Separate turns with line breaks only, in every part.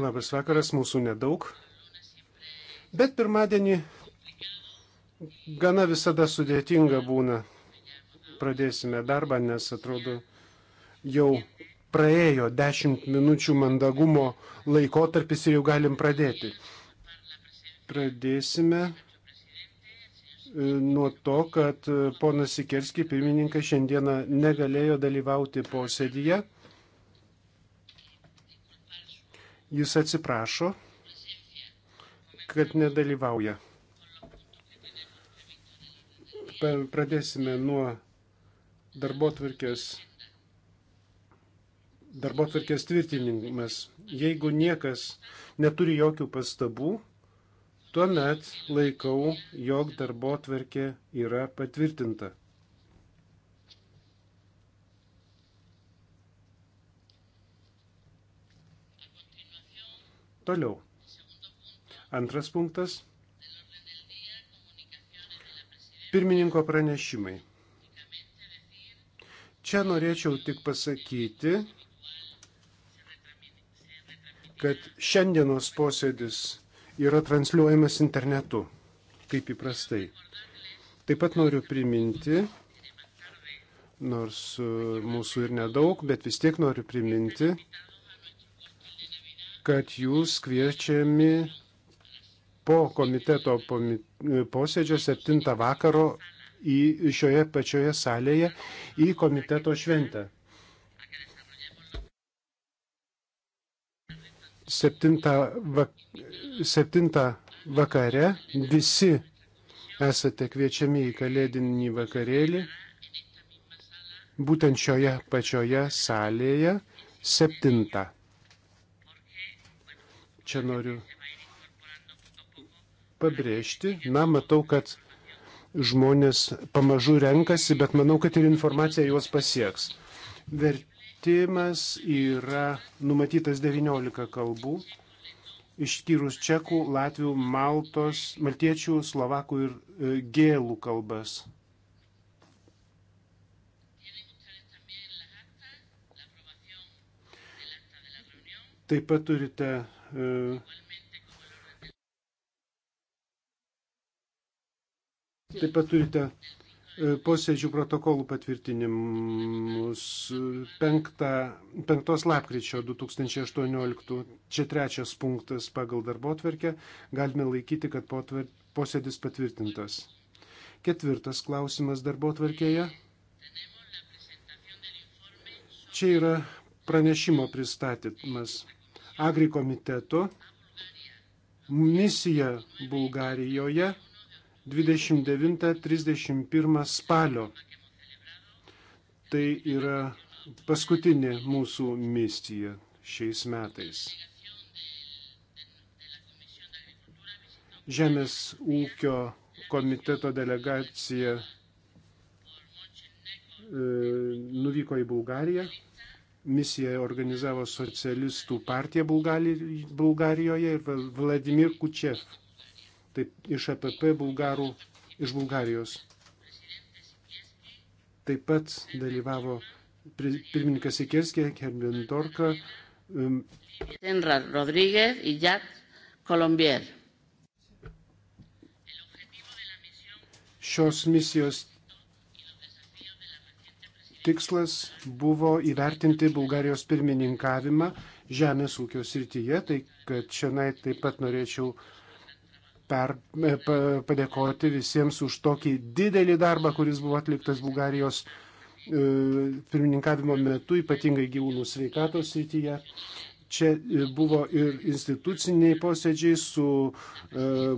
Labas vakaras, mūsų nedaug. Bet pirmadienį gana visada sudėtinga būna. Pradėsime darbą, nes atrodo jau praėjo 10 minučių mandagumo laikotarpis ir jau galim pradėti. Pradėsime e, nuo to, kad e, ponas Sikerski pirmininkas šiandieną negalėjo dalyvauti posėdyje. Po Jis atsiprašo, kad nedalyvauja. Pradėsime nuo darbo tvarkės darbo tvarkės tvirtinimas. Jeigu niekas neturi jokių pastabų, tuomet laikau, jog darbo tvarkė yra patvirtinta. Toliau. Antras punktas. Pirmininko pranešimai. Čia norėčiau tik pasakyti, kad šiandienos posėdis yra transliuojamas internetu, kaip įprastai. Taip pat noriu priminti, nors e, mūsų ir nedaug, bet vis tiek noriu priminti, kad jūs kviečiami po komiteto posėdžio 7 vakaro į šioje pačioje salėje į komiteto šventę. 7, vak 7 vakare visi esate kviečiami į kalėdinį vakarėlį, būtent šioje pačioje salėje 7 čia noriu pabrėžti. Na, matau, kad žmonės pamažu renkasi, bet manau, kad ir informacija juos pasieks. Vertimas yra numatytas 19 kalbų, išskyrus čekų, latvių, maltos, maltiečių, slovakų ir e, gėlų kalbas. Taip pat turite E, taip pat turite e, posėdžių protokolų patvirtinimus 5 lapkričio 2018, čia trečias punktas pagal darbo atverkę, galime laikyti, kad potver, posėdis patvirtintas. Ketvirtas klausimas darbo atverkėje. Čia yra pranešimo pristatymas. Agri komiteto misija Bulgarijoje 29-31 spalio. Tai yra paskutinė mūsų misija šiais metais. Žemės ūkio komiteto delegacija e, nuvyko į Bulgariją misiją organizavo socialistų partija Bulgarijoje ir Vladimir Kučev, taip iš APP Bulgarų, iš Bulgarijos. Taip pat dalyvavo pirmininkas Ikerskė, Hermin Dorka, um,
Senrad Rodríguez ir Jack Colombier.
Šios misijos tikslas buvo įvertinti Bulgarijos pirmininkavimą žemės ūkio srityje, tai kad šiandien taip pat norėčiau per, e, pa, padėkoti visiems už tokį didelį darbą, kuris buvo atliktas Bulgarijos e, pirmininkavimo metu, ypatingai gyvūnų sveikatos srityje. Čia e, buvo ir instituciniai posėdžiai su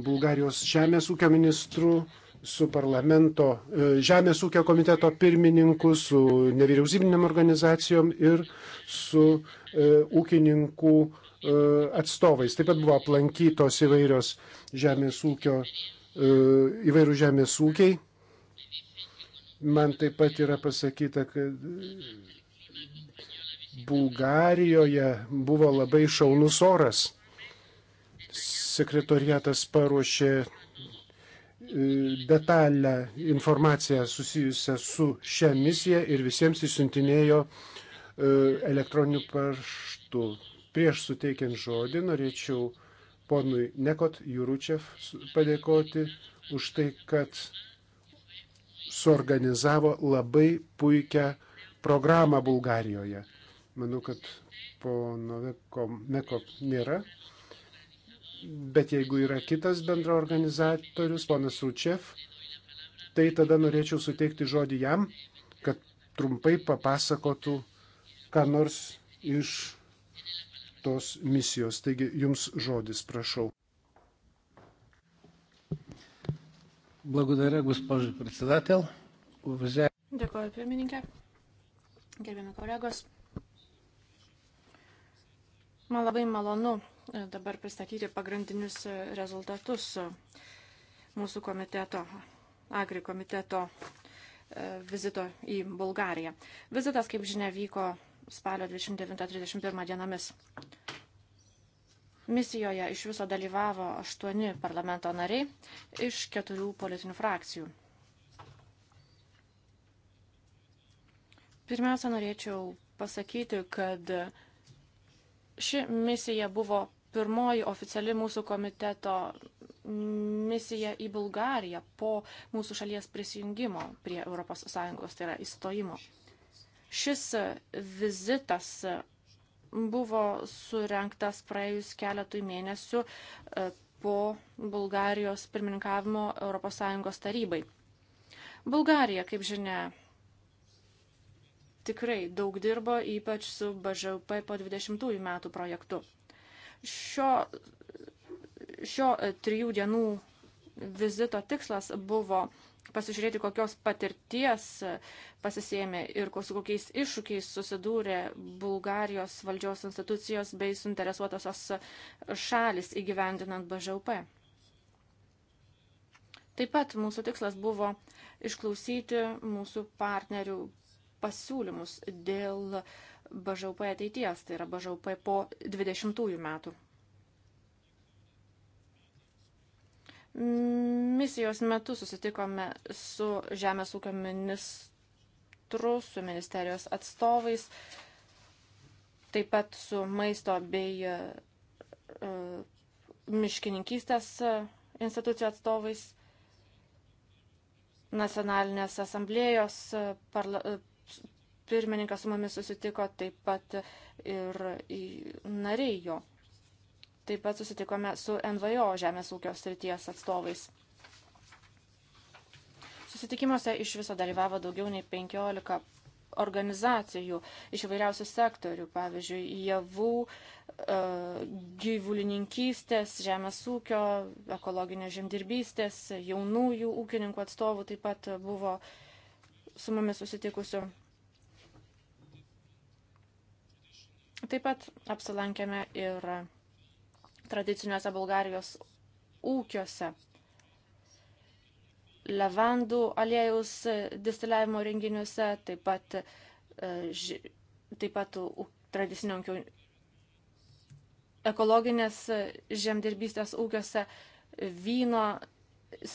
Bulgarijos žemės ūkio ministru, su parlamento e, Žemės ūkio komiteto pirmininku, su nevyriausybinėm organizacijom ir su e, ūkininkų e, atstovais. Taip pat buvo aplankytos įvairios žemės ūkio, įvairių žemės ūkiai. Man taip pat yra pasakyta, kad Bulgarijoje buvo labai šaunus oras. Sekretoriatas paruošė E, detalę informaciją susijusią su šią misiją ir visiems išsiuntinėjo e, elektroniniu paštu. Prieš suteikiant žodį norėčiau ponui Nekot Juručev padėkoti už tai, kad suorganizavo labai puikią programą Bulgarijoje. Manau, kad pono Neko nėra, bet jeigu yra kitas bendra organizatorius, ponas Ručev, tai tada norėčiau suteikti žodį jam, kad trumpai papasakotų, ką nors iš tos misijos. Taigi jums žodis, prašau. Благодаря, госпожо председател. Уважаем...
Dėkuoju, pirmininkė. Gerbėme kolegos. Man labai malonu dabar pristatyti pagrindinius rezultatus mūsų komiteto, agri komiteto e, vizito į Bulgariją. Vizitas, kaip žinia, vyko spalio 29-31 dienomis. Misijoje iš viso dalyvavo aštuoni parlamento nariai iš keturių politinių frakcijų. Pirmiausia, norėčiau pasakyti, kad Ši misija buvo pirmoji oficiali mūsų komiteto misija į Bulgariją po mūsų šalies prisijungimo prie ES, tai yra įstojimo. Šis vizitas buvo surenktas praėjus keletui mėnesių e, po Bulgarijos pirmininkavimo ES tarybai. Bulgarija, kaip žinia, tikrai daug dirbo, ypač su BŽP po 20 metų projektu. Šio, šio e, trijų dienų vizito tikslas buvo pasižiūrėti, kokios patirties e, pasisėmė ir su kokiais iššūkiais susidūrė Bulgarijos valdžios institucijos bei suinteresuotosios šalis įgyvendinant BŽUP. Taip pat mūsų tikslas buvo išklausyti mūsų partnerių pasiūlymus dėl BŽP ateities, tai yra BŽP po 20 metų. Misijos metu susitikome su Žemės ūkio ministru, su ministerijos atstovais, taip pat su maisto bei uh, miškininkystės institucijų atstovais, nacionalinės asamblėjos, parla, pirmininkas su mumis susitiko, taip pat ir nariai jo. Taip pat susitikome su NVO žemės ūkio srities atstovais. Susitikimuose iš viso dalyvavo daugiau nei 15 organizacijų iš įvairiausių sektorių, pavyzdžiui, javų, e, gyvulininkystės, žemės ūkio, ekologinės žemdirbystės, jaunųjų ūkininkų atstovų taip pat buvo su mumis susitikusių. Taip pat apsilankėme ir tradiciniuose Bulgarijos ūkiuose. Levandų aliejus distiliavimo renginiuose, taip pat, e, taip pat tradicinio ekologinės žemdirbystės ūkiuose, vyno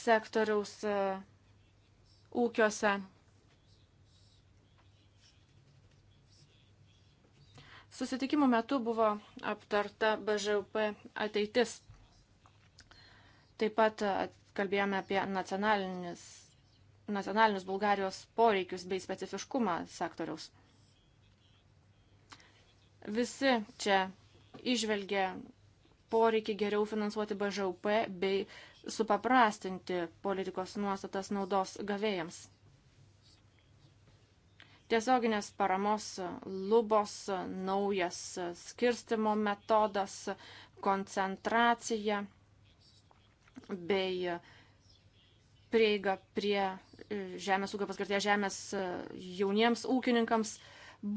sektoriaus e, ūkiuose. Susitikimų metu buvo aptarta BŽP ateitis. Taip pat kalbėjome apie nacionalinius, nacionalinius Bulgarijos poreikius bei specifiškumą sektoriaus. Visi čia išvelgia poreikį geriau finansuoti BŽUP bei supaprastinti politikos nuostatas naudos gavėjams. Tiesioginės paramos lubos, naujas skirstimo metodas, koncentracija bei prieiga prie e, žemės ūkio paskirties žemės e, jauniems ūkininkams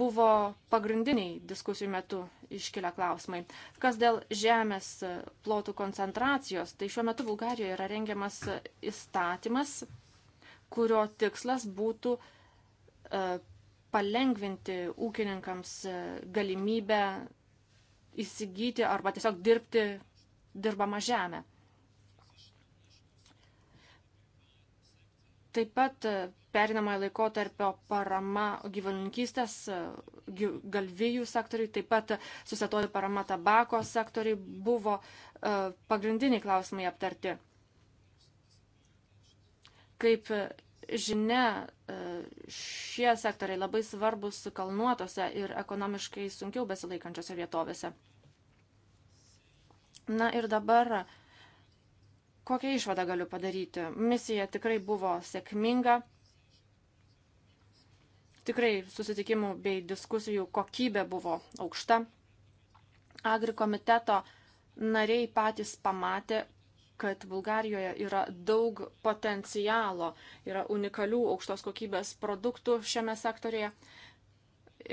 buvo pagrindiniai diskusijų metu iškilę klausimai. Kas dėl žemės e, plotų koncentracijos, tai šiuo metu Bulgarijoje yra rengiamas įstatymas, kurio tikslas būtų palengvinti ūkininkams e, galimybę įsigyti arba tiesiog dirbti dirbamą žemę. Taip pat e, perinamojo laikotarpio parama gyvulininkystės e, galvijų sektoriai, taip pat susitoji parama tabako sektoriai buvo pagrindiniai klausimai aptarti. Kaip žinia, šie sektoriai labai svarbus kalnuotose ir ekonomiškai sunkiau besilaikančiose vietovėse. Na ir dabar, kokią išvadą galiu padaryti? Misija tikrai buvo sėkminga. Tikrai susitikimų bei diskusijų kokybė buvo aukšta. Agri komiteto nariai patys pamatė, kad Bulgarijoje yra daug potencialo, yra unikalių aukštos kokybės produktų šiame sektorėje.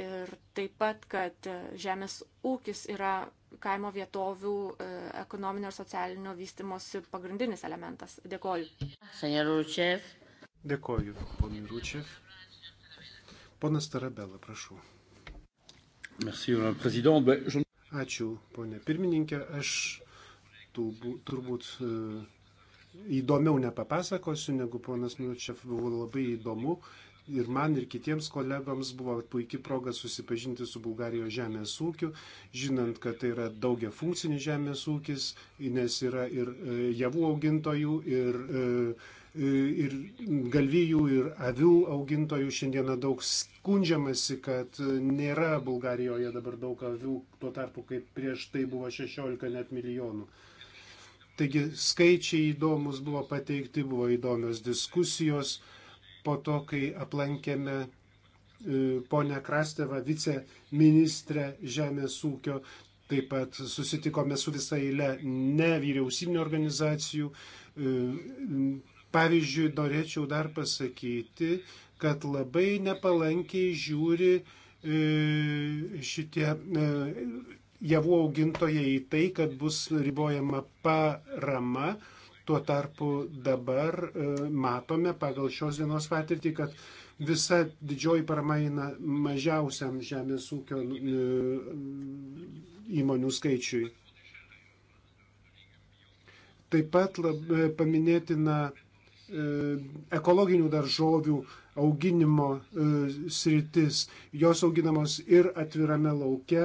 Ir taip pat, kad e, žemės ūkis yra kaimo vietovių e, ekonominio ir socialinio vystimosi pagrindinis elementas. Dėkoju.
Senor Ručev. Dėkoju, ponui Ručev. Ponas
Tarabela, prašau. Merci, Ačiū, ponė pirmininkė. Aš turbūt e, įdomiau nepapasakosiu, negu ponas Minučiev buvo labai įdomu. Ir man ir kitiems kolegoms buvo puikia proga susipažinti su Bulgarijos žemės ūkiu, žinant, kad tai yra daugia funkcinis žemės ūkis, nes yra ir e, javų augintojų, ir, e, ir galvijų, ir avių augintojų. Šiandieną daug skundžiamasi, kad nėra Bulgarijoje dabar daug avių, tuo tarpu kaip prieš tai buvo 16 net milijonų. Taigi skaičiai įdomus buvo pateikti, buvo įdomios diskusijos. Po to, kai aplankėme e, ponę Krastevą, viceministrę žemės ūkio, taip pat susitikome su visa eile nevyriausybinio organizacijų. E, pavyzdžiui, norėčiau dar pasakyti, kad labai nepalankiai žiūri e, šitie javų augintojai į tai, kad bus ribojama parama. Tuo tarpu dabar e, matome pagal šios dienos patirtį, kad visa didžioji parama eina mažiausiam žemės ūkio e, įmonių skaičiui. Taip pat lab, e, paminėtina ekologinių daržovių auginimo e, sritis. Jos auginamos ir atvirame lauke,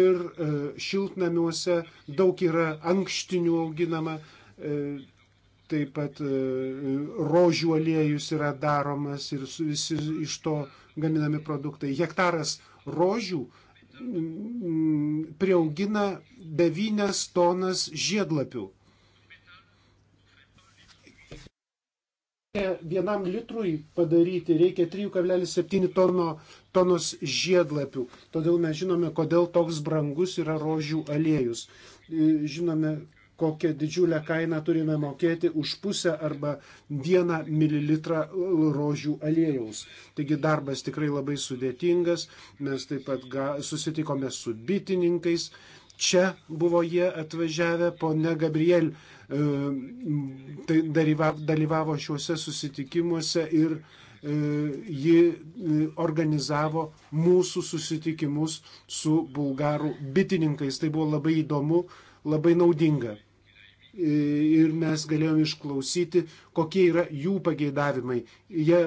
ir e, šiltnamiuose, daug yra ankštinių auginama, e, taip pat rožių aliejus yra daromas ir visi iš to gaminami produktai. Hektaras rožių priaugina 9 tonas žiedlapių. vienam litrui padaryti reikia 3,7 tono, tonos žiedlapių. Todėl mes žinome, kodėl toks brangus yra rožių aliejus. E, žinome, kokią didžiulę kainą turime mokėti už pusę arba vieną mililitrą rožių aliejaus. Taigi darbas tikrai labai sudėtingas. Mes taip pat ga, susitikome su bitininkais. Čia buvo jie atvažiavę, ponia Gabriel E, tai dalyvavo šiuose susitikimuose ir e, ji e, organizavo mūsų susitikimus su bulgarų bitininkais. Tai buvo labai įdomu, labai naudinga. Ir mes galėjome išklausyti, kokie yra jų pageidavimai. Jie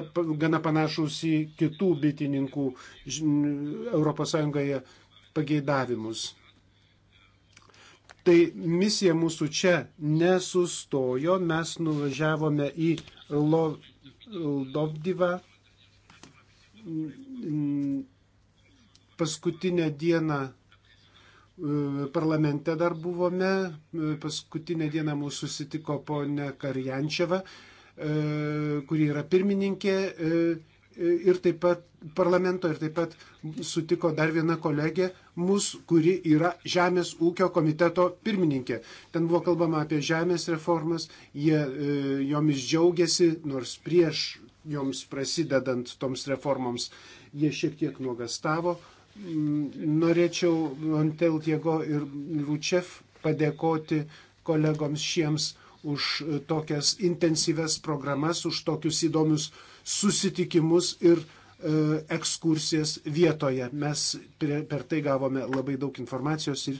gana panašus į kitų bitininkų ES pageidavimus tai misija mūsų čia nesustojo, mes nuvažiavome į Lovdivą paskutinę dieną e, parlamente dar buvome, e, paskutinę dieną mūsų susitiko ponė Karjančiava, e, kuri yra pirmininkė ir taip pat parlamento ir taip pat sutiko dar viena kolegė, mus, kuri yra Žemės ūkio komiteto pirmininkė. Ten buvo kalbama apie žemės reformas, jie e, jomis džiaugiasi, nors prieš joms prasidedant toms reformoms jie šiek tiek nuogastavo. Mm, norėčiau Montel Diego ir Ručev padėkoti kolegoms šiems už tokias intensyves programas, už tokius įdomius uh, susitikimus ir e, ekskursijas vietoje. Mes per tai gavome labai daug informacijos ir,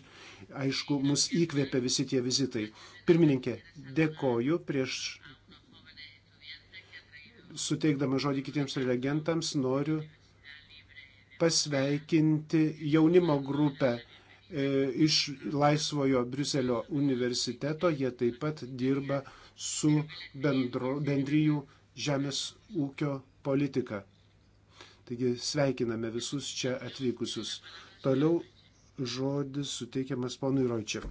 aišku, mus įkvėpė visi tie vizitai. Pirmininkė, dėkoju prieš suteikdama žodį kitiems relegentams, noriu pasveikinti jaunimo grupę e, iš Laisvojo Briuselio universiteto. Jie taip pat dirba su bendro, bendryjų žemės ūkio politiką. Taigi sveikiname visus čia atvykusius. Toliau žodis suteikiamas ponui Ročiam.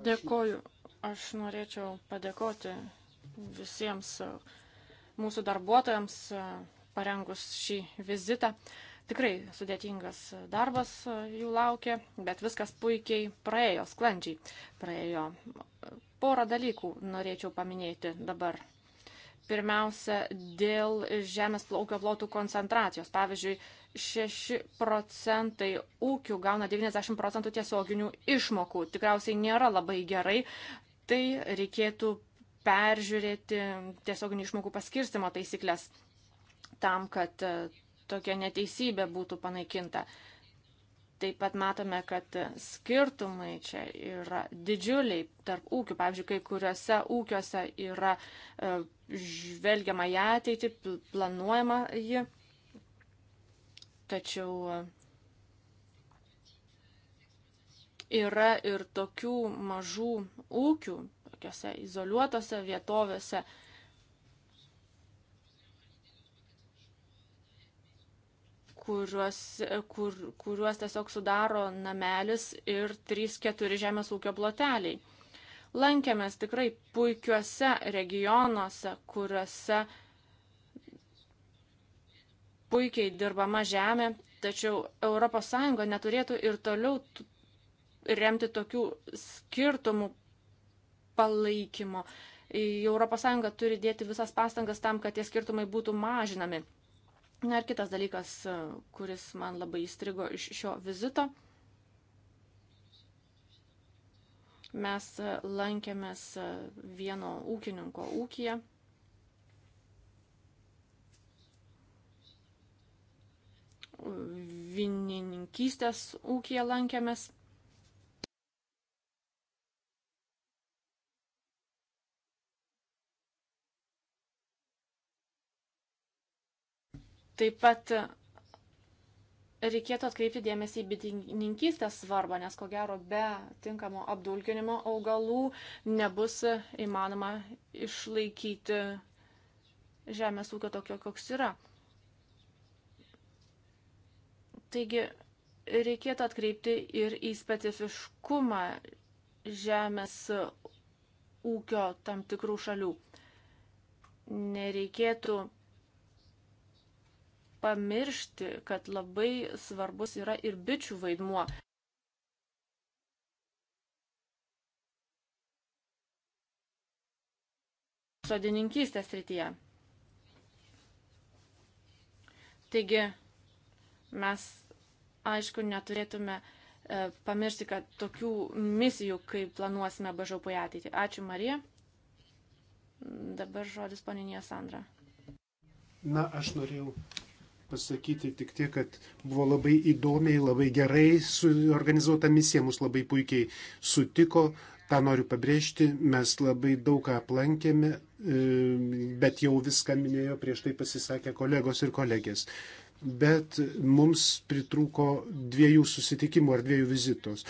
Dėkoju. Aš norėčiau padėkoti visiems mūsų darbuotojams parengus šį vizitą. Tikrai sudėtingas darbas e, jų laukia, bet viskas puikiai praėjo, sklandžiai praėjo. Porą dalykų norėčiau paminėti dabar. Pirmiausia, dėl žemės plaukio plotų koncentracijos. Pavyzdžiui, 6 procentai ūkių gauna 90 procentų tiesioginių išmokų. Tikriausiai nėra labai gerai. Tai reikėtų peržiūrėti tiesioginių išmokų paskirstimo taisyklės tam, kad e, tokia neteisybė būtų panaikinta. Taip pat matome, kad skirtumai čia yra didžiuliai tarp ūkių. Pavyzdžiui, kai kuriuose ūkiuose yra e, žvelgiama į ateitį, planuojama ji. Tačiau e, yra ir tokių mažų ūkių, tokiuose izoliuotose vietovėse, kuriuos, kur, kuriuos tiesiog sudaro namelis ir 3-4 žemės ūkio ploteliai. Lankėmės tikrai puikiuose regionuose, kuriuose puikiai dirbama žemė, tačiau ES neturėtų ir toliau remti tokių skirtumų palaikymo. ES turi dėti visas pastangas tam, kad tie skirtumai būtų mažinami. Na ir kitas dalykas, e, kuris man labai įstrigo iš šio vizito. Mes e, lankėmės e, vieno ūkininko ūkiją. Vinininkystės ūkiją lankėmės. Taip pat reikėtų atkreipti dėmesį į bitininkystės svarbą, nes ko gero be tinkamo apdulkinimo augalų nebus įmanoma išlaikyti žemės ūkio tokio, koks yra. Taigi reikėtų atkreipti ir į specifiškumą žemės ūkio tam tikrų šalių. Nereikėtų pamiršti, kad labai svarbus yra ir bičių vaidmuo. Sodininkystės rytyje. Taigi, mes aišku neturėtume e, pamiršti, kad tokių misijų, kai planuosime bažaupui ateitį. Ačiū, Marija. Dabar žodis paninė Sandra.
Na, aš norėjau pasakyti tik tiek, kad buvo labai įdomiai, labai gerai suorganizuota misija, mus labai puikiai sutiko. Ta noriu pabrėžti, mes labai daug ką aplankėme, e, bet jau viską minėjo prieš tai pasisakę kolegos ir kolegės bet mums pritrūko dviejų susitikimų ar dviejų vizitos.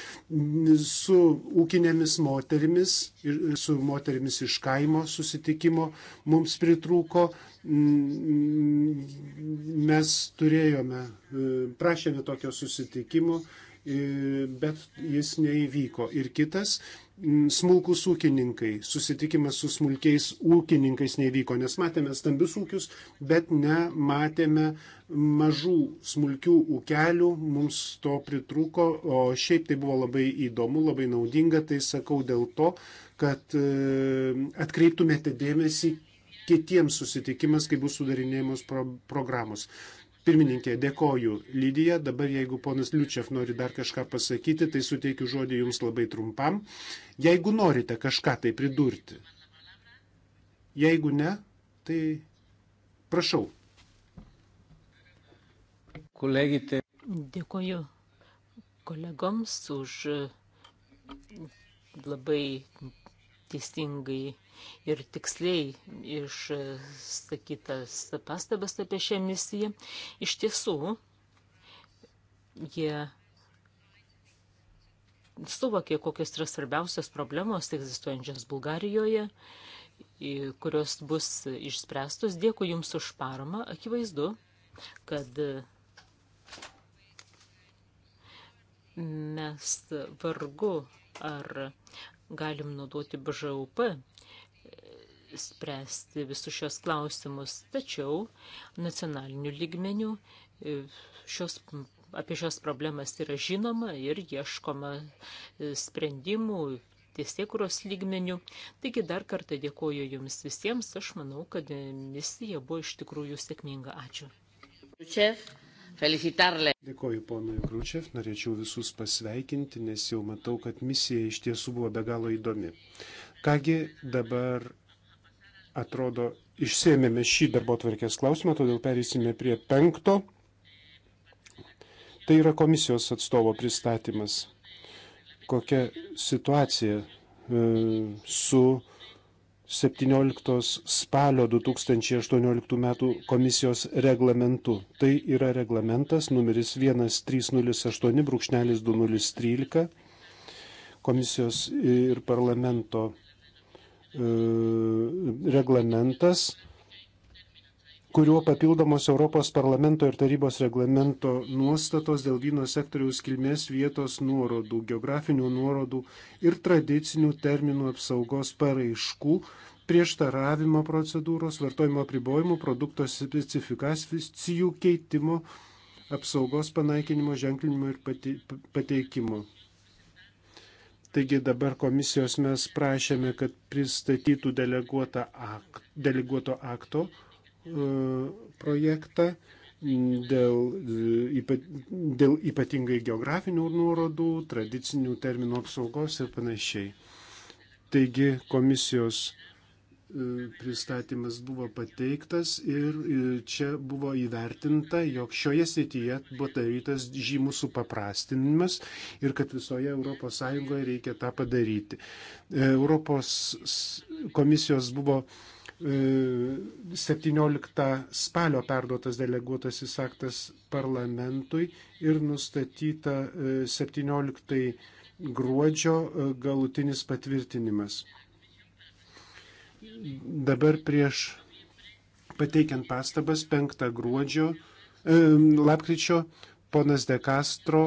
Su ūkinėmis moterimis ir su moterimis iš kaimo susitikimo mums pritrūko. Mes turėjome, prašėme tokio susitikimo, bet jis neįvyko. Ir kitas Mm, smulkus ūkininkai, susitikimas su smulkiais ūkininkais nevyko, nes matėme stambius ūkius, bet nematėme mažų smulkių ūkelių, mums to pritruko, o šiaip tai buvo labai įdomu, labai naudinga, tai sakau dėl to, kad e, atkreiptumėte dėmesį kitiems susitikimas, kai bus sudarinėjamos pro programos. Pirmininkė, dėkoju Lydija. Dabar jeigu ponas Liučiav nori dar kažką pasakyti, tai suteikiu žodį jums labai trumpam. Jeigu norite kažką tai pridurti. Jeigu ne, tai prašau.
Kolegite.
Dėkoju kolegoms už labai teisingai ir tiksliai išsakytas pastabas apie šią misiją. Iš tiesų, jie suvokė, kokios yra svarbiausios problemos egzistuojančios Bulgarijoje, kurios bus išspręstos. Dėkui Jums už paramą. Akivaizdu, kad mes vargu ar galim naudoti BŽUP spręsti visus šios klausimus, tačiau nacionaliniu lygmeniu e, šios, apie šios problemas yra žinoma ir ieškoma e, sprendimų tiesiekuros lygmenių. Taigi dar kartą dėkoju Jums visiems, aš manau, kad misija buvo iš tikrųjų sėkminga. Ačiū. Chef.
Felicitarle.
Dėkoju ponui Krūčiev, norėčiau visus pasveikinti, nes jau matau, kad misija iš tiesų buvo be galo įdomi. Kągi dabar Atrodo, išsėmėme šį darbo tvarkės klausimą, todėl perėsime prie penkto. Tai yra komisijos atstovo pristatymas. Kokia situacija e, su 17 spalio 2018 metų komisijos reglamentu. Tai yra reglamentas numeris 1308-2013 komisijos ir parlamento E, reglamentas, kuriuo papildomos Europos parlamento ir tarybos reglamento nuostatos dėl vyno sektoriaus kilmės vietos nuorodų, geografinių nuorodų ir tradicinių terminų apsaugos paraiškų, prieštaravimo procedūros, vartojimo apribojimų, produkto specifikacijų keitimo, apsaugos panaikinimo, ženklinimo ir pateikimo. Taigi dabar komisijos mes prašėme, kad pristatytų ak, deleguoto akto e, projektą dėl, e, dėl ypatingai geografinių nuorodų, tradicinių terminų apsaugos ir panašiai. Taigi komisijos E, pristatymas buvo pateiktas ir e, čia buvo įvertinta, jog šioje srityje buvo darytas žymų supaprastinimas ir kad visoje ES reikia tą padaryti. E, Europos komisijos buvo 17 spalio perduotas deleguotasis aktas parlamentui ir nustatyta 17 gruodžio galutinis patvirtinimas. Dabar prieš pateikiant pastabas 5 gruodžio, e, lapkričio, ponas De Castro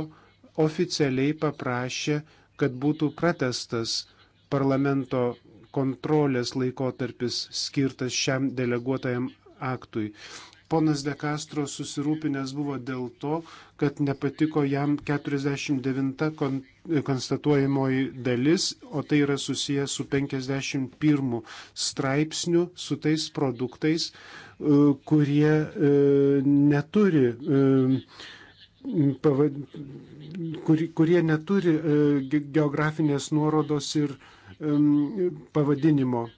oficialiai paprašė, kad būtų pratestas parlamento kontrolės laikotarpis skirtas šiam deleguotajam aktui. Ponas De Castro susirūpinęs buvo dėl to, kad nepatiko jam 49 kon, konstatuojamoji dalis, o tai yra susijęs su 51 straipsniu, su tais produktais, e, e, e, kurie neturi kurie neturi geografinės nuorodos ir pavadinimo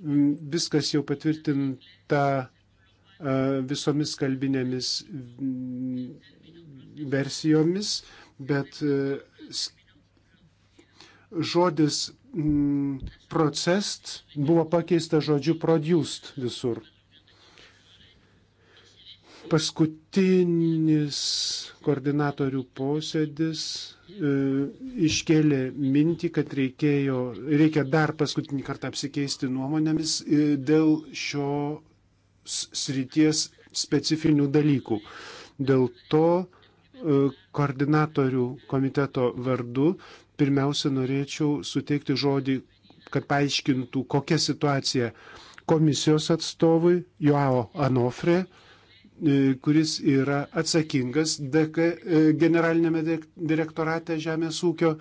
Viskas jau patvirtinta visomis kalbinėmis versijomis, bet žodis processed buvo pakeista žodžiu produced visur. Paskutinis koordinatorių posėdis e, iškėlė mintį, kad reikėjo, reikia dar paskutinį kartą apsikeisti nuomonėmis e, dėl šios srities specifinių dalykų. Dėl to e, koordinatorių komiteto vardu pirmiausia norėčiau suteikti žodį, kad paaiškintų, kokia situacija komisijos atstovui Joao Anofre E, kuris yra atsakingas DK, e, generalinėme direktorate Žemės ūkio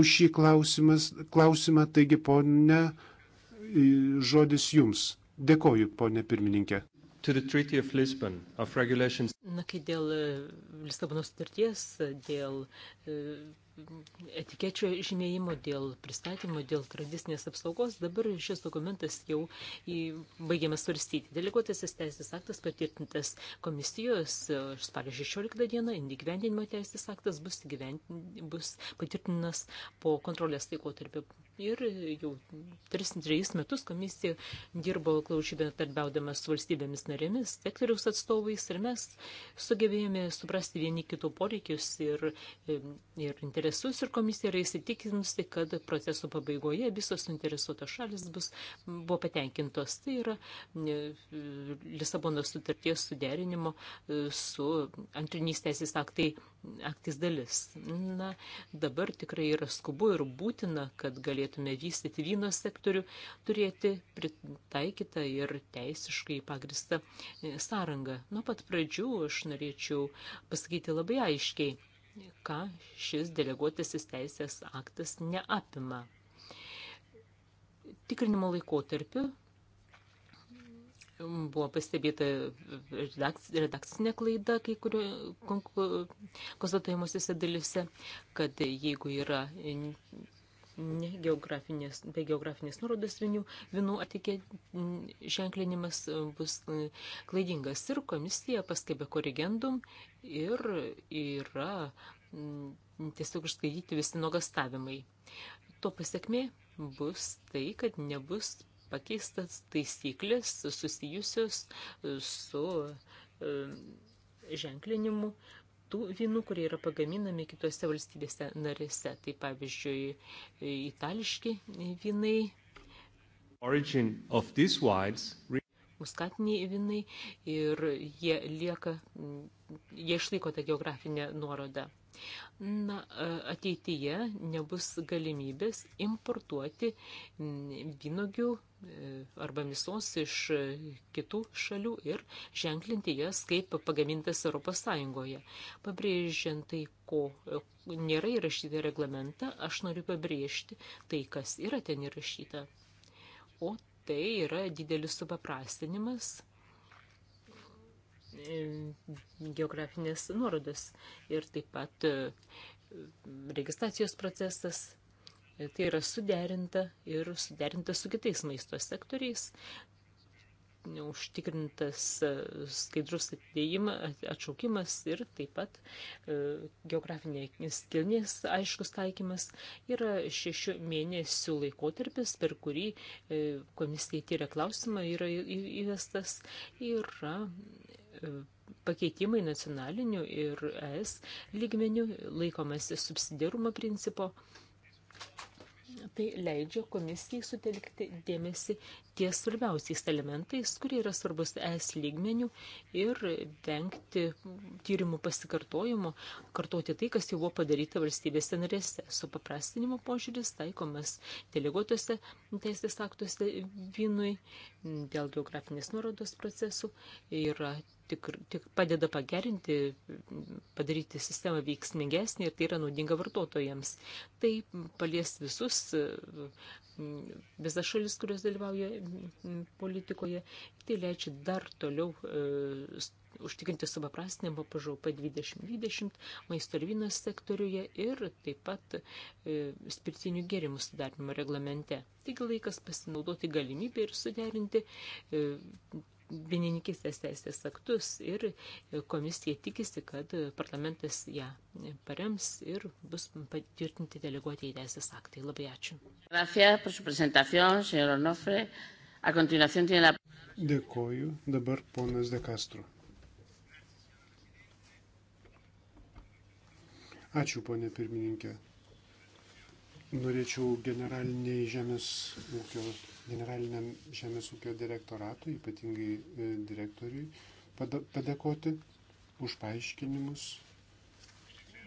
už šį klausimas, klausimą. Taigi, ponė, e, žodis jums. Dėkoju, ponė pirmininkė. Of Lisbon, of Na,
kai dėl Lisabono sutarties, dėl etikečių žymėjimo, dėl pristatymo, dėl tradicinės apsaugos. Dabar šis dokumentas jau baigiamas svarstyti. Deleguotasis teisės aktas patvirtintas komisijos e, spalio 16 dieną, įgyvendinimo teisės aktas bus, bus patvirtinas po kontrolės laikotarpio Ir jau 33 metus komisija dirbo klausiai bendradarbiaudama su valstybėmis narėmis, sektoriaus atstovais ir mes sugebėjome suprasti vieni kitų poreikius ir, ir interesus ir komisija yra įsitikinusi, kad proceso pabaigoje visos suinteresuotos šalis bus, buvo patenkintos. Tai yra e, Lisabonos sutarties suderinimo e, su antriniais teisės aktai, aktais dalis. Na, dabar tikrai yra skubu ir būtina, kad galėtume turėtume vystyti vyno sektorių, turėti pritaikytą ir teisiškai pagristą e, sąrangą. Nuo pat pradžių aš norėčiau pasakyti labai aiškiai, ką šis deleguotasis teisės aktas neapima. Tikrinimo laikotarpiu buvo pastebėta redakcinė klaida kai kurio konstatuojamosiose dalise, kad jeigu yra ne geografinės, be geografinės nurodos vinių, vinų atikė ženklinimas e, bus e, klaidingas ir komisija paskelbė korrigendum ir yra tiesiog išskaidyti visi nuogastavimai. To pasiekmė bus tai, kad nebus pakeistas taisyklės susijusios su e, ženklinimu, tų vynų, kurie yra pagaminami kitose valstybėse narėse. Tai pavyzdžiui, itališki vynai.
Wines...
Muskatiniai vynai ir jie lieka, jie išlaiko tą geografinę nuorodą. Na, e, ateityje nebus galimybės importuoti vynogių e, arba mėsos iš e, kitų šalių ir ženklinti jas kaip pagamintas Europos Sąjungoje. Pabrėžiant tai, ko nėra įrašyta reglamentą, aš noriu pabrėžti tai, kas yra ten įrašyta. O tai yra didelis supaprastinimas E, geografinės nuorodos ir taip pat e, registracijos procesas. E, tai yra suderinta ir suderinta su kitais maisto sektoriais, užtikrintas skaidrus atšaukimas ir taip pat geografinės kilnės aiškus taikymas yra šešių mėnesių laikotarpis, per kurį komisija tyria klausimą, yra įvestas, yra pakeitimai nacionaliniu ir ES lygmeniu laikomasi subsidiarumo principo. Tai leidžia komisijai sutelkti dėmesį ties svarbiausiais elementais, kurie yra svarbus es lygmenių ir vengti tyrimų pasikartojimo, kartoti tai, kas jau buvo padaryta valstybėse narėse. Supaprastinimo požiūris taikomas deleguotose teisės aktuose vynui dėl geografinės nuorodos procesų yra tik, tik padeda pagerinti, padaryti sistemą veiksmingesnį ir tai yra naudinga vartotojams. Tai palies visus, visas šalis, kurios dalyvauja politikoje, tai leidžia dar toliau e, užtikrinti supaprastinimą pažaupą 2020 maisto ir vynas sektoriuje ir taip pat e, spiritinių gėrimų sudarimo reglamente. Taigi laikas pasinaudoti galimybę ir suderinti e, vienininkistės teisės aktus ir komisija tikisi, kad parlamentas ją parems ir bus patvirtinti deleguoti į teisės aktai. Labai ačiū.
Dėkoju. Dabar ponas De Castro.
Ačiū, ponė pirmininkė. Norėčiau generaliniai žemės ūkio generaliniam Žemės ūkio direktoratui, ypatingai e, direktoriui, padėkoti už paaiškinimus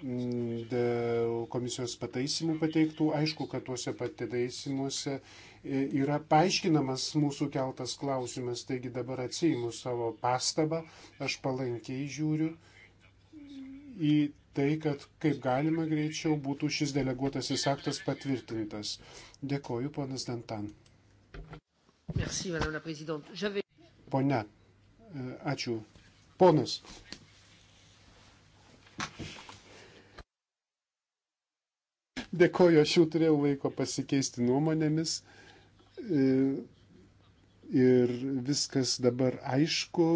mm, dėl komisijos pataisimų pateiktų. Aišku, kad tuose pataisimuose e, yra paaiškinamas mūsų keltas klausimas, taigi dabar atsijimų savo pastabą, aš palankiai žiūriu į tai, kad kaip galima greičiau būtų šis deleguotasis aktas patvirtintas. Dėkoju, ponas Dantan.
Merci, madame
la présidente. J'avais.
Pone, euh, ačiū. Ponas. Dėkoju, aš jau turėjau laiko pasikeisti nuomonėmis. E, ir viskas dabar aišku,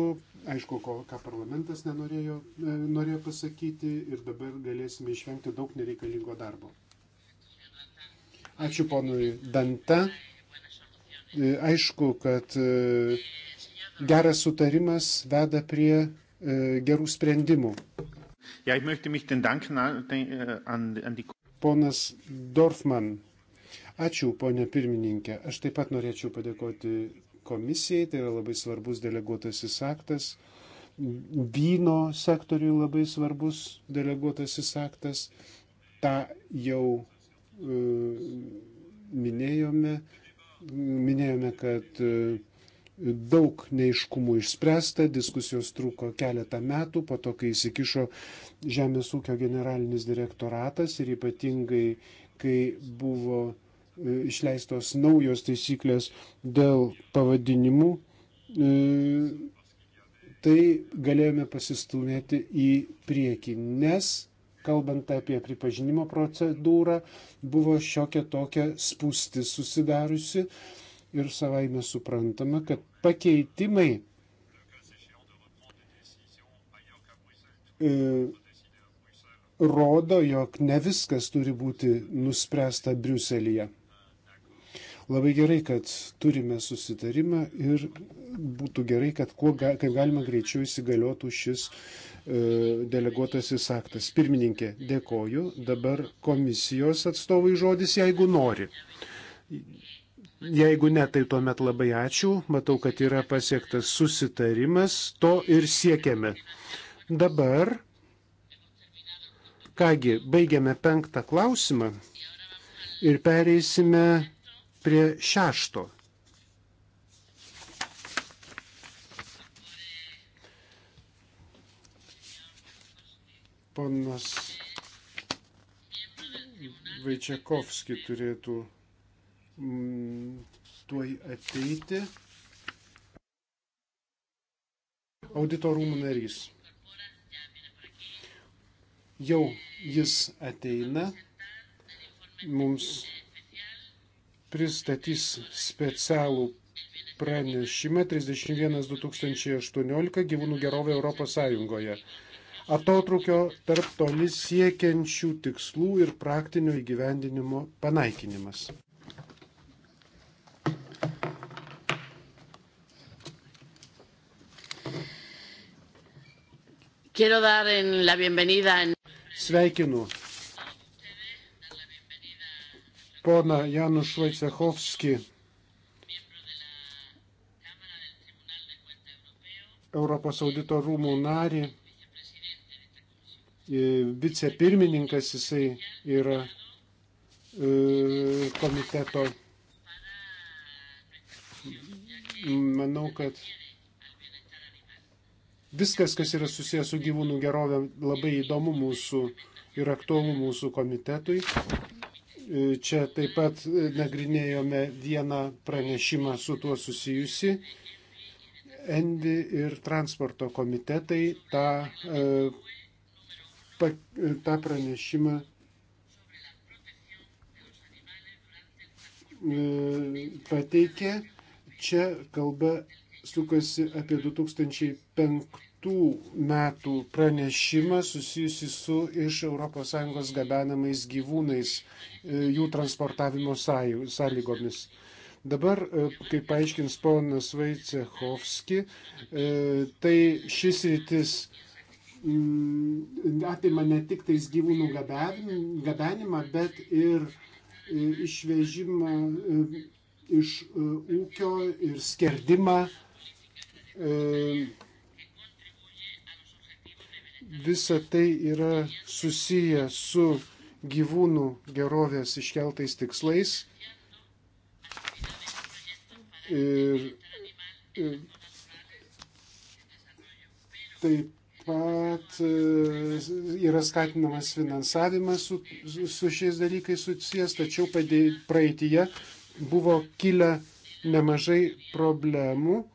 aišku, ko, ką parlamentas nenorėjo, e, norėjo pasakyti ir dabar galėsime išvengti daug nereikalingo darbo. Ačiū ponui Danta. E, aišku, kad e, geras sutarimas veda prie e, gerų sprendimų. Ja, äh, Ponas Dorfman, ačiū, ponė pirmininkė. Aš taip pat norėčiau padėkoti komisijai, tai yra labai svarbus deleguotasis aktas. Vyno sektoriui labai svarbus deleguotasis aktas. Ta jau uh, minėjome. Uh, minėjome, kad e, daug neiškumų išspręsta, diskusijos truko keletą metų, po to, kai įsikišo Žemės ūkio generalinis direktoratas ir ypatingai, kai buvo e, išleistos naujos taisyklės dėl pavadinimų, e, tai galėjome pasistumėti į priekį, nes kalbant apie pripažinimo procedūrą, buvo šiokia tokia spūsti susidariusi ir savaime suprantama, kad pakeitimai e, rodo, jog ne viskas turi būti nuspręsta Briuselėje. Labai gerai, kad turime susitarimą ir būtų gerai, kad kuo, kaip galima greičiau įsigaliotų šis uh, E, deleguotasis aktas. Pirmininkė, dėkoju. Dabar komisijos atstovai žodis, jeigu nori. Jeigu ne, tai tuomet labai ačiū. Matau, kad yra pasiektas susitarimas. To ir siekiame. Dabar, kągi, baigiame penktą klausimą ir pereisime prie šešto. Ponas Vaičiakovski turėtų mm, tuoj ateiti. Auditorumų narys. Jau jis ateina, mums pristatys specialų pranešimą 31.2018 gyvūnų gerovė Europos Sąjungoje atotrukio tarp toli siekiančių tikslų ir praktinio įgyvendinimo panaikinimas. Sveikinu pona Januš Vaicehovski, Europos audito rūmų narį E, vicepirmininkas, jisai yra e, komiteto. Manau, kad viskas, kas yra susijęs su gyvūnų gerovė, labai įdomu mūsų ir aktualu mūsų komitetui. E, čia taip pat nagrinėjome vieną pranešimą su tuo susijusi. Endi ir transporto komitetai tą e, pa, e, tą pranešimą e, pateikė. Čia kalba sukasi apie 2005 metų pranešimą susijusi su iš ES gabenamais gyvūnais, e, jų transportavimo sąlygomis. Dabar, kaip paaiškins ponas Vaicehovski, tai šis rytis apima ne tik tais gyvūnų gabenimą, bet ir e, išvežimą e, iš e, ūkio ir skerdimą. Visa tai yra susiję su gyvūnų gerovės iškeltais tikslais. Ir taip pat e, yra skatinamas finansavimas su, su šiais dalykais susijęs, tačiau padė, praeitie buvo kilę nemažai problemų e,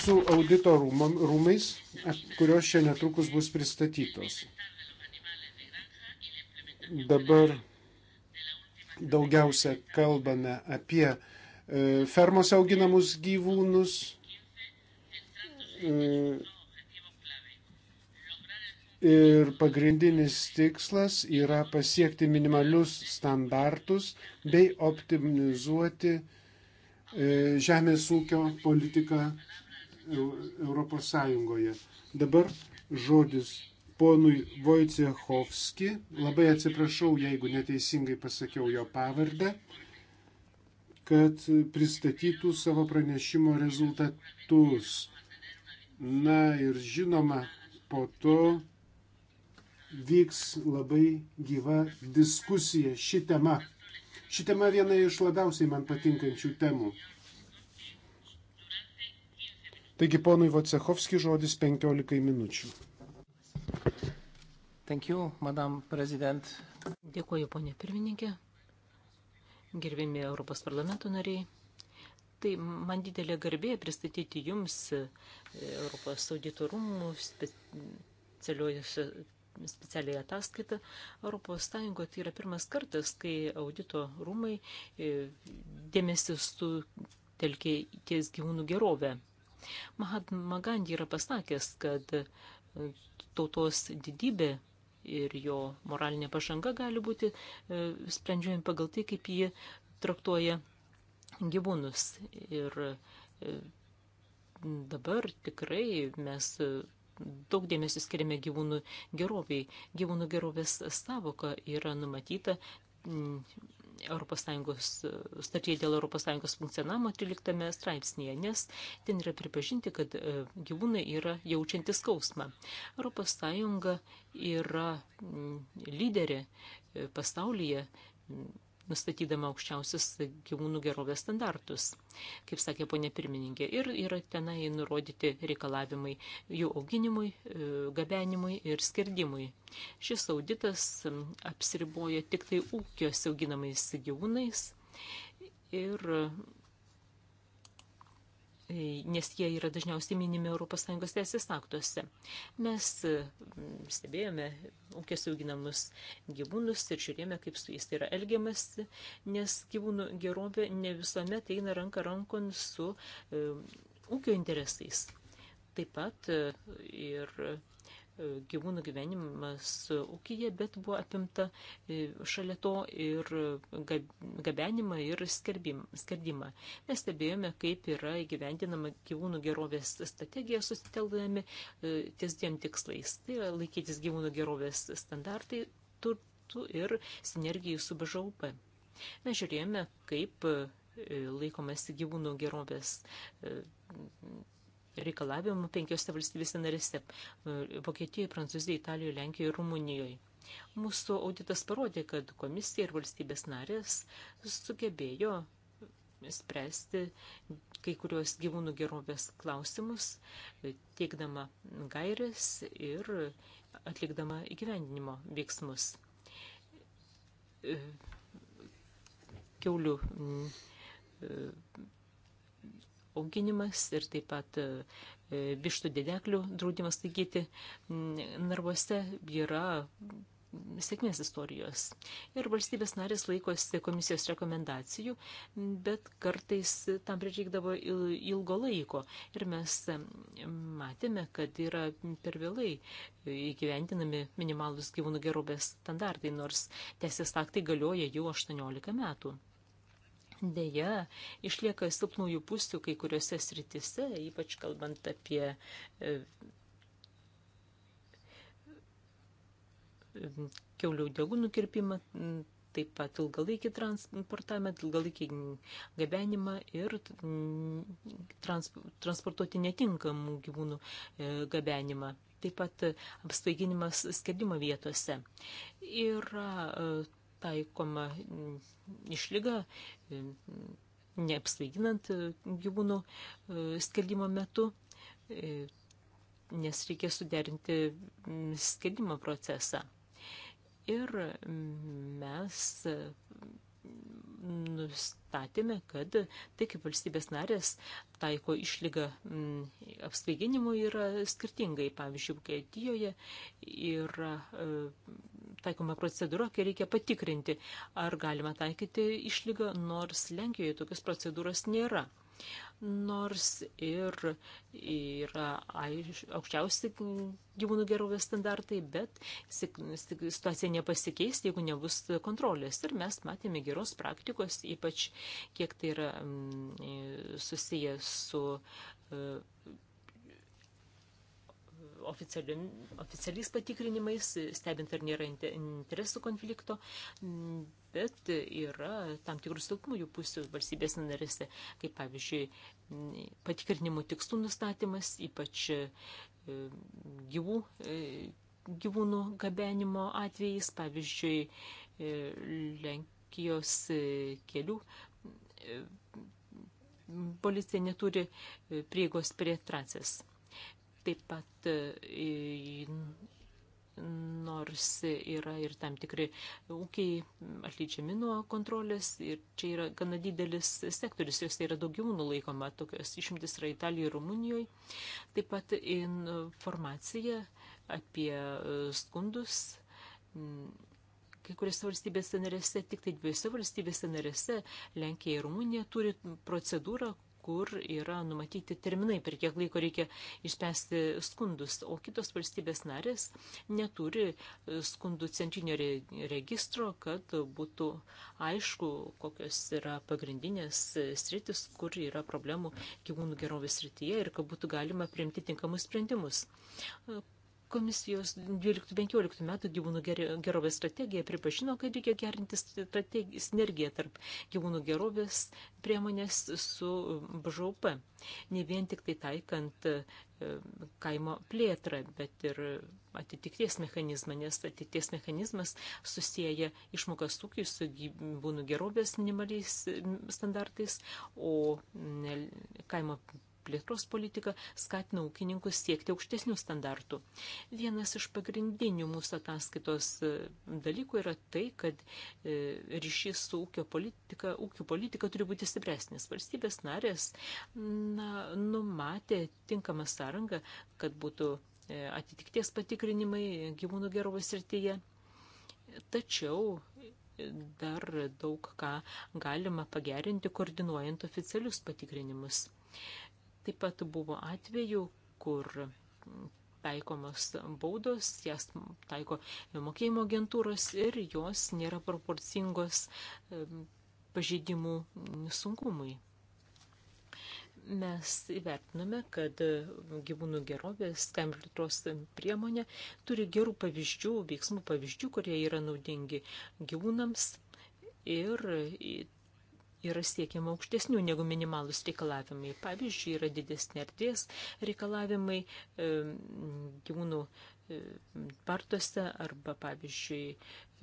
su audito rūmam, rūmais, kurios čia netrukus bus pristatytos. Dabar daugiausia kalbame apie e, fermos auginamus gyvūnus, Ir pagrindinis tikslas yra pasiekti minimalius standartus bei optimizuoti e, žemės ūkio politiką Europos Sąjungoje. Dabar žodis ponui Vojcehovski. Labai atsiprašau, jeigu neteisingai pasakiau jo pavardę, kad pristatytų savo pranešimo rezultatus. Na ir žinoma, po to vyks labai gyva diskusija ši tema. Ši tema viena iš labiausiai man patinkančių temų. Taigi ponui Vocechovski žodis 15 minučių. Thank you,
Madam President. Dėkuoju, ponė pirmininkė, gerbėmi Europos parlamento nariai. Tai man didelė garbė pristatyti Jums e, Europos auditorumų specialiosios specialiai ataskaitą. Europos Sąjungoje tai yra pirmas kartas, kai audito rūmai e, dėmesį sutelkė ties gyvūnų gerovę. Mahatma Gandhi yra pasakęs, kad e, tautos didybė ir jo moralinė pažanga gali būti e, sprendžiami pagal tai, kaip jie traktuoja gyvūnus. Ir dabar tikrai mes daug dėmesio skiriame gyvūnų geroviai. Gyvūnų gerovės savoka yra numatyta mm, ES, statyje dėl ES funkcionavimo 13 straipsnėje, nes ten yra pripažinti, kad e, gyvūnai yra jaučiantis skausmą. ES yra mm, lyderė e, pasaulyje mm, nustatydama aukščiausius gyvūnų gerovės standartus, kaip sakė ponė pirmininkė. Ir yra tenai nurodyti reikalavimai jų auginimui, e, gabenimui ir skerdimui. Šis auditas apsiriboja tik tai ūkiuose auginamais gyvūnais ir E, nes jie yra dažniausiai minimi ES teisės aktuose. Mes stebėjome ūkės auginamus gyvūnus ir žiūrėjome, kaip su jais yra elgiamasi, nes gyvūnų gerovė ne visuomet eina ranka rankon su e, ūkio interesais. Taip pat e, ir E, gyvūnų gyvenimas ūkija, bet buvo apimta e, šalia to ir gabenimą ir skerdimą. Mes stebėjome, kaip yra įgyvendinama gyvūnų gerovės strategija susitelkdami e, ties dviem tikslais. Tai yra laikytis gyvūnų gerovės standartai turtų ir sinergijų su BŽUP. Mes žiūrėjome, kaip laikomasi gyvūnų gerovės reikalavimų penkiose valstybėse narėse e, - Vokietijoje, Prancūzijoje, Italijoje, Lenkijoje ir Rumunijoje. Mūsų auditas parodė, kad komisija ir valstybės narės sugebėjo spręsti kai kurios gyvūnų gerovės klausimus, e, teikdama gairės ir atlikdama įgyvendinimo veiksmus. E, Keulių auginimas ir taip pat e, vištų dideklių draudimas laikyti mm, narvuose yra sėkmės istorijos. Ir valstybės narės laikosi komisijos rekomendacijų, bet kartais tam prireikdavo ilgo laiko. Ir mes mm, matėme, kad yra per vėlai įgyventinami minimalus gyvūnų gerovės standartai, nors teisės aktai galioja jau 18 metų. Deja, išlieka silpnųjų pusių kai kuriuose sritise, ypač kalbant apie e, keulių degų nukirpimą, taip pat ilgalaikį transportavimą, ilgalaikį gabenimą ir trans, transportuoti netinkamų gyvūnų e, gabenimą. Taip pat apsvaiginimas skerdimo vietose. Yra e, taikoma mm, išlyga mm, neapsvaiginant mm, gyvūnų skerdimo metu, nes reikia suderinti skerdimo procesą. Ir mes nustatėme, kad tai, kaip valstybės narės taiko išlygą apsvaiginimu, yra skirtingai. Pavyzdžiui, Vokietijoje yra e, taikoma procedūra, kai reikia patikrinti, ar galima taikyti išlygą, nors Lenkijoje tokios procedūros nėra nors ir yra aukščiausi gyvūnų gerovės standartai, bet situacija nepasikeis, jeigu nebus kontrolės. Ir mes matėme geros praktikos, ypač kiek tai yra mm, susijęs su e, oficiali, oficialiais patikrinimais, stebint ar nėra interesų konflikto, bet yra tam tikrų silpnųjų pusių valstybės narėse, kaip pavyzdžiui patikrinimų tikslų nustatymas, ypač e, gyvų, e, gyvūnų gabenimo atvejais, pavyzdžiui e, Lenkijos kelių policija neturi prieigos prie tracės. Taip pat e, nors yra ir tam tikri ūkiai atlyčiami nuo kontrolės ir čia yra gana didelis sektorius, juose yra daugiau nulaikoma, tokios išimtis yra Italijoje ir Rumunijoje. Taip pat informacija apie skundus. Kai kuriuose valstybėse narėse, tik tai dviejose valstybėse narėse, Lenkija ir Rumunija turi procedūrą, kur yra numatyti terminai, per kiek laiko reikia išspręsti skundus, o kitos valstybės narės neturi skundų centrinio registro, kad būtų aišku, kokios yra pagrindinės sritis, kur yra problemų gyvūnų gerovės srityje ir kad būtų galima priimti tinkamus sprendimus. Komisijos 12-15 metų gyvūnų gerovės strategija pripažino, kad reikia gerinti sinergiją tarp gyvūnų gerovės priemonės su BŽOP. Ne vien tik tai taikant e, kaimo plėtrą, bet ir atitikties mechanizmą, nes atitikties mechanizmas susijęja išmokas ūkiui su gyvūnų gerovės minimaliais standartais, o kaimo plėtros politika skatina ūkininkus siekti aukštesnių standartų. Vienas iš pagrindinių mūsų ataskaitos e, dalykų yra tai, kad e, ryšys su ūkio politika, ūkio politika turi būti stipresnis. Valstybės narės na, numatė tinkamą sąrangą, kad būtų e, atitikties patikrinimai gyvūnų gerovės srityje. Tačiau dar daug ką galima pagerinti, koordinuojant oficialius patikrinimus. Taip pat buvo atvejų, kur taikomos baudos, jas taiko mokėjimo agentūros ir jos nėra proporcingos pažeidimų sunkumui. Mes įvertiname, kad gyvūnų gerovės kaimo plėtros priemonė turi gerų pavyzdžių, veiksmų pavyzdžių, kurie yra naudingi gyvūnams ir yra siekiama aukštesnių negu minimalus reikalavimai. Pavyzdžiui, yra didesnė arties reikalavimai e, gyvūnų e, partuose arba, pavyzdžiui,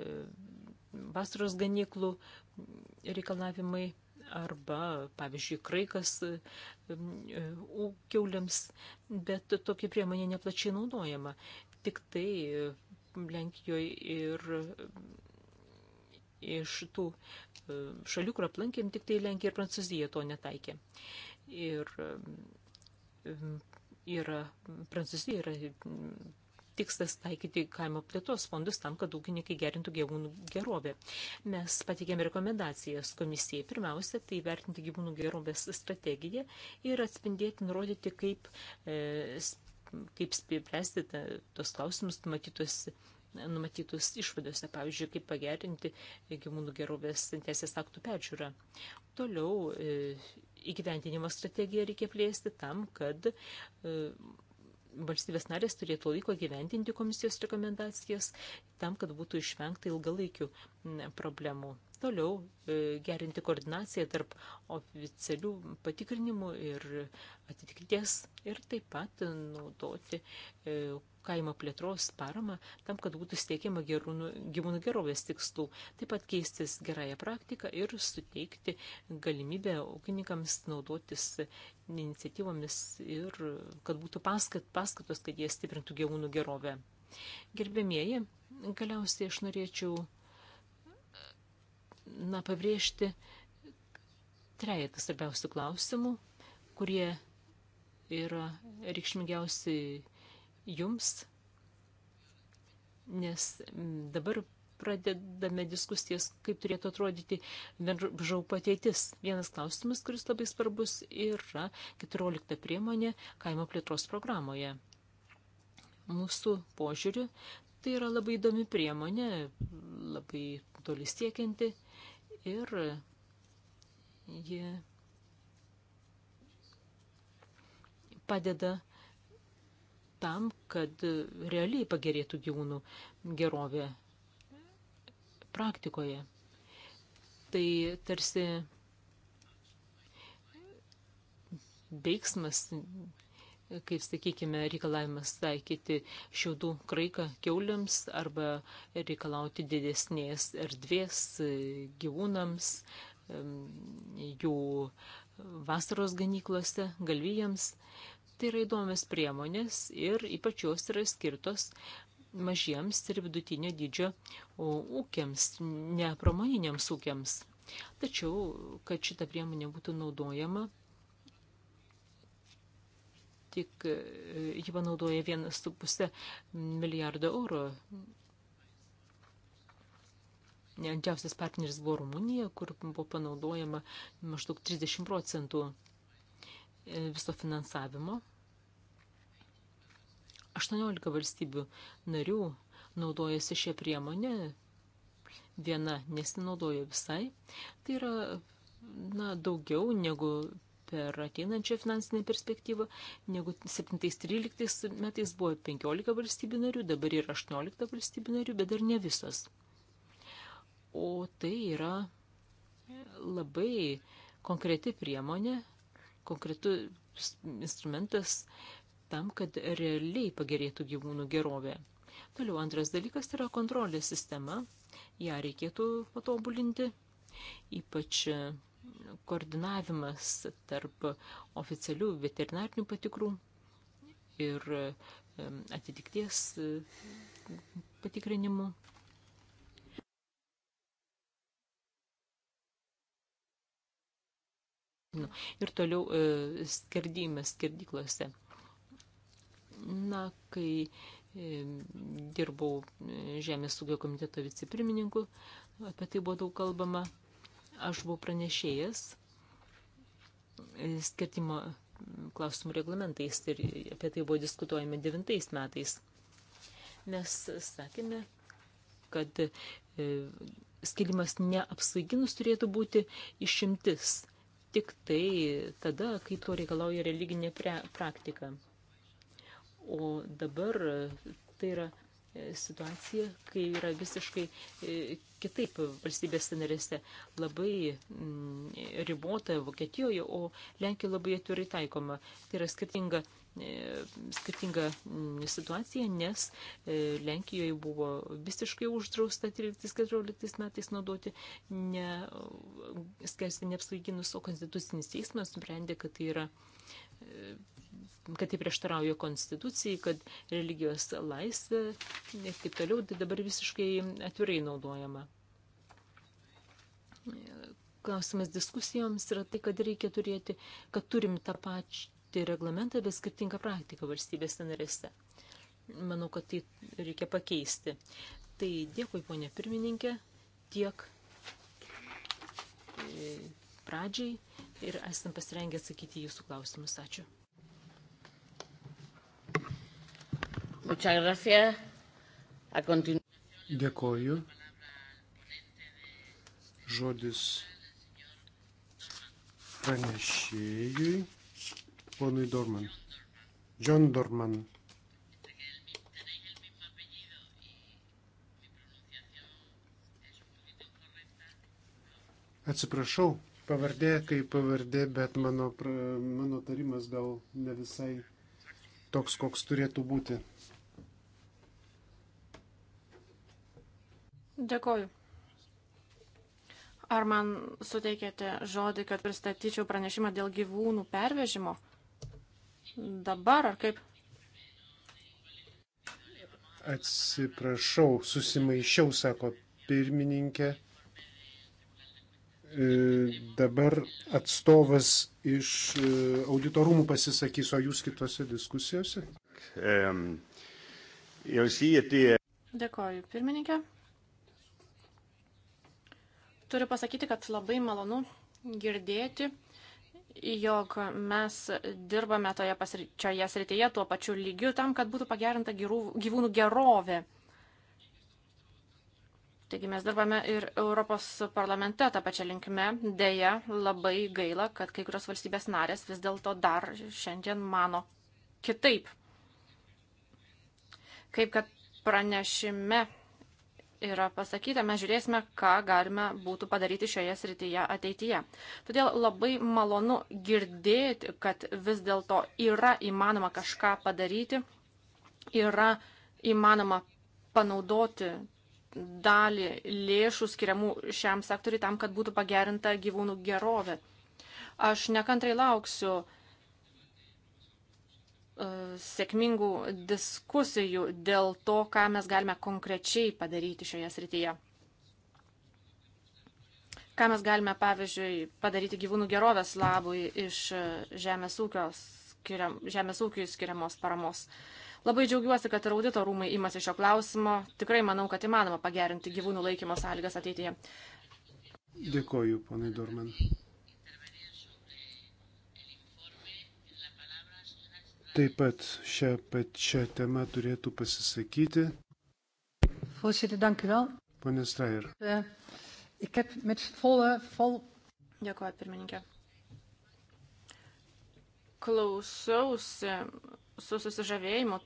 e, vasaros ganyklų reikalavimai arba, pavyzdžiui, kraikas e, e, ūkiauliams, bet tokia priemonė neplačiai naudojama. Tik tai e, Lenkijoje ir iš tų e, šalių, kur aplankėm, tik tai Lenkija ir Prancūzija to netaikė. Ir e, yra, Prancūzija yra tikslas taikyti kaimo plėtos fondus tam, kad ūkininkai gerintų gyvūnų gerovę. Mes patikėme rekomendacijas komisijai. Pirmiausia, tai vertinti gyvūnų gerovės strategiją ir atspindėti, nurodyti, kaip, e, kaip spręsti tos klausimus numatytos numatytus išvadose, pavyzdžiui, kaip pagerinti gyvūnų gerovės teisės aktų peržiūrą. Toliau e, įgyvendinimo strategiją reikia plėsti tam, kad e, valstybės narės turėtų laiko gyvendinti komisijos rekomendacijas tam, kad būtų išvengta ilgalaikių problemų. Toliau e, gerinti koordinaciją tarp oficialių patikrinimų ir atitikties ir taip pat naudoti kaimo plėtros paramą tam, kad būtų steikiama nu, gyvūnų gerovės tikslų, taip pat keistis gerąją praktiką ir suteikti galimybę ūkininkams naudotis iniciatyvomis ir kad būtų paskat, paskatos, kad jie stiprintų gyvūnų gerovę. Gerbėmieji, galiausiai aš norėčiau na, pabrėžti trejatą svarbiausių klausimų, kurie yra reikšmingiausi jums, nes dabar pradedame diskusijas, kaip turėtų atrodyti žaupo ateitis. Vienas klausimas, kuris labai svarbus, yra 14 priemonė kaimo plėtros programoje. Mūsų požiūriu, tai yra labai įdomi priemonė, labai toli siekianti ir ji padeda tam, kad realiai pagerėtų gyvūnų gerovė praktikoje. Tai tarsi veiksmas, kaip sakykime, reikalavimas taikyti šiaudų kraiką keuliams arba reikalauti didesnės erdvės gyvūnams, jų vasaros ganyklose, galvijams. Tai yra įdomios priemonės ir ypač jos yra skirtos mažiems ir vidutinio dydžio ūkiams, ne pramoniniams ūkiams. Tačiau, kad šita priemonė būtų naudojama, tik e, ji panaudoja 1,5 milijardo eurų. Didžiausias partneris buvo Rumunija, kur buvo panaudojama maždaug 30 procentų e, viso finansavimo. 18 valstybių narių naudojasi šią priemonę, viena nesinaudojo visai. Tai yra na, daugiau negu per ateinančią finansinę perspektyvą, negu 7-13 metais buvo 15 valstybių narių, dabar yra 18 valstybių narių, bet dar ne visos. O tai yra labai konkreti priemonė, konkretus instrumentas, tam, kad realiai pagerėtų gyvūnų gerovė. Toliau antras dalykas tai yra kontrolės sistema. Ja reikėtų patobulinti, ypač e, koordinavimas tarp oficialių veterinarinių patikrų ir e, atitikties e, patikrinimų. Nu, ir toliau skerdymės skerdyklose. Na, kai e, dirbau e, Žemės ūkio komiteto vicepirmininku, apie tai buvo daug kalbama. Aš buvau pranešėjas e, skirtimo klausimų reglamentais ir apie tai buvo diskutuojami devintais metais. Mes sakėme, kad skilimas neapsvaiginus turėtų būti išimtis tik tai tada, kai to reikalauja religinė praktika. O dabar e, tai yra e, situacija, kai yra visiškai e, kitaip valstybės narėse labai mm, ribota Vokietijoje, o Lenkijoje labai atvirai taikoma. Tai yra skirtinga, skirtinga mm, situacija, nes Lenkijoje buvo visiškai uždrausta 13-14 metais naudoti ne, skersti neapsvaiginus, o Konstitucinis teismas sprendė, kad tai yra kad tai prieštarauja konstitucijai, kad religijos laisvė ir taip toliau, tai dabar visiškai atvirai naudojama. Klausimas diskusijoms yra tai, kad reikia turėti, kad turim tą pačią reglamentą, bet skirtingą praktiką valstybės narėse. Manau, kad tai reikia pakeisti. Tai dėkui, ponė pirmininkė, tiek e, pradžiai ir esam pasirengę atsakyti jūsų klausimus. Ačiū.
Dėkoju. Žodis pranešėjui, ponui Dorman. John Dorman. Atsiprašau, pavardė kaip pavardė, bet mano, mano tarimas gal ne visai toks, koks turėtų būti.
Dėkoju. Ar man suteikėte žodį, kad pristatyčiau pranešimą dėl gyvūnų pervežimo? Dabar ar kaip?
Atsiprašau, susimaišiau, sako pirmininkė. E, dabar atstovas iš e, auditorumų pasisakys, o jūs kitose diskusijose?
E,
Dėkoju, pirmininkė. Turiu pasakyti, kad labai malonu girdėti, jog mes dirbame toje pasiričioje srityje tuo pačiu lygiu tam, kad būtų pagerinta gyvūnų gerovė. Taigi mes dirbame ir Europos parlamente tą pačią linkme. Deja, labai gaila, kad kai kurios valstybės narės vis dėlto dar šiandien mano kitaip. Kaip kad pranešime yra pasakyta, mes žiūrėsime, ką galime būtų padaryti šioje srityje ateityje. Todėl labai malonu girdėti, kad vis dėlto yra įmanoma kažką padaryti, yra įmanoma panaudoti dalį lėšų skiriamų šiam sektoriui tam, kad būtų pagerinta gyvūnų gerovė. Aš nekantrai lauksiu e, sėkmingų diskusijų dėl to, ką mes galime konkrečiai padaryti šioje srityje. Ką mes galime, pavyzdžiui, padaryti gyvūnų gerovės labui iš e, žemės, ūkios, skiriam, žemės ūkiui skiriamos paramos. Uh, Labai džiaugiuosi, kad ir audito rūmai imasi šio klausimo. Tikrai manau, kad įmanoma pagerinti gyvūnų laikymo sąlygas ateityje.
Dėkoju, ponai Dorman. Taip pat šią pačią temą turėtų pasisakyti.
Voorzitter, dank u wel.
Pane Strajer.
Uh, ik heb met volle, vol... Dėkuoju, pirmininkė. Klausiausi su susižavėjimu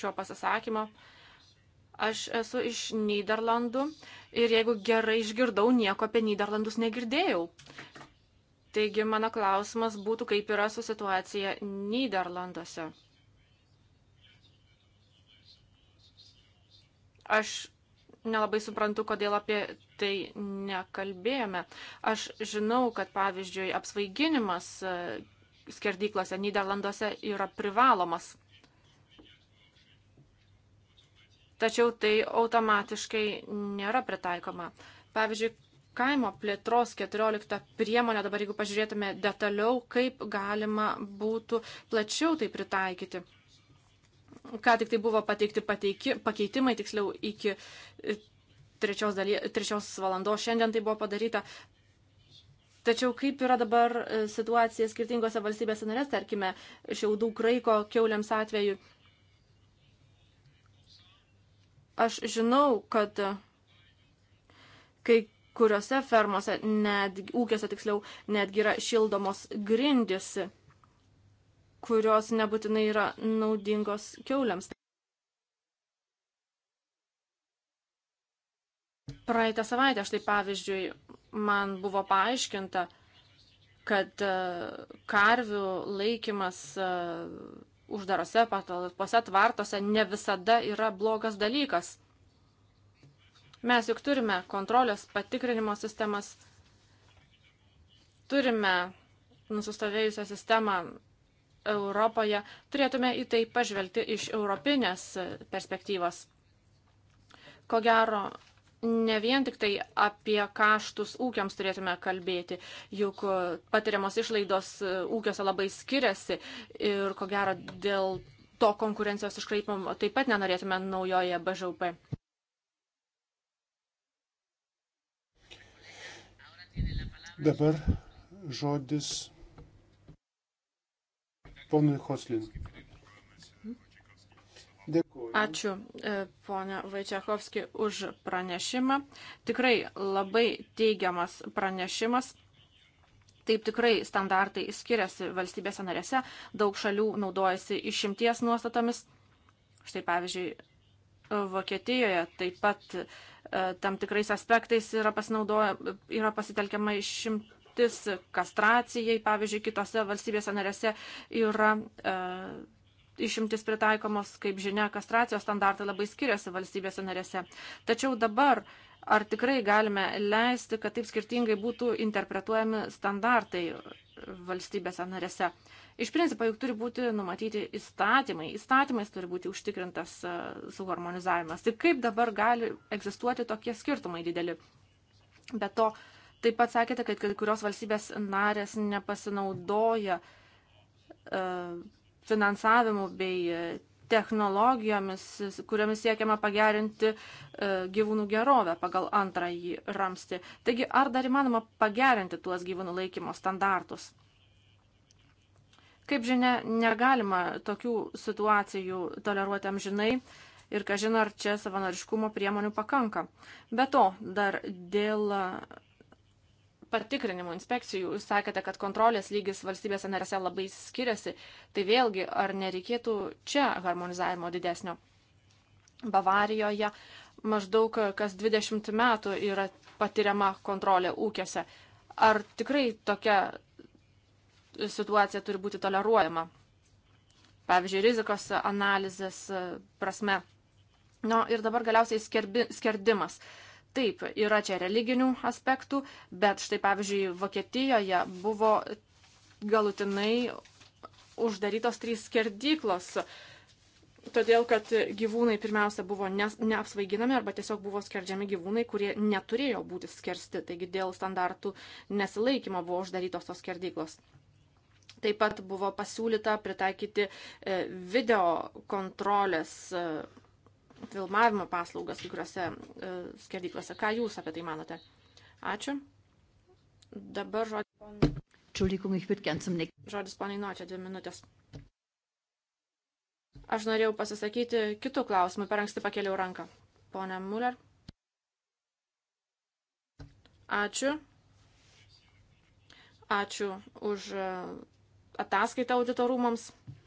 šio pasisakymo. Aš esu iš Niderlandų ir jeigu gerai išgirdau, nieko apie Niderlandus negirdėjau. Taigi mano klausimas būtų, kaip yra su situacija Niderlanduose. Aš nelabai suprantu, kodėl apie tai nekalbėjome. Aš žinau, kad pavyzdžiui apsvaiginimas skerdyklose Niderlanduose yra privalomas. Tačiau tai automatiškai nėra pritaikoma. Pavyzdžiui, kaimo plėtros 14 priemonė, dabar jeigu pažiūrėtume detaliau, kaip galima būtų plačiau tai pritaikyti. Ką tik tai buvo pateikti pateiki, pakeitimai, tiksliau iki e, trečios, daly, trečios valandos šiandien tai buvo padaryta, Tačiau kaip yra dabar e, situacija skirtingose valstybėse narės, tarkime, šiaudų kraiko keuliams atveju. Aš žinau, kad kai kuriuose fermose, net, ūkiuose tiksliau, netgi yra šildomos grindys, kurios nebūtinai yra naudingos keuliams. Praeitą savaitę štai pavyzdžiui man buvo paaiškinta, kad e, karvių laikymas e, uždarose patalpose tvartose ne visada yra blogas dalykas. Mes juk turime kontrolės patikrinimo sistemas, turime nusistovėjusią sistemą Europoje, turėtume į tai pažvelgti iš europinės perspektyvos. Ko gero, ne vien tik tai apie kaštus ūkiams turėtume kalbėti, juk patiriamos išlaidos e, ūkiuose labai skiriasi ir ko gero dėl to konkurencijos iškraipimo taip pat nenorėtume naujoje BŽUP.
Dabar žodis ponui Hoslin.
Ačiū, e, ponia Vaičiakovski, už pranešimą. Tikrai labai teigiamas pranešimas. Taip tikrai standartai skiriasi valstybėse narėse, daug šalių naudojasi išimties nuostatomis. Štai pavyzdžiui, Vokietijoje taip pat e, tam tikrais aspektais yra, yra pasitelkiama išimtis kastracijai, pavyzdžiui, kitose valstybėse narėse yra e, išimtis pritaikomos, kaip žinia, kastracijos standartai labai skiriasi valstybėse narėse. Tačiau dabar ar tikrai galime leisti, kad taip skirtingai būtų interpretuojami standartai valstybėse narėse? Iš principo juk turi būti numatyti įstatymai, įstatymais turi būti užtikrintas e, suharmonizavimas. Tai kaip dabar gali egzistuoti tokie skirtumai dideli? Be to, taip pat sakėte, kad kai kurios valstybės narės nepasinaudoja uh, finansavimu bei e, technologijomis, kuriomis siekiama pagerinti e, gyvūnų gerovę pagal antrąjį ramstį. Taigi, ar dar įmanoma pagerinti tuos gyvūnų laikymo standartus? Kaip žinia, negalima tokių situacijų toleruoti amžinai ir, ką žinai, ar čia savanoriškumo priemonių pakanka. Be to, dar dėl patikrinimų inspekcijų. Jūs sakėte, kad kontrolės lygis valstybėse narėse labai skiriasi. Tai vėlgi, ar nereikėtų čia harmonizavimo didesnio? Bavarijoje maždaug kas 20 metų yra patiriama kontrolė ūkiuose. Ar tikrai tokia situacija turi būti toleruojama? Pavyzdžiui, rizikos analizės prasme. Na nu, ir dabar galiausiai skerbi, skerdimas. Uh, Taip, yra čia religinių aspektų, bet štai pavyzdžiui, Vokietijoje buvo galutinai uždarytos trys skerdyklos, todėl kad gyvūnai pirmiausia buvo ne, neapsvaiginami arba tiesiog buvo skerdžiami gyvūnai, kurie neturėjo būti skersti, taigi dėl standartų nesilaikymo buvo uždarytos tos skerdyklos. Taip pat buvo pasiūlyta pritaikyti e, video kontrolės e, filmavimo paslaugas kai kuriuose e, skerdyklose. Ką Jūs apie tai manote? Ačiū. Dabar žodis. Žodis poniai Nočia, dvi minutės. Aš norėjau pasisakyti kitų klausimų, per anksti pakėliau ranką. Pone Muller. Ačiū. Ačiū už e, ataskaitą auditorumams. rūmams.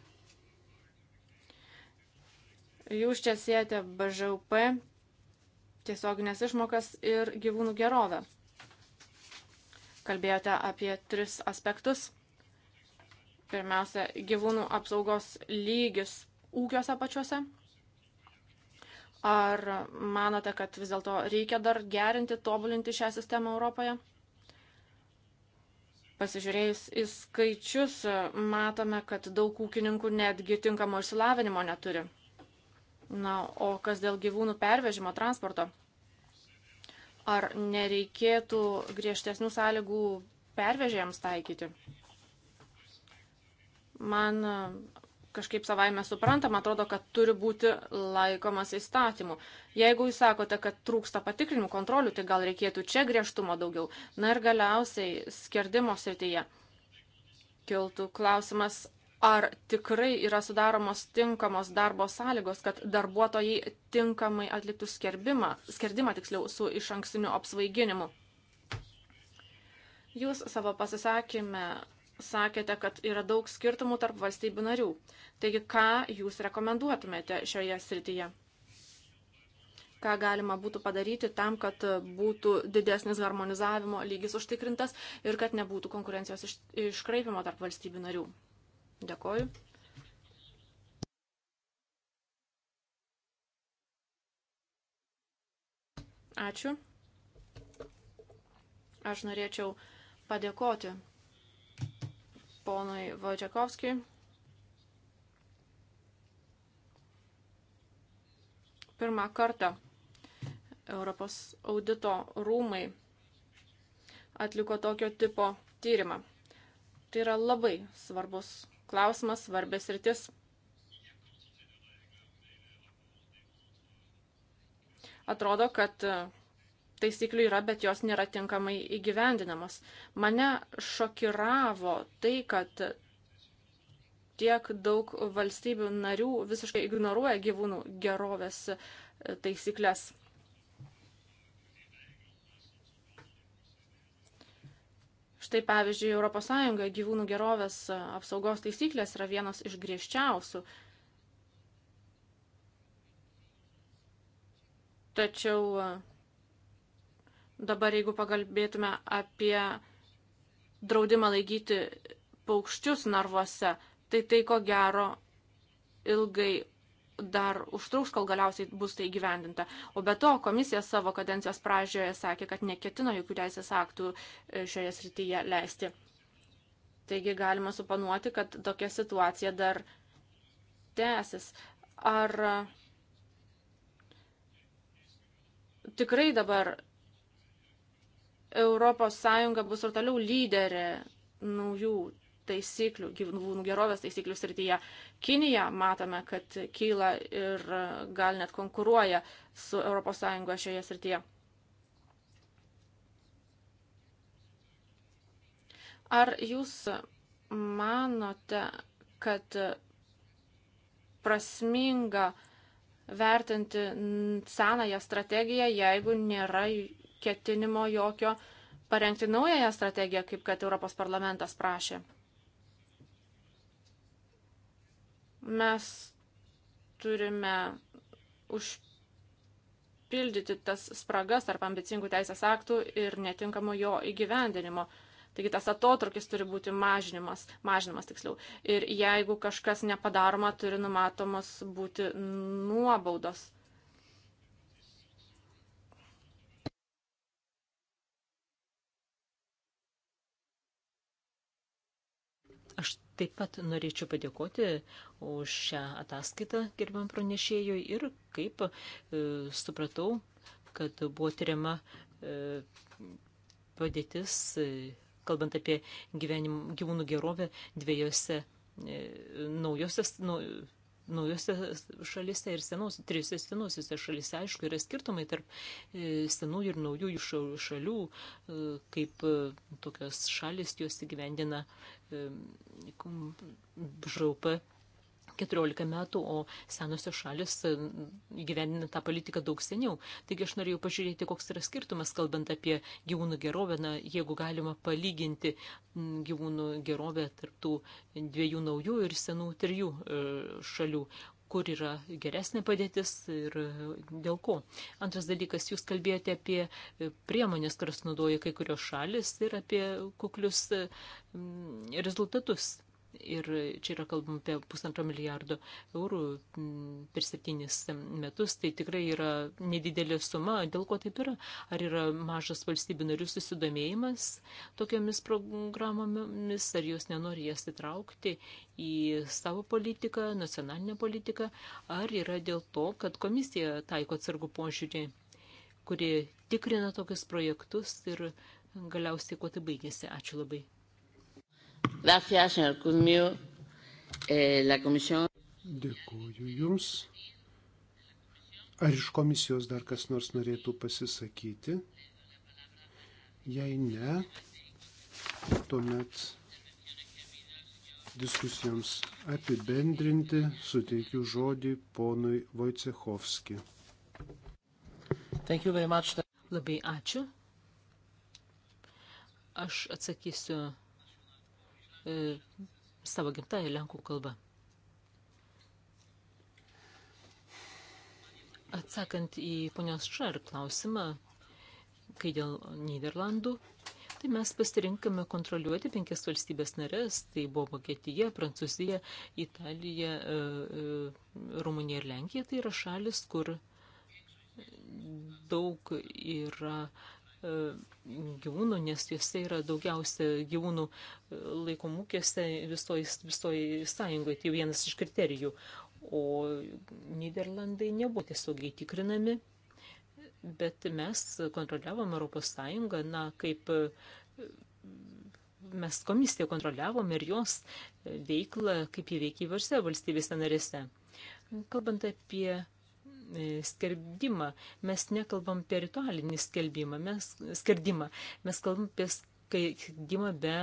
Jūs čia siejate BŽUP, tiesioginės išmokas ir gyvūnų gerovę. Kalbėjote apie tris aspektus. Pirmiausia, gyvūnų apsaugos lygis ūkiuose pačiuose. Ar manote, kad vis dėlto reikia dar gerinti, tobulinti šią sistemą Europoje? Pasižiūrėjus į skaičius, matome, kad daug ūkininkų netgi tinkamo išsilavinimo neturi. Na, o kas dėl gyvūnų pervežimo transporto? Ar nereikėtų griežtesnių sąlygų pervežėjams taikyti? Man e, kažkaip savaime suprantama, atrodo, kad turi būti laikomas įstatymų. Jeigu jūs sakote, kad trūksta patikrinimų kontrolių, tai gal reikėtų čia griežtumo daugiau. Na ir galiausiai skerdimo srityje kiltų klausimas, ar tikrai yra sudaromos tinkamos darbo sąlygos, kad darbuotojai tinkamai atliktų skerbimą, skerdimą tiksliau su iš ankstiniu apsvaiginimu. Jūs savo pasisakymę sakėte, kad yra daug skirtumų tarp valstybių narių. Taigi, ką jūs rekomenduotumėte šioje srityje? Ką galima būtų padaryti tam, kad būtų didesnis harmonizavimo lygis užtikrintas ir kad nebūtų konkurencijos iškraipimo tarp valstybių narių? Dėkoju. Ačiū. Aš norėčiau padėkoti ponui Vojčiakovskijui. Pirmą kartą Europos audito rūmai atliko tokio tipo tyrimą. Tai yra labai svarbus klausimas svarbės rytis. Atrodo, kad e, taisyklių yra, bet jos nėra tinkamai įgyvendinamos. Mane šokiravo tai, kad tiek daug valstybių narių visiškai ignoruoja gyvūnų gerovės e, taisyklės. Štai pavyzdžiui, ES gyvūnų gerovės apsaugos taisyklės yra vienos iš griežčiausių. Tačiau dabar, jeigu pagalbėtume apie draudimą laikyti paukščius narvuose, tai tai ko gero ilgai dar užtruks, kol galiausiai bus tai gyvendinta. O be to, komisija savo kadencijos pradžioje sakė, kad neketina jokių teisės aktų e, šioje srityje leisti. Taigi galima supanuoti, kad tokia situacija dar tęsis. Ar e, tikrai dabar ES bus ir toliau lyderė naujų taisyklių, gyvūnų gerovės taisyklių srityje. Kinija matome, kad kyla ir gal net konkuruoja su ES šioje srityje. Ar jūs manote, kad prasminga vertinti senąją strategiją, jeigu nėra ketinimo jokio parengti naująją strategiją, kaip kad Europos parlamentas prašė? Mes turime užpildyti tas spragas tarp ambicingų teisės aktų ir netinkamo jo įgyvendinimo. Taigi tas atotrukis turi būti mažinimas, mažinimas tiksliau. Ir jeigu kažkas nepadaroma, turi numatomos būti nuobaudos.
Taip pat norėčiau padėkoti už šią ataskaitą gerbiam pranešėjui ir kaip e, supratau, kad buvo tyriama e, padėtis, e, kalbant apie gyvenim, gyvūnų gerovę dviejose e, naujosios, nu, naujose šalise ir senos, trijose senosiose šalise. Aišku, yra skirtumai tarp e, senųjų ir naujųjų šalių, e, kaip e, tokios šalis jos įgyvendina žaupą 14 metų, o senosios šalis e, gyvenina tą politiką daug seniau. Taigi aš norėjau pažiūrėti, koks yra skirtumas, kalbant apie gyvūnų gerovę, na, jeigu galima palyginti gyvūnų gerovę tarptų dviejų naujų ir senų trijų e, šalių kur yra geresnė padėtis ir e, dėl ko. Antras dalykas, jūs kalbėjote apie priemonės, kurias naudoja kai kurios šalis ir apie kuklius rezultatus Ir čia yra kalbama apie pusantro milijardo eurų per septynis metus. Tai tikrai yra nedidelė suma. Dėl ko taip yra? Ar yra mažas valstybių narių susidomėjimas tokiamis programomis, ar jos nenori jas įtraukti į savo politiką, nacionalinę politiką, ar yra dėl to, kad komisija taiko atsargų požiūrį, kuri tikrina tokius projektus ir galiausiai kuo tai baigėsi. Ačiū labai.
Gracias, señor Kuzmiu. Eh, la comisión.
Dėkuoju Jums. Ar iš komisijos dar kas nors norėtų pasisakyti? Jei ne, tuomet diskusijoms apibendrinti suteikiu žodį ponui Vojcechovski.
Labai ačiū. Aš atsakysiu E, savo gimtąją lenkų kalbą. Atsakant į ponios Šar klausimą, kai dėl Niderlandų, tai mes pasirinkame kontroliuoti penkias valstybės narės, tai buvo Vokietija, Prancūzija, Italija, e, e, Rumunija ir Lenkija, tai yra šalis, kur daug yra uh, E, gyvūnų, nes juose yra daugiausia gyvūnų e, laikomūkėse visoje visoj sąjungoje, tai vienas iš kriterijų. O Niderlandai nebuvo tiesiogiai tikrinami, bet mes kontroliavom Europos Sąjungą, na, kaip e, mes komisiją kontroliavom ir jos veiklą, kaip jį veikia įvarse valstybėse narėse. Kalbant apie E, skelbimą. Mes nekalbam apie ritualinį skelbimą, mes, skerdimą. Mes kalbam apie skelbimą be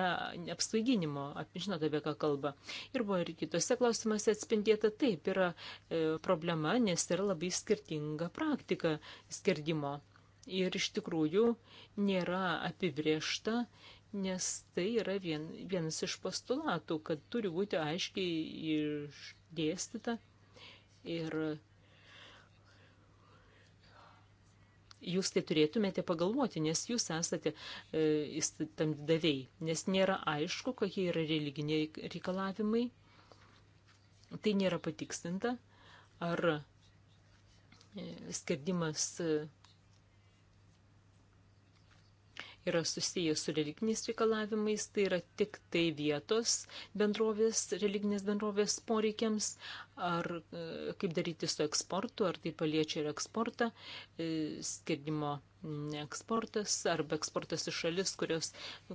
apsvaiginimo. Žinote, apie ką kalba. Ir buvo ir kitose klausimuose atspindėta taip, yra e, problema, nes yra labai skirtinga praktika skerdimo. Ir iš tikrųjų nėra apibriešta nes tai yra vien, vienas iš postulatų, kad turi būti aiškiai išdėstyta ir jūs tai turėtumėte pagalvoti, nes jūs esate e, įstatymdaviai, nes nėra aišku, kokie yra religiniai reikalavimai, tai nėra patikslinta, ar e, skirdimas e, yra susijęs su religiniais reikalavimais, tai yra tik tai vietos bendrovės, religinės bendrovės poreikiams, ar e, kaip daryti su eksportu, ar tai paliečia ir eksportą, e, skirdimo eksportas, arba eksportas į šalis, kurios,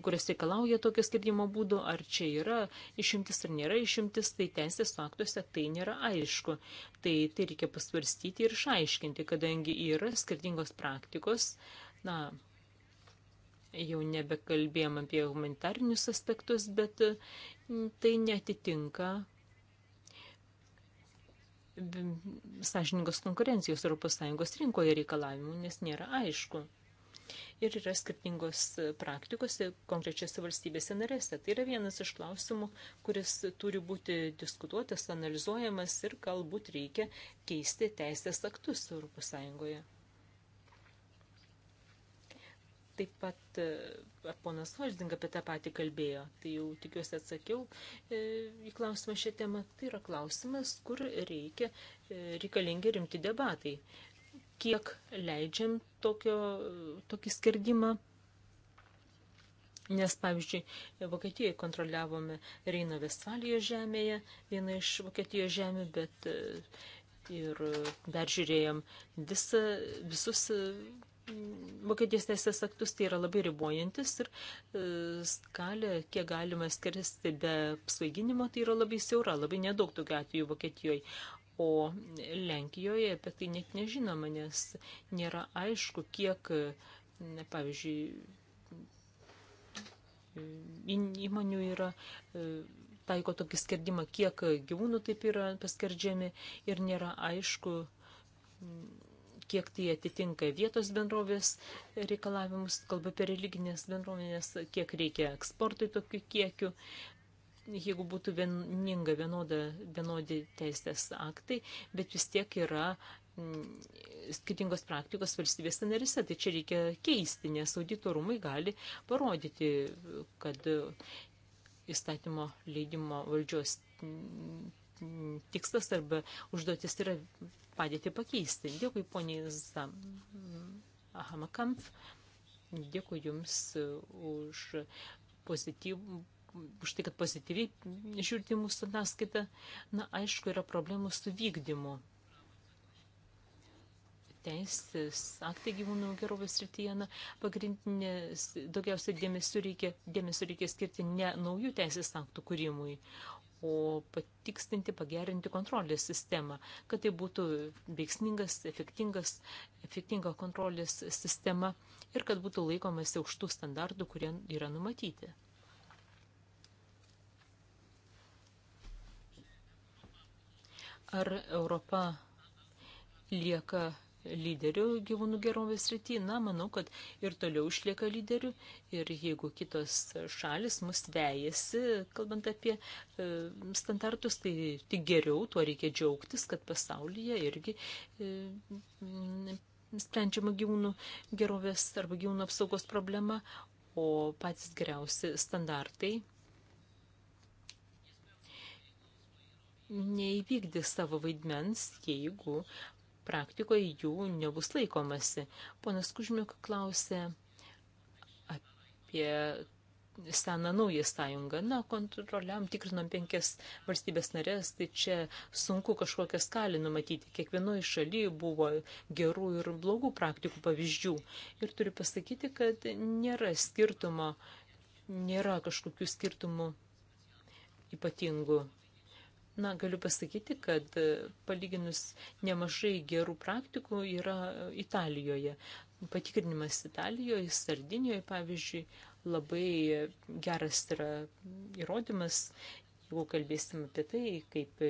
kurios reikalauja tokio skirdimo būdo, ar čia yra išimtis ar nėra išimtis, tai teisės aktuose tai nėra aišku. Tai, tai reikia pasvarstyti ir išaiškinti, kadangi yra skirtingos praktikos, na, jau nebekalbėjom apie humanitarinius aspektus, bet tai netitinka sąžiningos konkurencijos ES rinkoje reikalavimų, nes nėra aišku. Ir yra skirtingos praktikos konkrečiose valstybėse narėse. Tai yra vienas iš klausimų, kuris turi būti diskutuotas, analizuojamas ir galbūt reikia keisti teisės aktus ES. Taip pat e, ponas Važding apie tą patį kalbėjo. Tai jau tikiuosi atsakiau e, į klausimą šią temą. Tai yra klausimas, kur reikia, e, reikalingi rimti debatai. Kiek leidžiam tokio, tokį skerdimą? Nes, pavyzdžiui, Vokietijoje kontroliavome Reino Vestfalijos žemėje, vieną iš Vokietijos žemė, bet ir dar žiūrėjom visa, visus Vokietijos teisės aktus tai yra labai ribojantis ir e, skalė, kiek galima skirsti be svaiginimo, tai yra labai siaura, labai nedaug tokių atvejų Vokietijoje. O Lenkijoje apie tai net nežinoma, nes nėra aišku, kiek, ne, pavyzdžiui, įmonių yra e, taiko tokį skerdimą, kiek gyvūnų taip yra paskerdžiami ir nėra aišku, kiek tai atitinka vietos bendrovės reikalavimus, kalba apie religinės bendruomenės, kiek reikia eksportui tokių kiekių. Jeigu būtų vieninga vienoda, vienodi teisės aktai, bet vis tiek yra mm, skirtingos praktikos valstybės narise, tai čia reikia keisti, nes auditorumai gali parodyti, kad įstatymo leidimo valdžios tikslas arba užduotis yra padėti pakeisti. Dėkui, poniai Zamakamp. Dėkui Jums už, pozityv, už tai, kad pozityviai žiūrite mūsų ataskaitą. Na, aišku, yra problemų su vykdymu. Teisės aktai gyvūnų gerovės rytyje, na, pagrindinės, daugiausiai dėmesio reikia, dėmesio reikia skirti ne naujų teisės aktų kūrimui, o patikstinti, pagerinti kontrolės sistemą, kad tai būtų veiksmingas, efektingas, efektinga kontrolės sistema ir kad būtų laikomasi aukštų standartų, kurie yra numatyti. Ar Europa lieka lyderių gyvūnų gerovės rytį. Na, manau, kad ir toliau išlieka lyderių ir jeigu kitos šalis mus vejasi, kalbant apie e, standartus, tai tik geriau, tuo reikia džiaugtis, kad pasaulyje irgi e, sprendžiama gyvūnų gerovės arba gyvūnų apsaugos problema, o patys geriausi standartai neįvykdys savo vaidmens, jeigu praktikoje jų nebus laikomasi. Ponas Kužmiuk klausė apie seną naują sąjungą. Na, kontroliam tikrinom penkias valstybės narės, tai čia sunku kažkokią skalį numatyti. Kiekvienoje šalyje buvo gerų ir blogų praktikų pavyzdžių. Ir turiu pasakyti, kad nėra skirtumo, nėra kažkokių skirtumų ypatingų Na, galiu pasakyti, kad e, palyginus nemažai gerų praktikų yra Italijoje. Patikrinimas Italijoje, Sardinijoje, pavyzdžiui, labai geras yra įrodymas, jeigu kalbėsim apie tai, kaip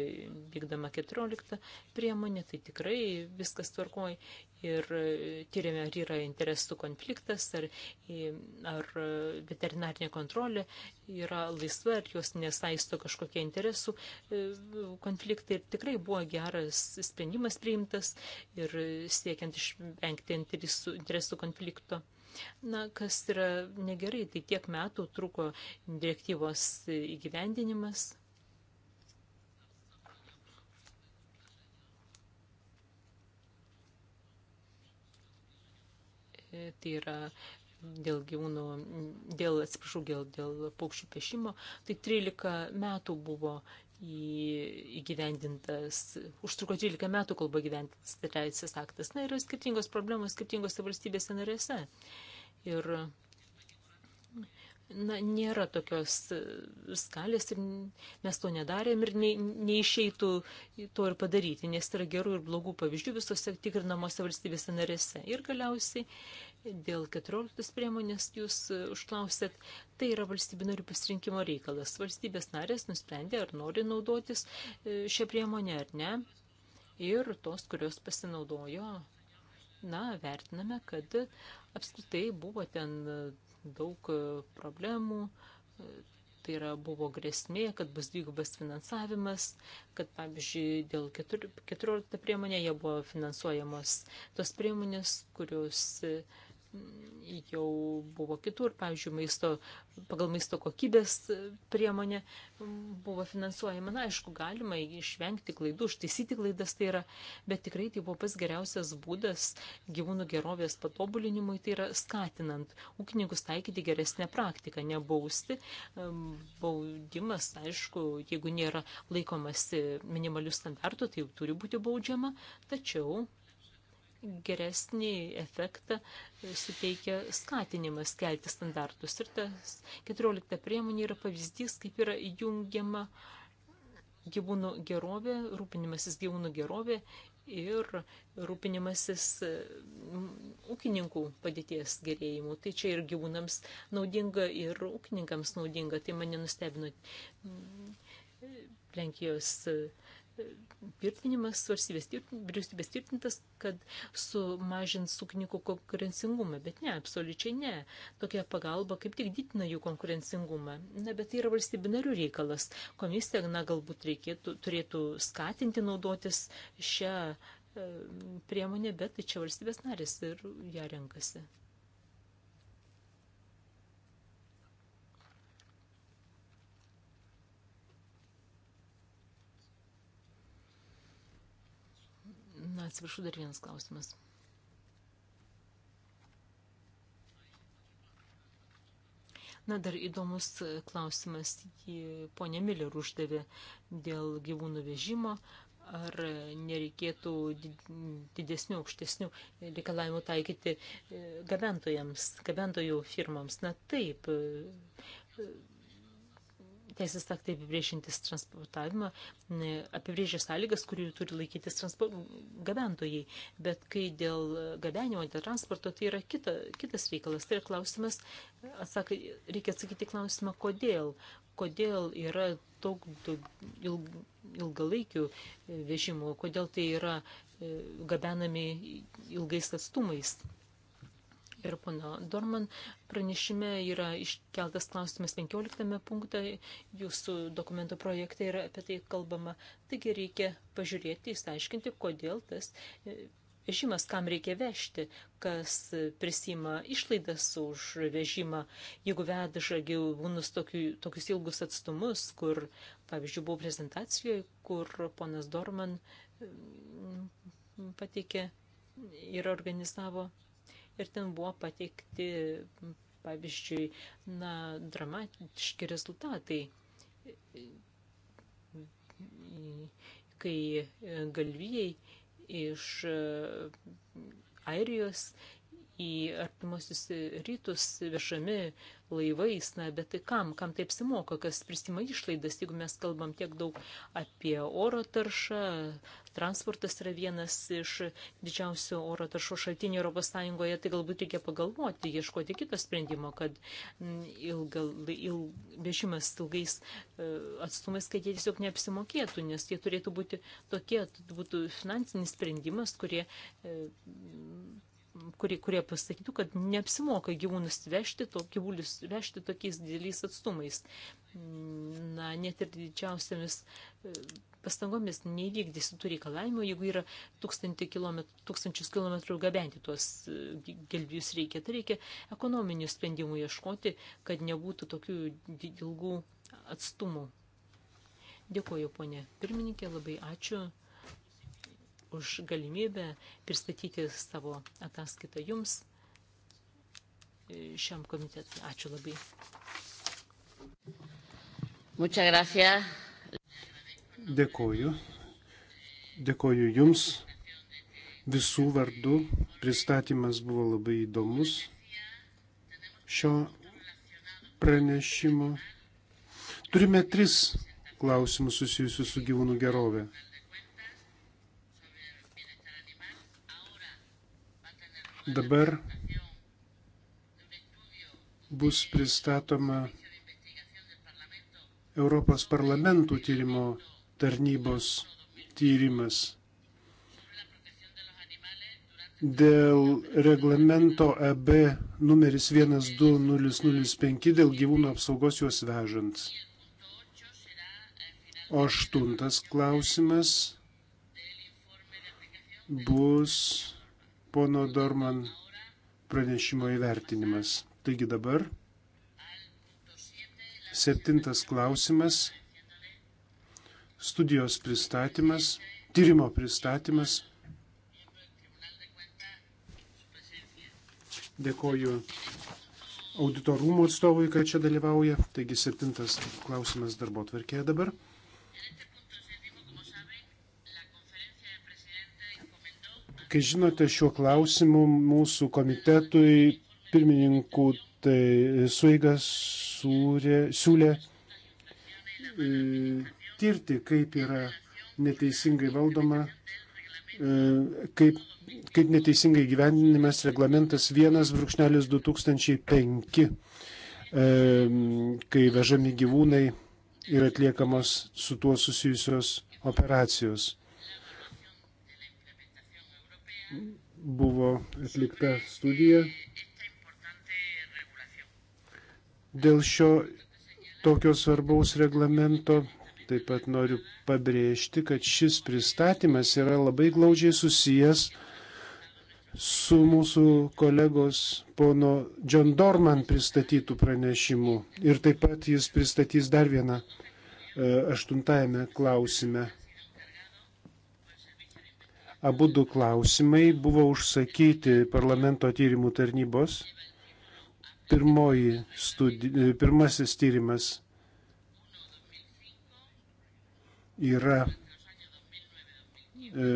vykdama 14 priemonė, tai tikrai viskas tvarkoja ir e, tyrėme, ar yra interesų konfliktas, ar, ar e, veterinarinė kontrolė yra laisva, ar jos nesaisto kažkokie interesų e, konfliktai. Ir tikrai buvo geras sprendimas priimtas ir siekiant išvengti interesų, interesų konflikto. Na, kas yra negerai, tai tiek metų truko direktyvos įgyvendinimas E, tai yra dėl gyvūnų, dėl, atsiprašau, dėl, dėl paukščių pešimo, tai 13 metų buvo įgyvendintas, užtruko 13 metų, kol buvo įgyvendintas teisės aktas. Na, yra skirtingos problemos skirtingose valstybėse narėse. Ir, na, nėra tokios skalės ir mes to nedarėm ir ne, neišeitų to ir padaryti, nes yra gerų ir blogų pavyzdžių visose tikrinamose valstybėse narėse. Ir galiausiai Dėl 14 priemonės jūs e, užklausėt, tai yra valstybių narių pasirinkimo reikalas. Valstybės narės nusprendė, ar nori naudotis e, šią priemonę ar ne. Ir tos, kurios pasinaudojo, na, vertiname, kad apskritai buvo ten e, daug problemų, tai yra buvo grėsmė, kad bus dvigubas finansavimas, kad pavyzdžiui dėl 14 priemonė jie buvo finansuojamos tos priemonės, kurios jau buvo kitur, pavyzdžiui, maisto, pagal maisto kokybės priemonė buvo finansuojama. Na, aišku, galima išvengti klaidų, užtaisyti klaidas tai yra, bet tikrai tai buvo pas geriausias būdas gyvūnų gerovės patobulinimui, tai yra skatinant ūkininkus taikyti geresnę praktiką, nebausti. Baudimas, aišku, jeigu nėra laikomasi minimalių standartų, tai turi būti baudžiama, tačiau geresnį efektą suteikia skatinimas kelti standartus. Ir tas 14 priemonė yra pavyzdys, kaip yra jungiama gyvūnų gerovė, rūpinimasis gyvūnų gerovė ir rūpinimasis ūkininkų padėties gerėjimu. Tai čia ir gyvūnams naudinga, ir ūkininkams naudinga. Tai mane nustebino Lenkijos. Uh, tvirtinimas, valstybės vyriausybės tvirtintas, kad sumažins ūkininkų konkurencingumą, bet ne, absoliučiai ne. Tokia pagalba kaip tik didina jų konkurencingumą. Na, bet tai yra valstybių narių reikalas. Komisija, na, galbūt reikėtų, turėtų skatinti naudotis šią e, priemonę, bet tai čia valstybės narės ir ją renkasi. Atsiprašau, dar vienas klausimas. Na, dar įdomus klausimas, ponė Miller uždavė dėl gyvūnų vežimo, ar nereikėtų didesnių, aukštesnių reikalavimų taikyti e, gabentojams, gabentojų firmams. Na, taip, e, teisės aktai apibrėžintis transportavimą apibrėžia sąlygas, kurių turi laikytis transpor... gabentojai. Bet kai dėl gabenimo, dėl transporto, tai yra kita, kitas reikalas. Tai yra klausimas, atsakai, reikia atsakyti klausimą, kodėl. Kodėl yra daug, daug ilg, ilgalaikių vežimų, kodėl tai yra e, gabenami ilgais atstumais ir pono Dorman pranešime yra iškeltas klausimas 15 punktą, jūsų dokumento projekte yra apie tai kalbama. Taigi reikia pažiūrėti, įsiaiškinti, kodėl tas e, vežimas, kam reikia vežti, kas prisima išlaidas už vežimą, jeigu veža gyvūnus tokiu, tokius ilgus atstumus, kur, pavyzdžiui, buvau prezentacijoje, kur ponas Dorman pateikė ir organizavo ir ten buvo pateikti, pavyzdžiui, na, dramatiški rezultatai, kai galvijai iš e, Airijos į artimuosius rytus vežami laivais, na, bet tai kam, kam taip simoka, kas prisima išlaidas, jeigu mes kalbam tiek daug apie oro taršą, transportas yra vienas iš didžiausių oro taršų šaltinių ES, tai galbūt reikia pagalvoti, ieškoti kito sprendimo, kad mm, ilga, il, vežimas ilgais e, atstumais, kad jie tiesiog neapsimokėtų, nes jie turėtų būti tokie, būtų finansinis sprendimas, kurie e, kurie, kurie pasakytų, kad neapsimoka gyvūnus vežti, to, gyvūlius vežti tokiais dideliais atstumais. Na, net ir didžiausiamis e, pastangomis neįvykdysi tų reikalavimų, jeigu yra kilometrų, tūkstančius kilometrų gabenti tuos e, gelbėjus reikia. Tai reikia ekonominių sprendimų ieškoti, kad nebūtų tokių ilgų atstumų. Dėkuoju, ponė pirmininkė, labai ačiū už galimybę pristatyti savo ataskaitą jums e, šiam komitetui. Ačiū labai.
Muchas gracias. Dėkoju.
Dėkoju Jums. Visų vardų pristatymas buvo labai įdomus. Šio pranešimo turime tris klausimus susijusius su gyvūnų gerovė. Dabar bus pristatoma Europos parlamentų tyrimo tarnybos tyrimas dėl reglamento EB numeris 12005 dėl gyvūnų apsaugos juos vežant. O aštuntas klausimas bus pono Dorman pranešimo įvertinimas. Taigi dabar septintas klausimas - studijos pristatymas, tyrimo pristatymas. Dėkoju auditorumo atstovui, kad čia dalyvauja. Taigi septintas klausimas darbo tvarkėje dabar. Kai žinote, šiuo klausimu mūsų komitetui pirmininkų tai suigas sūrė, siūlė e, tirti, kaip yra neteisingai valdoma, e, kaip, kaip neteisingai gyvendinimas reglamentas 1.2005, e, kai vežami gyvūnai ir atliekamos su tuo susijusios operacijos buvo atlikta studija dėl šio tokio svarbaus reglamento. Taip pat noriu pabrėžti, kad šis pristatymas yra labai glaudžiai susijęs su mūsų kolegos pono John Dorman pristatytų pranešimu. Ir taip pat jis pristatys dar vieną e, aštuntajame klausime Abu du klausimai buvo užsakyti parlamento tyrimų tarnybos. Pirmoji studi... Pirmasis tyrimas yra e,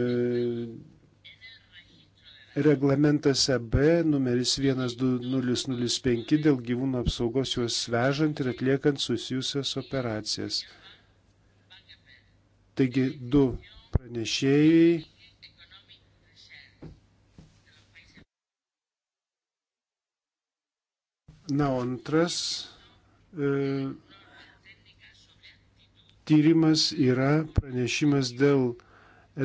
reglamentas EB numeris 12005 dėl gyvūnų apsaugos juos vežant ir atliekant susijusias operacijas. Taigi du pranešėjai Na, o antras e, tyrimas yra pranešimas dėl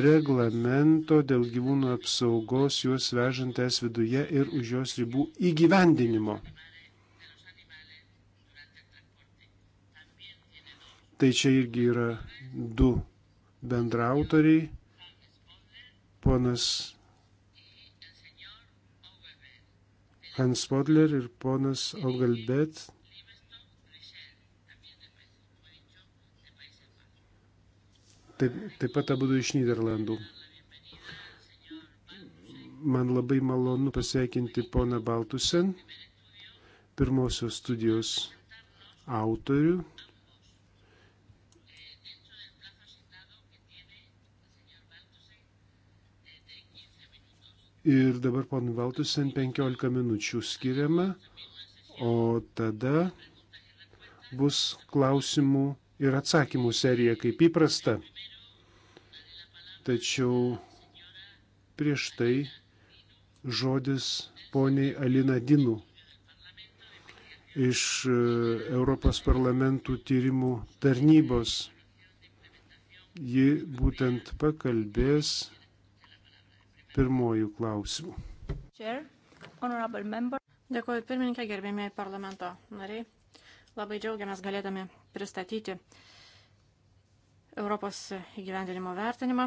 reglamento dėl gyvūnų apsaugos juos vežant es viduje ir už jos ribų įgyvendinimo. Tai čia irgi yra du bendrautoriai, ponas Hans Podler ir ponas Ogalbet. Taip, taip pat abu iš Niderlandų. Man labai malonu pasveikinti poną Baltusen, pirmosios studijos autorių, Ir dabar ponui Valtusen 15 minučių skiriama, o tada bus klausimų ir atsakymų serija kaip įprasta. Tačiau prieš tai žodis poniai Alina Dinu iš e, Europos parlamentų tyrimų tarnybos. Ji būtent pakalbės pirmojų klausimų.
Chair, Dėkuoju pirmininkė, gerbėmiai parlamento nariai. Labai džiaugiamės galėdami pristatyti Europos įgyvendinimo vertinimą.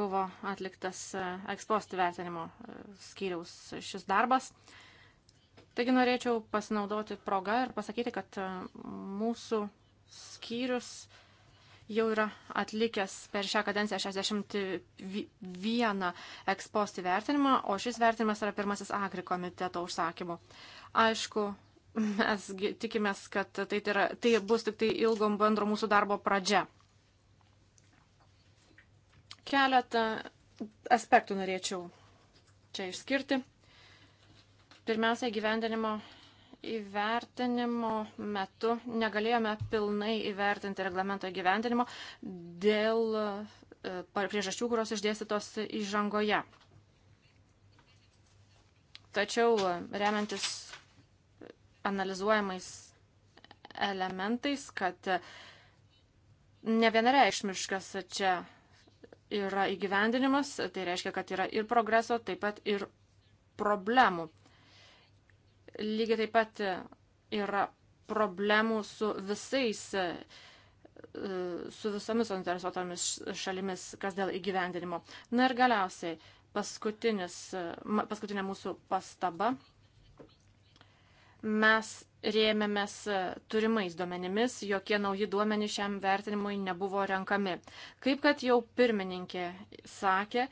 Buvo atliktas e, ekspost vertinimo e, skyriaus šis darbas. Taigi norėčiau pasinaudoti progą ir pasakyti, kad e, mūsų skyrius jau yra atlikęs per šią kadenciją 61 ekspostį vertinimą, o šis vertinimas yra pirmasis Agri komiteto užsakymu. Aišku, mes tikimės, kad tai, yra, tai bus tik tai ilgom bendro mūsų darbo pradžia. Keletą aspektų norėčiau čia išskirti. Pirmiausia, gyvendinimo įvertinimo metu negalėjome pilnai įvertinti reglamento gyvendinimo dėl e, priežasčių, kurios išdėstytos įžangoje. Tačiau e, remiantis analizuojamais elementais, kad e, ne vienareikšmiškas čia yra įgyvendinimas, tai reiškia, kad yra ir progreso, taip pat ir problemų lygiai taip pat yra problemų su visais, e, su visomis suinteresuotomis šalimis, kas dėl įgyvendinimo. Na ir galiausiai e, paskutinė mūsų pastaba. Mes rėmėmės e, turimais duomenimis, jokie nauji duomenys šiam vertinimui nebuvo renkami. Kaip kad jau pirmininkė sakė,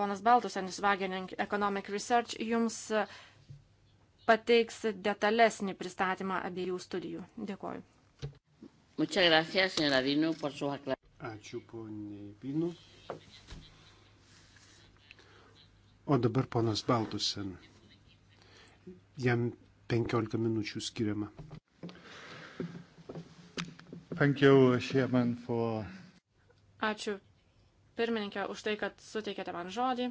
ponas Baltusenis Wagening Economic Research jums uh, pateiks detalesnį pristatymą abiejų studijų. Dėkoju.
Ačiū poniai Vinu.
O dabar ponas Baltusen. Jam 15 minučių skiriama. Thank you, Chairman, for...
Ačiū pirmininkė už tai, kad suteikėte man žodį.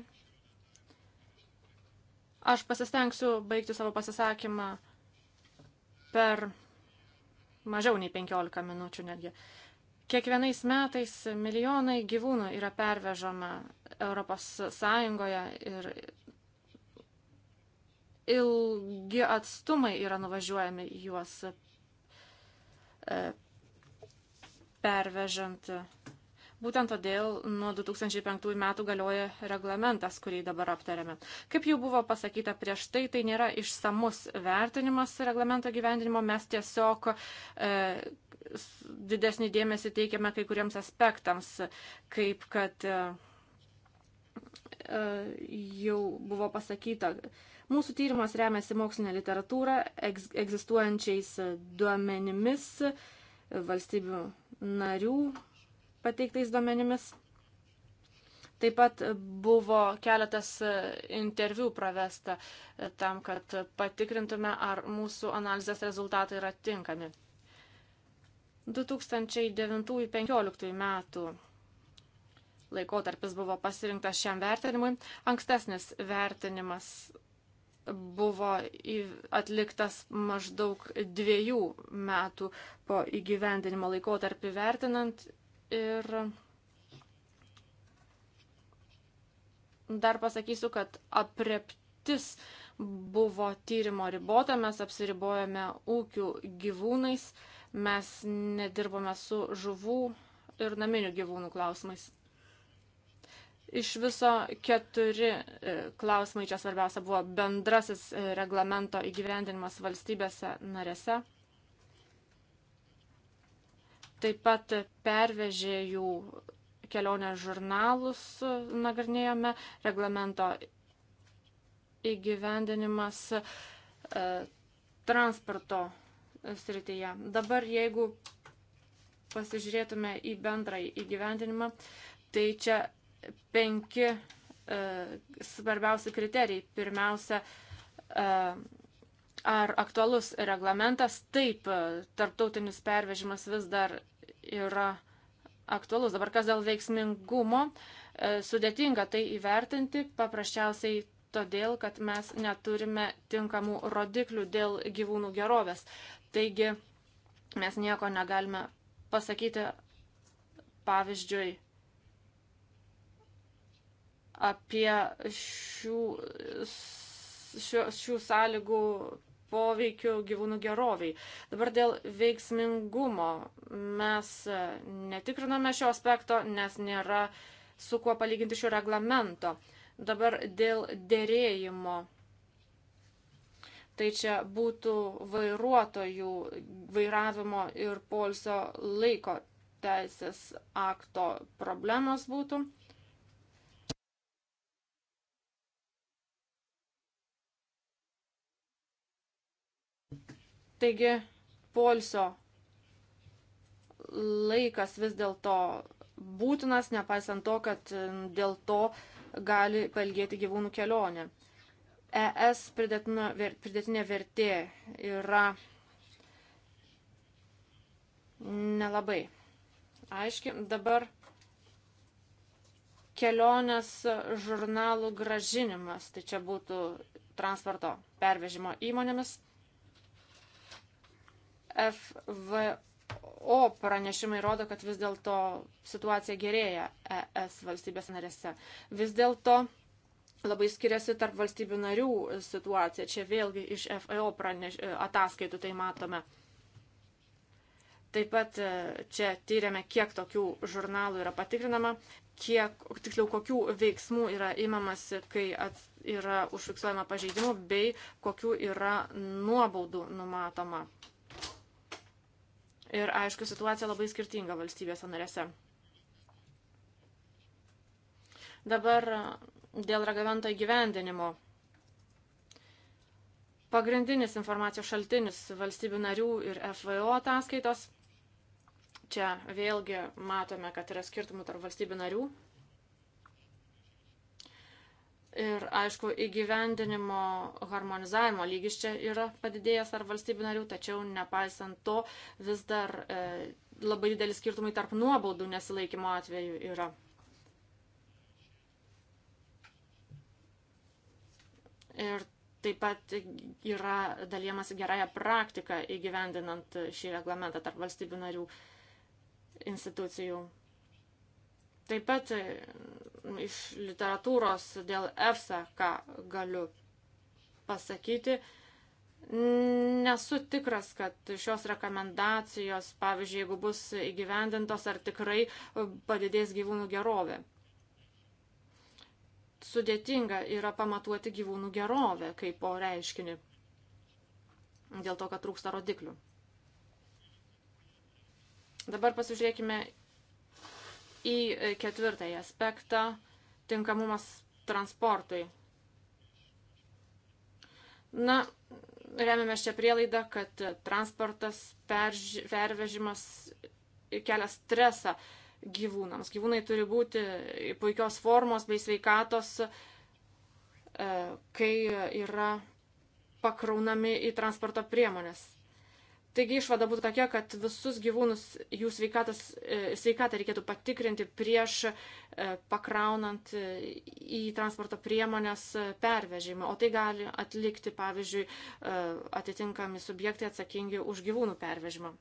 Aš pasistengsiu baigti savo pasisakymą per mažiau nei 15 minučių netgi. Kiekvienais metais milijonai gyvūnų yra pervežama Europos Sąjungoje ir ilgi atstumai yra nuvažiuojami juos e, pervežant. Būtent todėl nuo 2005 metų galioja reglamentas, kurį dabar aptarėme. Kaip jau buvo pasakyta prieš tai, tai nėra išsamus vertinimas reglamento gyvendinimo, mes tiesiog e, didesnį dėmesį teikiame kai kuriems aspektams, kaip kad e, e jau buvo pasakyta. Mūsų tyrimas remiasi mokslinė literatūra, egz, egzistuojančiais duomenimis valstybių narių pateiktais duomenimis. Taip pat buvo keletas e, interviu pravesta e, tam, kad patikrintume, ar mūsų analizės rezultatai yra tinkami. 2009-2015 metų laikotarpis buvo pasirinktas šiam vertinimui. Ankstesnis vertinimas buvo atliktas maždaug dviejų metų po įgyvendinimo laikotarpį vertinant Ir dar pasakysiu, kad apreptis buvo tyrimo ribota, mes apsiribojame ūkių gyvūnais, mes nedirbome su žuvų ir naminių gyvūnų klausimais. Iš viso keturi e, klausimai čia svarbiausia buvo bendrasis e, reglamento įgyvendinimas valstybėse narėse, Taip pat pervežėjų kelionės žurnalus e, nagrinėjome, reglamento įgyvendinimas e, transporto srityje. Dabar jeigu pasižiūrėtume į bendrąjį įgyvendinimą, tai čia penki e, svarbiausi kriterijai. Pirmiausia, e, ar aktualus reglamentas. Taip, tarptautinis pervežimas vis dar yra aktualus. Dabar kas dėl veiksmingumo, e, sudėtinga tai įvertinti, paprasčiausiai todėl, kad mes neturime tinkamų rodiklių dėl gyvūnų gerovės. Taigi mes nieko negalime pasakyti, pavyzdžiui, apie šių, šių, šių sąlygų poveikiu gyvūnų geroviai. Dabar dėl veiksmingumo mes e, netikriname šio aspekto, nes nėra su kuo palyginti šio reglamento. Dabar dėl dėrėjimo. Tai čia būtų vairuotojų vairavimo ir polsio laiko teisės akto problemos būtų. Taigi, polsio laikas vis dėlto būtinas, nepaisant to, kad dėl to gali palgėti gyvūnų kelionė. ES pridėtinė vertė yra nelabai. Aiškiai, dabar kelionės žurnalų gražinimas, tai čia būtų transporto pervežimo įmonėmis FVO pranešimai rodo, kad vis dėlto situacija gerėja ES valstybės narėse. Vis dėlto labai skiriasi tarp valstybių narių situacija. Čia vėlgi iš FAO praneš, ataskaitų tai matome. Taip pat e, čia tyriame, kiek tokių žurnalų yra patikrinama, kiek, tiksliau, kokių veiksmų yra imamasi, kai at, yra užfiksuojama pažeidimų, bei kokių yra nuobaudų numatoma. Ir aišku, situacija labai skirtinga valstybėse narėse. Dabar e, dėl reglamento įgyvendinimo. Pagrindinis informacijos šaltinis valstybių narių ir FVO ataskaitos. Čia vėlgi matome, kad yra skirtumų tarp valstybių narių Ir aišku, įgyvendinimo harmonizavimo lygis čia yra padidėjęs ar valstybių narių, tačiau nepaisant to vis dar e, labai didelis skirtumai tarp nuobaudų nesilaikymo atveju yra. Ir taip pat yra dalyjamas gerąją praktiką įgyvendinant šį reglamentą tarp valstybių narių institucijų. Taip pat e, iš literatūros dėl EFSA, ką galiu pasakyti, nesu tikras, kad šios rekomendacijos, pavyzdžiui, jeigu bus įgyvendintos, ar tikrai padidės gyvūnų gerovė. Sudėtinga yra pamatuoti gyvūnų gerovę kaip po reiškinį, dėl to, kad trūksta rodiklių. Dabar pasižiūrėkime į e, ketvirtąjį aspektą - tinkamumas transportui. Na, remiamės čia prielaidą, kad transportas, perž... pervežimas kelia stresą gyvūnams. Gyvūnai turi būti puikios formos bei sveikatos, e, kai yra pakraunami į transporto priemonės. Taigi išvada būtų tokia, kad visus gyvūnus jų sveikatas, e, sveikatą reikėtų patikrinti prieš e, pakraunant e, į transporto priemonės pervežimą. O tai gali atlikti, pavyzdžiui, atitinkami subjektai atsakingi už gyvūnų pervežimą.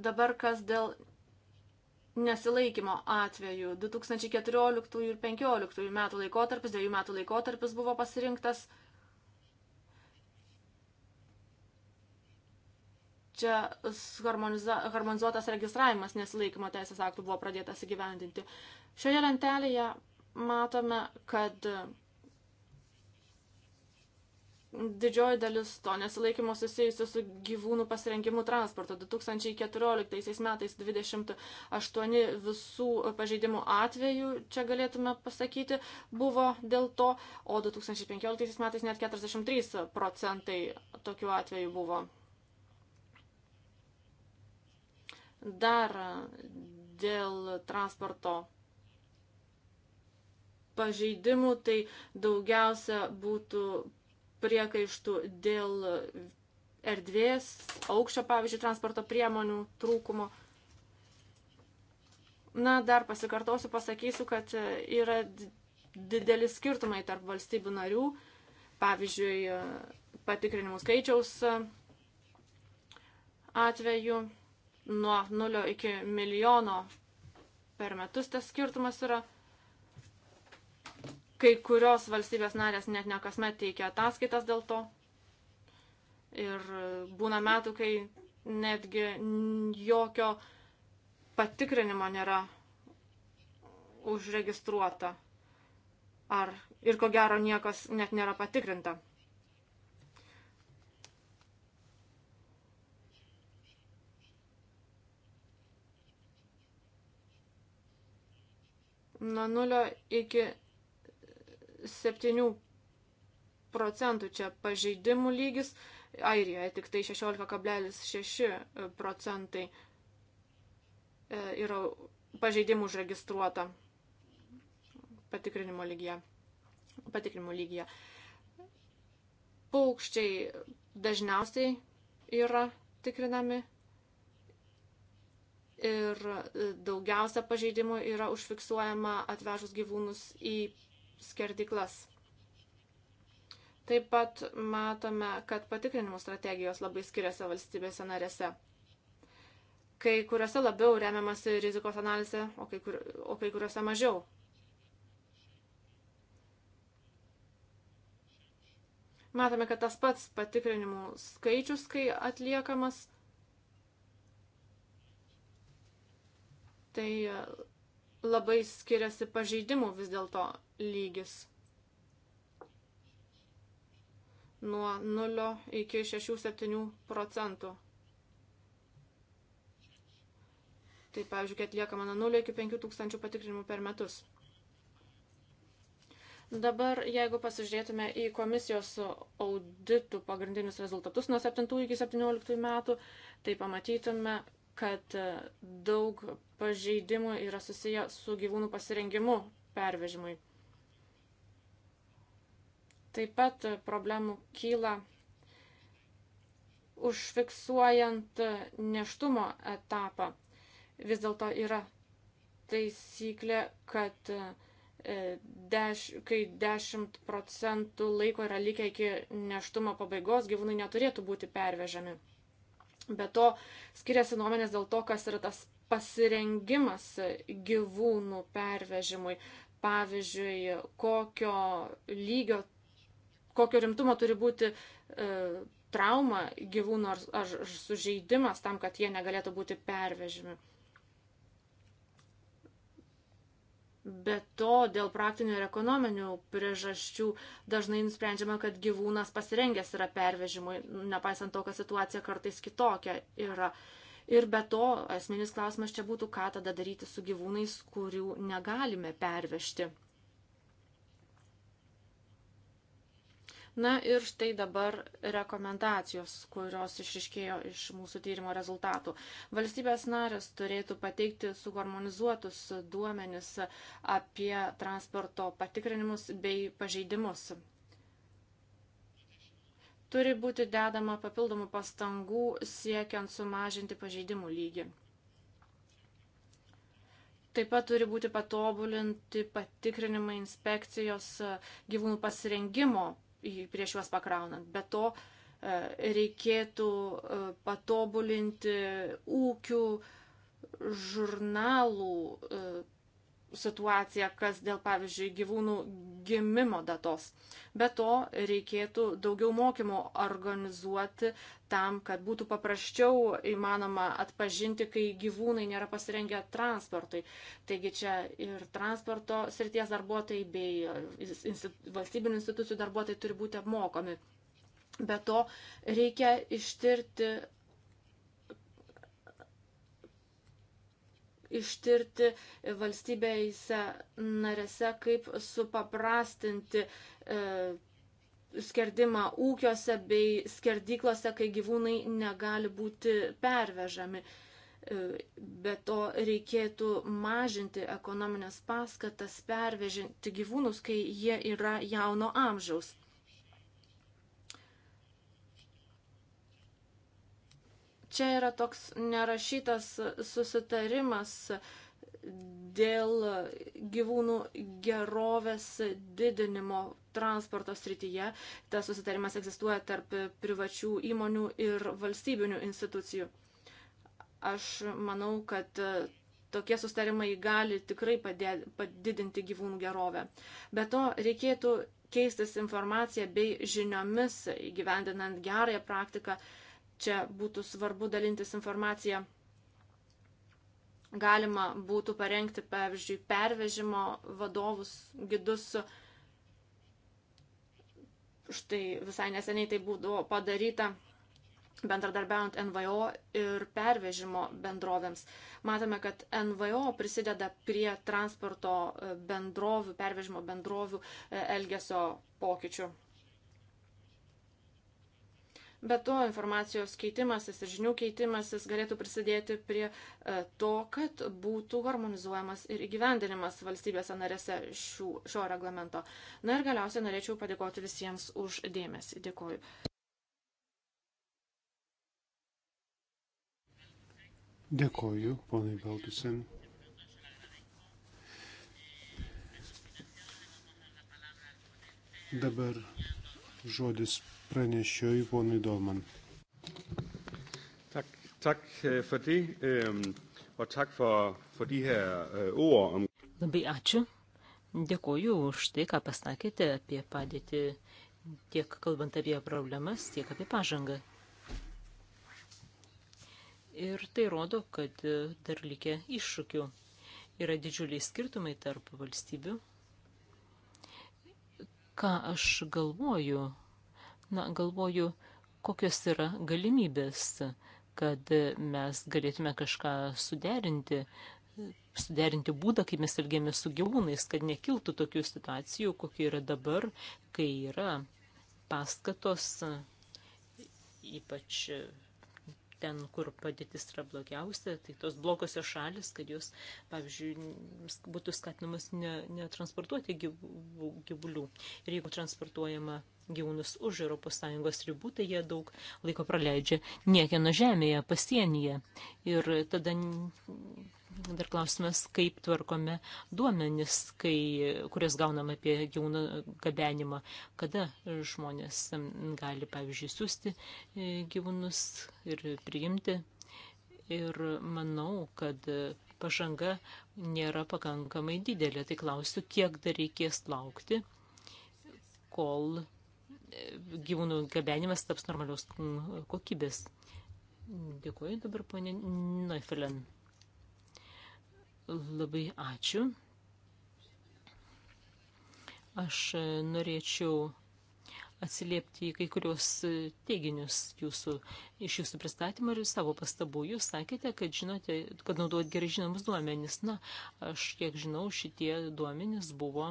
Dabar kas dėl nesilaikymo atveju 2014 ir 2015 metų laikotarpis, dviejų metų laikotarpis buvo pasirinktas. Čia harmonizuotas registravimas nesilaikymo teisės aktų buvo pradėtas įgyvendinti. Šioje lentelėje matome, kad Didžioji dalis to nesilaikymo susijusi su gyvūnų pasirengimu transportu. 2014 metais 28 visų pažeidimų atvejų, čia galėtume pasakyti, buvo dėl to, o 2015 metais net 43 procentai tokių atvejų buvo. Dar dėl transporto pažeidimų, tai daugiausia būtų priekaištų dėl erdvės, aukščio, pavyzdžiui, transporto priemonių trūkumo. Na, dar pasikartosiu, pasakysiu, kad yra dideli skirtumai tarp valstybių narių, pavyzdžiui, patikrinimų skaičiaus atveju nuo 0 iki milijono per metus tas skirtumas yra. Kai kurios valstybės narės net nekasmet teikia ataskaitas dėl to. Ir būna metų, kai netgi jokio patikrinimo nėra užregistruota. Ar ir ko gero niekas net nėra patikrinta. Nuo nulio iki 7 procentų čia pažeidimų lygis, Airijoje tik tai 16,6 e, procentai e, yra pažeidimų užregistruota patikrinimo lygyje. Patikrinimo lygyje. Paukščiai dažniausiai yra tikrinami ir e, daugiausia pažeidimų yra užfiksuojama atvežus gyvūnus į skerdiklas. Taip pat matome, kad patikrinimų strategijos labai skiriasi valstybėse narėse. Kai kuriuose labiau remiamasi rizikos analizė, o kai, kur, o kai kuriuose mažiau. Matome, kad tas pats patikrinimų skaičius, kai atliekamas, tai labai skiriasi pažeidimų vis dėlto lygis nuo 0 iki 6-7 procentų. Tai pavyzdžiui, kai atliekama nuo 0 iki 5 tūkstančių patikrinimų per metus. Dabar, jeigu pasižiūrėtume į komisijos auditų pagrindinius rezultatus nuo 7 iki 17 metų, tai pamatytume, kad daug pažeidimų yra susiję su gyvūnų pasirengimu pervežimui. Taip pat e, problemų kyla užfiksuojant e, neštumo etapą. Vis dėlto yra taisyklė, kad e, deš, kai 10 procentų laiko yra likę iki neštumo pabaigos, gyvūnai neturėtų būti pervežami. Be to skiriasi nuomonės dėl to, kas yra tas pasirengimas gyvūnų pervežimui. Pavyzdžiui, kokio lygio kokio rimtumo turi būti e, trauma gyvūnų ar, ar sužeidimas tam, kad jie negalėtų būti pervežimi. Be to, dėl praktinių ir ekonominių priežasčių dažnai nusprendžiama, kad gyvūnas pasirengęs yra pervežimui, nepaisant to, kad situacija kartais kitokia yra. Ir be to, esminis klausimas čia būtų, ką tada daryti su gyvūnais, kurių negalime pervežti Na ir štai dabar rekomendacijos, kurios išriškėjo iš mūsų tyrimo rezultatų. Valstybės narės turėtų pateikti suharmonizuotus duomenis apie transporto patikrinimus bei pažeidimus turi būti dedama papildomų pastangų siekiant sumažinti pažeidimų lygį. Taip pat turi būti patobulinti patikrinimai inspekcijos gyvūnų pasirengimo prieš juos pakraunant. Be to e, reikėtų e, patobulinti ūkių žurnalų e, situaciją, kas dėl, pavyzdžiui, gyvūnų gimimo datos. Be to, reikėtų daugiau mokymų organizuoti tam, kad būtų paprasčiau įmanoma atpažinti, kai gyvūnai nėra pasirengę transportui. Taigi čia ir transporto srities darbuotojai bei valstybinių institucijų darbuotojai turi būti apmokomi. Be to, reikia ištirti ištirti valstybėse narėse, kaip supaprastinti e, skerdimą ūkiuose bei skerdyklose, kai gyvūnai negali būti pervežami. E, be to reikėtų mažinti ekonominės paskatas pervežinti gyvūnus, kai jie yra jauno amžiaus. čia yra toks nerašytas susitarimas dėl gyvūnų gerovės didinimo transporto srityje. Tas susitarimas egzistuoja tarp privačių įmonių ir valstybinių institucijų. Aš manau, kad tokie sustarimai gali tikrai padė, padidinti gyvūnų gerovę. Be to, reikėtų keistis informaciją bei žiniomis įgyvendinant gerąją praktiką Čia būtų svarbu dalintis informaciją. Galima būtų parengti, pavyzdžiui, pervežimo vadovus, gidus. Štai visai neseniai tai būdavo padaryta bendradarbiaujant NVO ir pervežimo bendrovėms. Matome, kad NVO prisideda prie transporto bendrovių, pervežimo bendrovių e, elgesio pokyčių. Be to, informacijos keitimasis ir žinių keitimasis galėtų prisidėti prie e, to, kad būtų harmonizuojamas ir įgyvendinimas valstybėse narėse šių, šio reglamento. Na ir galiausiai norėčiau padėkoti visiems už dėmesį. Dėkuoju.
Dėkoju, ponai Baldusen. Dabar žodis pranešėjui ponui Dolman.
Tak, tak øh, for det, og tak for, for de her øh, ord. Om...
Labai ačiū. Dėkuoju už tai, ką pasakėte apie padėtį tiek kalbant apie problemas, tiek apie pažangą. Ir tai rodo, kad e, dar likia iššūkių. Yra didžiuliai skirtumai tarp valstybių. Ką aš galvoju Na, galvoju, kokios yra galimybės, kad mes galėtume kažką suderinti, suderinti būdą, kaip mes elgėmės su gyvūnais, kad nekiltų tokių situacijų, kokie yra dabar, kai yra paskatos, ypač ten, kur padėtis yra blogiausia, tai tos blogosios šalis, kad jos, pavyzdžiui, būtų skatinamas netransportuoti ne, ne gyvulių. Ir jeigu transportuojama gyvūnus už ES ribų, tai jie daug laiko praleidžia niekieno žemėje, pasienyje. Ir tada Dar klausimas, kaip tvarkome duomenis, kai, kurias gaunam apie gyvūnų gabenimą, kada žmonės gali, pavyzdžiui, siūsti e, gyvūnus ir priimti. Ir manau, kad pažanga nėra pakankamai didelė. Tai klausiu, kiek dar reikės laukti, kol gyvūnų gabenimas taps normalios kokybės. Dėkuoju dabar, ponė Neufelen. Labai ačiū. Aš norėčiau atsiliepti į kai kurios teiginius jūsų, iš jūsų pristatymų ir savo pastabų. Jūs sakėte, kad žinote, kad naudojat gerai žinomus duomenys. Na, aš kiek žinau, šitie duomenys buvo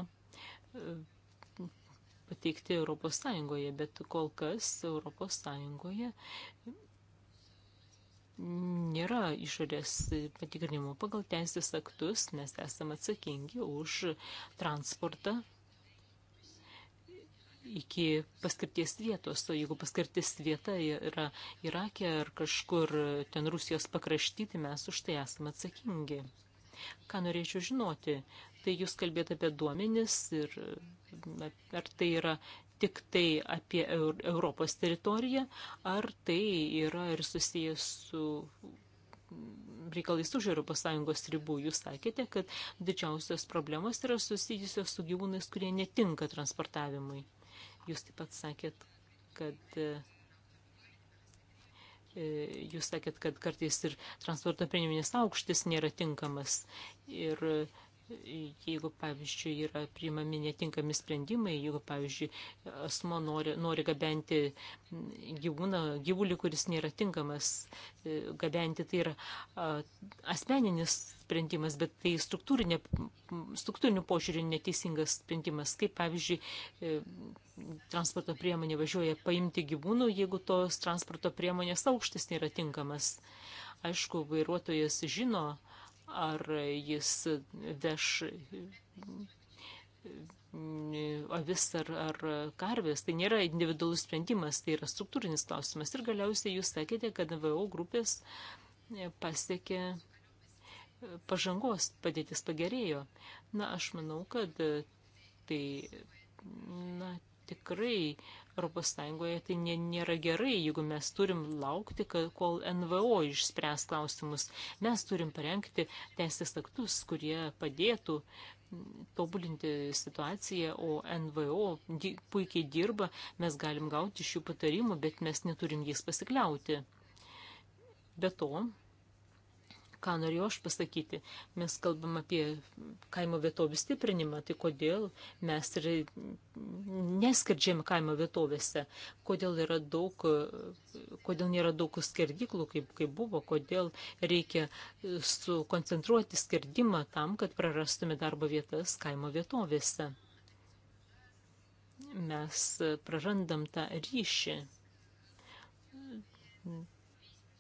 pateikti Europos Sąjungoje, bet kol kas Europos Sąjungoje nėra išorės patikrinimo. Pagal teisės aktus mes esame atsakingi už transportą iki paskirties vietos. O jeigu paskirties vieta yra Irakė ar kažkur ten Rusijos pakraštyti, mes už tai esame atsakingi. Ką norėčiau žinoti? tai jūs kalbėt apie duomenis ir ar tai yra tik tai apie Europos teritoriją, ar tai yra ir susijęs su reikalais už Europos Sąjungos ribų. Jūs sakėte, kad didžiausios problemos yra susijusios su gyvūnais, kurie netinka transportavimui. Jūs taip pat sakėt, kad e, e, jūs sakėt, kad kartais ir transporto priemonės aukštis nėra tinkamas. Ir jeigu, pavyzdžiui, yra priimami netinkami sprendimai, jeigu, pavyzdžiui, asmo nori, nori gabenti gyvūną, gyvulį, kuris nėra tinkamas e, gabenti, tai yra asmeninis sprendimas, bet tai struktūrinė, struktūrinių požiūrių neteisingas sprendimas. Kaip, pavyzdžiui, e, transporto priemonė važiuoja paimti gyvūnų, jeigu tos transporto priemonės aukštis nėra tinkamas. Aišku, vairuotojas žino, ar jis veš avis ar, ar karvės. Tai nėra individualus sprendimas, tai yra struktūrinis klausimas. Ir galiausiai jūs sakėte, kad NVO grupės pasiekė pažangos, padėtis pagerėjo. Na, aš manau, kad tai na, tikrai ES tai nėra gerai, jeigu mes turim laukti, kol NVO išspręs klausimus. Mes turim parengti teisės aktus, kurie padėtų tobulinti situaciją, o NVO di puikiai dirba, mes galim gauti šių patarimų, bet mes neturim jais pasikliauti. Be to, ką norėjau aš pasakyti. Mes kalbam apie kaimo vietovių stiprinimą, tai kodėl mes ir neskirdžiam kaimo vietovėse, kodėl, yra daug, kodėl nėra daug skerdiklų, kaip, kaip buvo, kodėl reikia sukoncentruoti skerdimą tam, kad prarastume darbo vietas kaimo vietovėse. Mes prarandam tą ryšį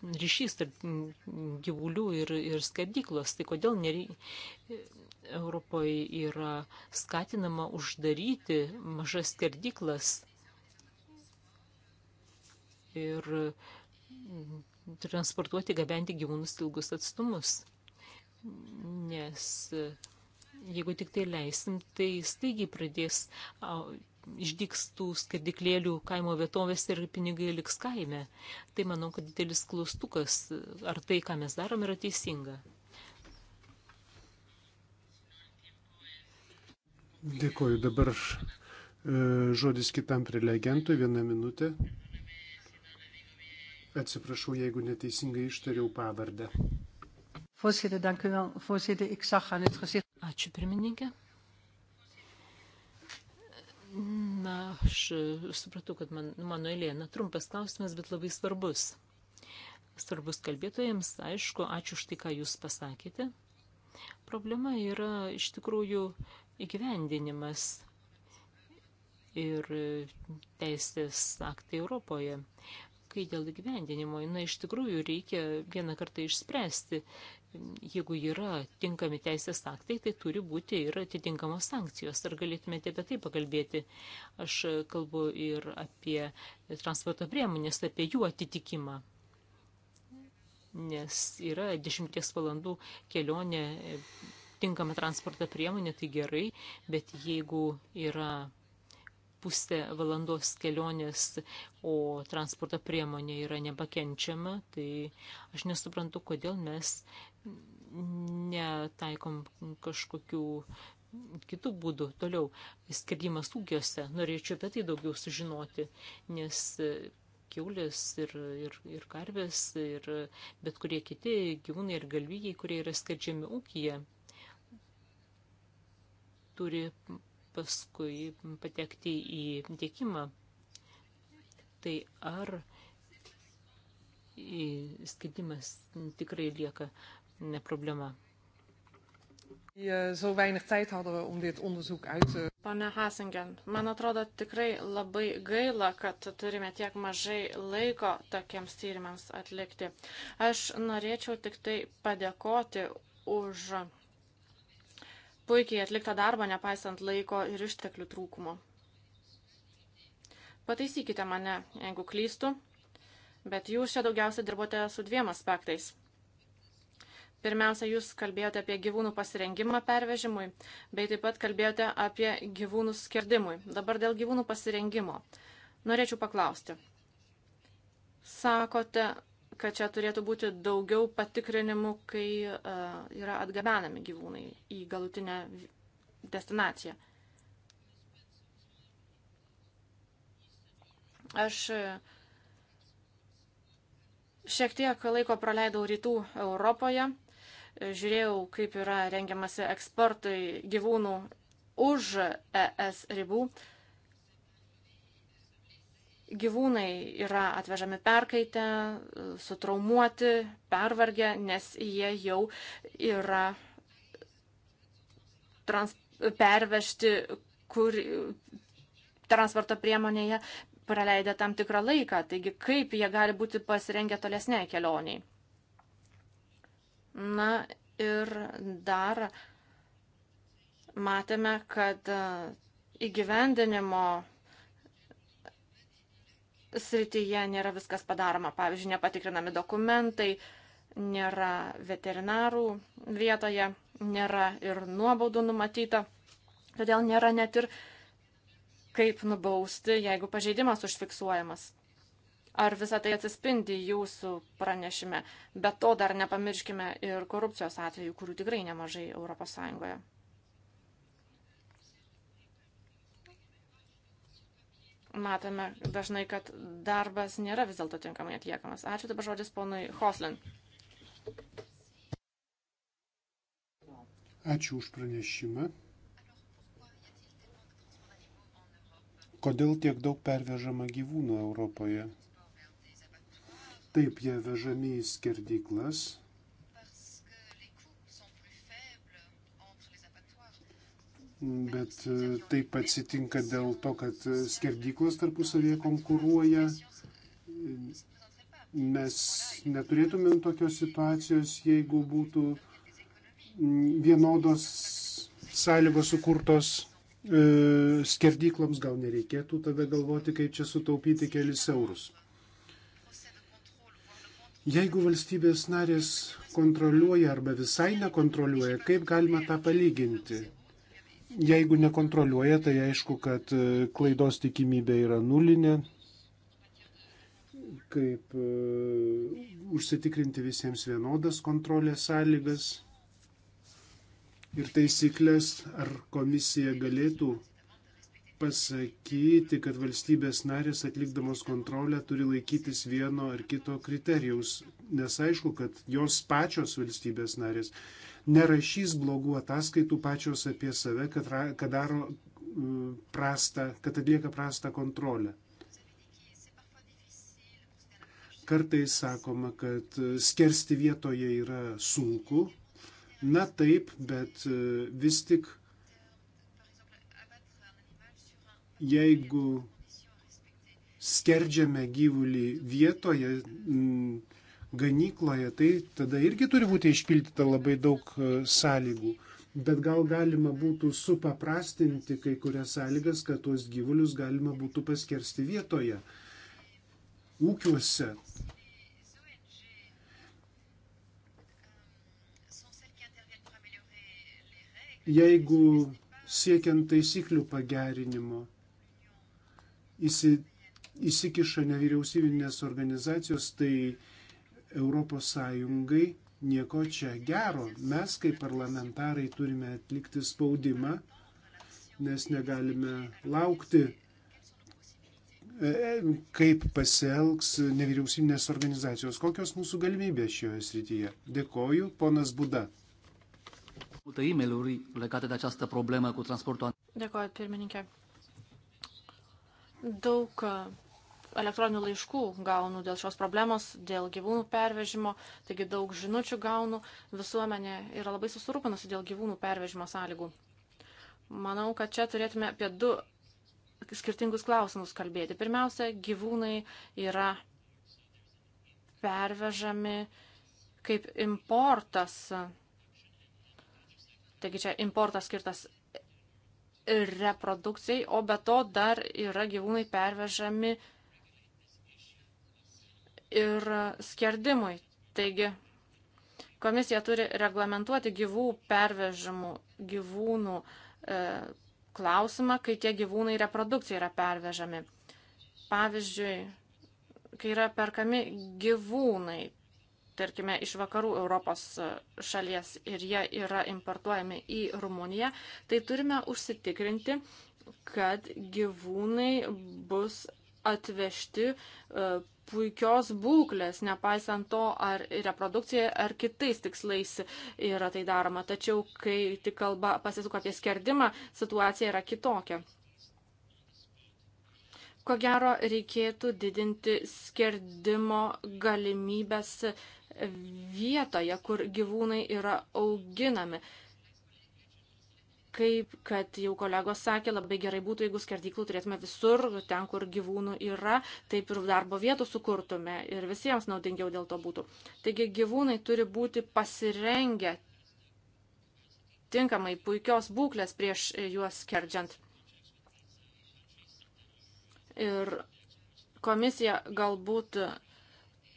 ryšys tarp gyvulių ir, ir skerdyklos. Tai kodėl nerei... Europoje yra skatinama uždaryti mažas skerdyklas ir transportuoti, gabenti gyvūnus ilgus atstumus. Nes jeigu tik tai leisim, tai staigiai pradės išdykstų skerdiklėlių kaimo vietovės ir pinigai liks kaime. Tai manau, kad didelis klaustukas, ar tai, ką mes darom, yra teisinga.
Dėkuoju. Dabar e, žodis kitam prelegentui, vieną minutę. Atsiprašau, jeigu neteisingai ištariau pavardę.
Ačiū pirmininkė.
Na, aš, aš supratau, kad man, mano eilė, na, trumpas klausimas, bet labai svarbus. Svarbus kalbėtojams, aišku, ačiū už tai, ką jūs pasakėte. Problema yra iš tikrųjų įgyvendinimas ir teisės aktai Europoje. Kai dėl įgyvendinimo, na, iš tikrųjų reikia vieną kartą išspręsti jeigu yra tinkami teisės aktai, tai turi būti ir atitinkamos sankcijos. Ar galėtumėte apie tai pakalbėti? Aš kalbu ir apie transporto priemonės, apie jų atitikimą. Nes yra dešimties valandų kelionė, tinkama transporto priemonė, tai gerai, bet jeigu yra pusę valandos kelionės, o transporto priemonė yra nepakenčiama, tai aš nesuprantu, kodėl mes netaikom kažkokių kitų būdų. Toliau, skirdimas ūkiuose, norėčiau apie tai daugiau sužinoti, nes kiaulės ir, ir, ir karvės ir bet kurie kiti gyvūnai ir galvijai, kurie yra skerdžiami ūkija, turi paskui patekti į tiekimą, tai ar skaidimas tikrai lieka ne problema.
E, zo weinig tijd hadden we om dit onderzoek uit te. Pane Hasingen, man atrodo tikrai labai gaila, kad turime tiek mažai laiko tokiems tyrimams atlikti. Aš norėčiau tik tai padėkoti už puikiai atliktą darbą, nepaisant laiko ir išteklių trūkumo. Pataisykite mane, jeigu klystu, bet jūs čia daugiausia dirbote su dviem aspektais. Pirmiausia, jūs kalbėjote apie gyvūnų pasirengimą pervežimui, bei taip pat kalbėjote apie gyvūnų skerdimui. Dabar dėl gyvūnų pasirengimo. Norėčiau paklausti. Sakote, kad čia turėtų būti daugiau patikrinimų, kai e, yra atgabenami gyvūnai į galutinę destinaciją. Aš e, šiek tiek laiko praleidau rytų Europoje, e, žiūrėjau, kaip yra rengiamasi eksportui gyvūnų už ES ribų gyvūnai yra atvežami perkaitę, sutraumuoti, pervargę, nes jie jau yra trans, pervežti, kur transporto priemonėje praleidę tam tikrą laiką. Taigi, kaip jie gali būti pasirengę tolesniai kelioniai. Na ir dar matėme, kad įgyvendinimo srityje nėra viskas padaroma. Pavyzdžiui, nepatikrinami dokumentai, nėra veterinarų vietoje, nėra ir nuobaudų numatyta. Todėl nėra net ir kaip nubausti, jeigu pažeidimas užfiksuojamas. Ar visą tai atsispindi jūsų pranešime? Bet to dar nepamirškime ir korupcijos atvejų, kurių tikrai nemažai ES. matome dažnai, kad darbas nėra vis dėlto tinkamai atliekamas. Ačiū dabar žodis ponui Hoslin.
Ačiū už pranešimą. Kodėl tiek daug pervežama gyvūnų Europoje? Taip, jie vežami į skerdyklas, bet e, taip atsitinka dėl to, kad skerdyklos tarpusavėje konkuruoja. Mes neturėtumėm tokios situacijos, jeigu būtų vienodos sąlygos sukurtos e, skerdykloms, gal nereikėtų tada galvoti, kaip čia sutaupyti kelis eurus. Jeigu valstybės narės kontroliuoja arba visai nekontroliuoja, kaip galima tą palyginti? Jeigu nekontroliuoja, tai aišku, kad e, klaidos tikimybė yra nulinė. Kaip e, užsitikrinti visiems vienodas kontrolės sąlygas ir taisyklės, ar komisija galėtų pasakyti, kad valstybės narės atlikdamos kontrolę turi laikytis vieno ar kito kriterijaus, nes aišku, kad jos pačios valstybės narės nerašys blogų ataskaitų pačios apie save, kad, ra, kad daro prastą, kad atlieka prastą kontrolę. Kartais sakoma, kad e, skersti vietoje yra sunku. Na taip, bet e, vis tik jeigu skerdžiame gyvulį vietoje, m, ganykloje, tai tada irgi turi būti išpildyta labai daug e, sąlygų. Bet gal galima būtų supaprastinti kai kurias sąlygas, kad tuos gyvulius galima būtų paskersti vietoje, ūkiuose. Jeigu siekiant taisyklių pagerinimo įsi, įsikiša nevyriausybinės organizacijos, tai Europos Sąjungai nieko čia gero. Mes kaip parlamentarai turime atlikti spaudimą, nes negalime laukti, e, kaip pasielgs nevyriausybinės organizacijos. Kokios mūsų galimybės šioje srityje? Dėkoju, ponas Buda.
Dėkoju, pirmininkė. Daug elektroninių laiškų gaunu dėl šios problemos, dėl gyvūnų pervežimo, taigi daug žinučių gaunu, visuomenė yra labai susirūpinusi dėl gyvūnų pervežimo sąlygų. Manau, kad čia turėtume apie du skirtingus klausimus kalbėti. Pirmiausia, gyvūnai yra pervežami kaip importas. Taigi čia importas skirtas reprodukcijai, o be to dar yra gyvūnai pervežami ir skerdimui. Taigi, komisija turi reglamentuoti gyvų pervežimų gyvūnų e, klausimą, kai tie gyvūnai reprodukcija yra pervežami. Pavyzdžiui, kai yra perkami gyvūnai, tarkime, iš vakarų Europos e, šalies ir jie yra importuojami į Rumuniją, tai turime užsitikrinti, kad gyvūnai bus atvežti e, puikios būklės, nepaisant to, ar reprodukcija, ar kitais tikslais yra tai daroma. Tačiau, kai tik kalba pasisuka apie skerdimą, situacija yra kitokia. Ko gero, reikėtų didinti skerdimo galimybės vietoje, kur gyvūnai yra auginami kaip kad jau kolegos sakė, labai gerai būtų, jeigu skerdyklų turėtume visur, ten, kur gyvūnų yra, taip ir darbo vietų sukurtume ir visiems naudingiau dėl to būtų. Taigi gyvūnai turi būti pasirengę tinkamai puikios būklės prieš juos skerdžiant. Ir komisija galbūt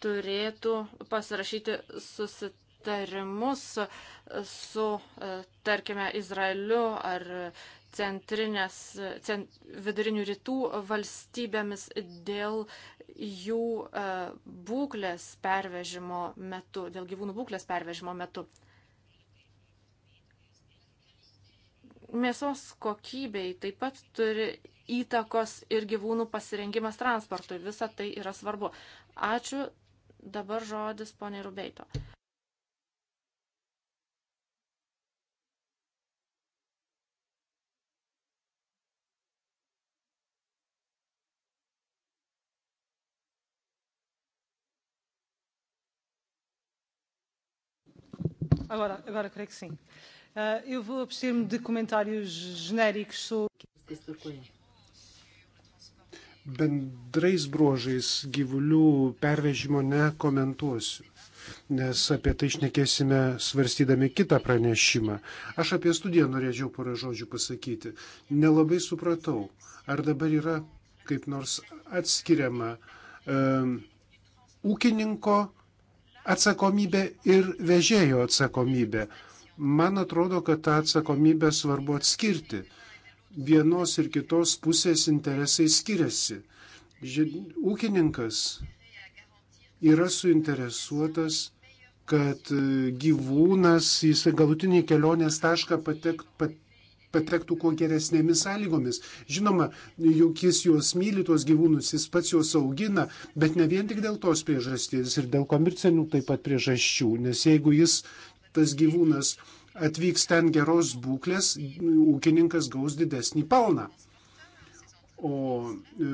turėtų pasirašyti susitikimą susitarimus su, e, tarkime, Izraeliu ar centrinės, cent, vidurinių rytų valstybėmis dėl jų e, būklės pervežimo metu, dėl gyvūnų būklės pervežimo metu. Mėsos kokybei taip pat turi įtakos ir gyvūnų pasirengimas transportui. Visa tai yra svarbu. Ačiū. Dabar žodis poniai Rubeito.
Agora, agora creio que sim. Uh, eu vou abster-me de comentários genéricos sobre.
Bendrais bruožais gyvulių pervežimo nekomentuosiu, nes apie tai išnekėsime svarstydami kitą pranešimą. Aš apie studiją norėčiau porą žodžių pasakyti. Nelabai supratau, ar dabar yra kaip nors atskiriama um, ūkininko atsakomybė ir vežėjo atsakomybė. Man atrodo, kad tą atsakomybę svarbu atskirti. Vienos ir kitos pusės interesai skiriasi. Žin, ūkininkas yra suinteresuotas, kad e, gyvūnas į galutinį kelionės tašką patek, pat, patektų kuo geresnėmis sąlygomis. Žinoma, juk jis juos myli, tuos gyvūnus, jis pats juos augina, bet ne vien tik dėl tos priežasties ir dėl komercinių taip pat priežasčių, nes jeigu jis, tas gyvūnas, atvyks ten geros būklės, ūkininkas gaus didesnį pelną. O e,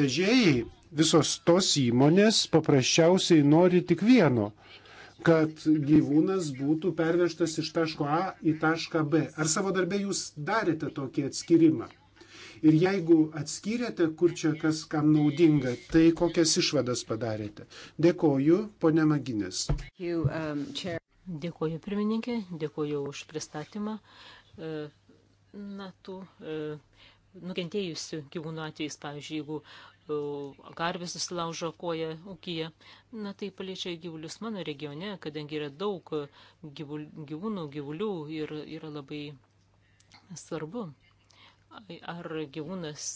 vežėjai, visos tos įmonės paprasčiausiai nori tik vieno kad gyvūnas būtų pervežtas iš taško A į tašką B. Ar savo darbę jūs darėte tokį atskirimą? Ir jeigu atskyrėte, kur čia kas kam naudinga, tai kokias išvadas padarėte? Dėkoju, ponė Maginis.
Um, dėkoju, pirmininkė, dėkoju už pristatymą. E, na, tų e, nukentėjusių gyvūnų atvejais, pavyzdžiui, jeigu karvis susilaužo koją ūkyje. Na tai paliečia gyvulius mano regione, kadangi yra daug gyvūnų, gyvulių ir yra labai svarbu. Ar gyvūnas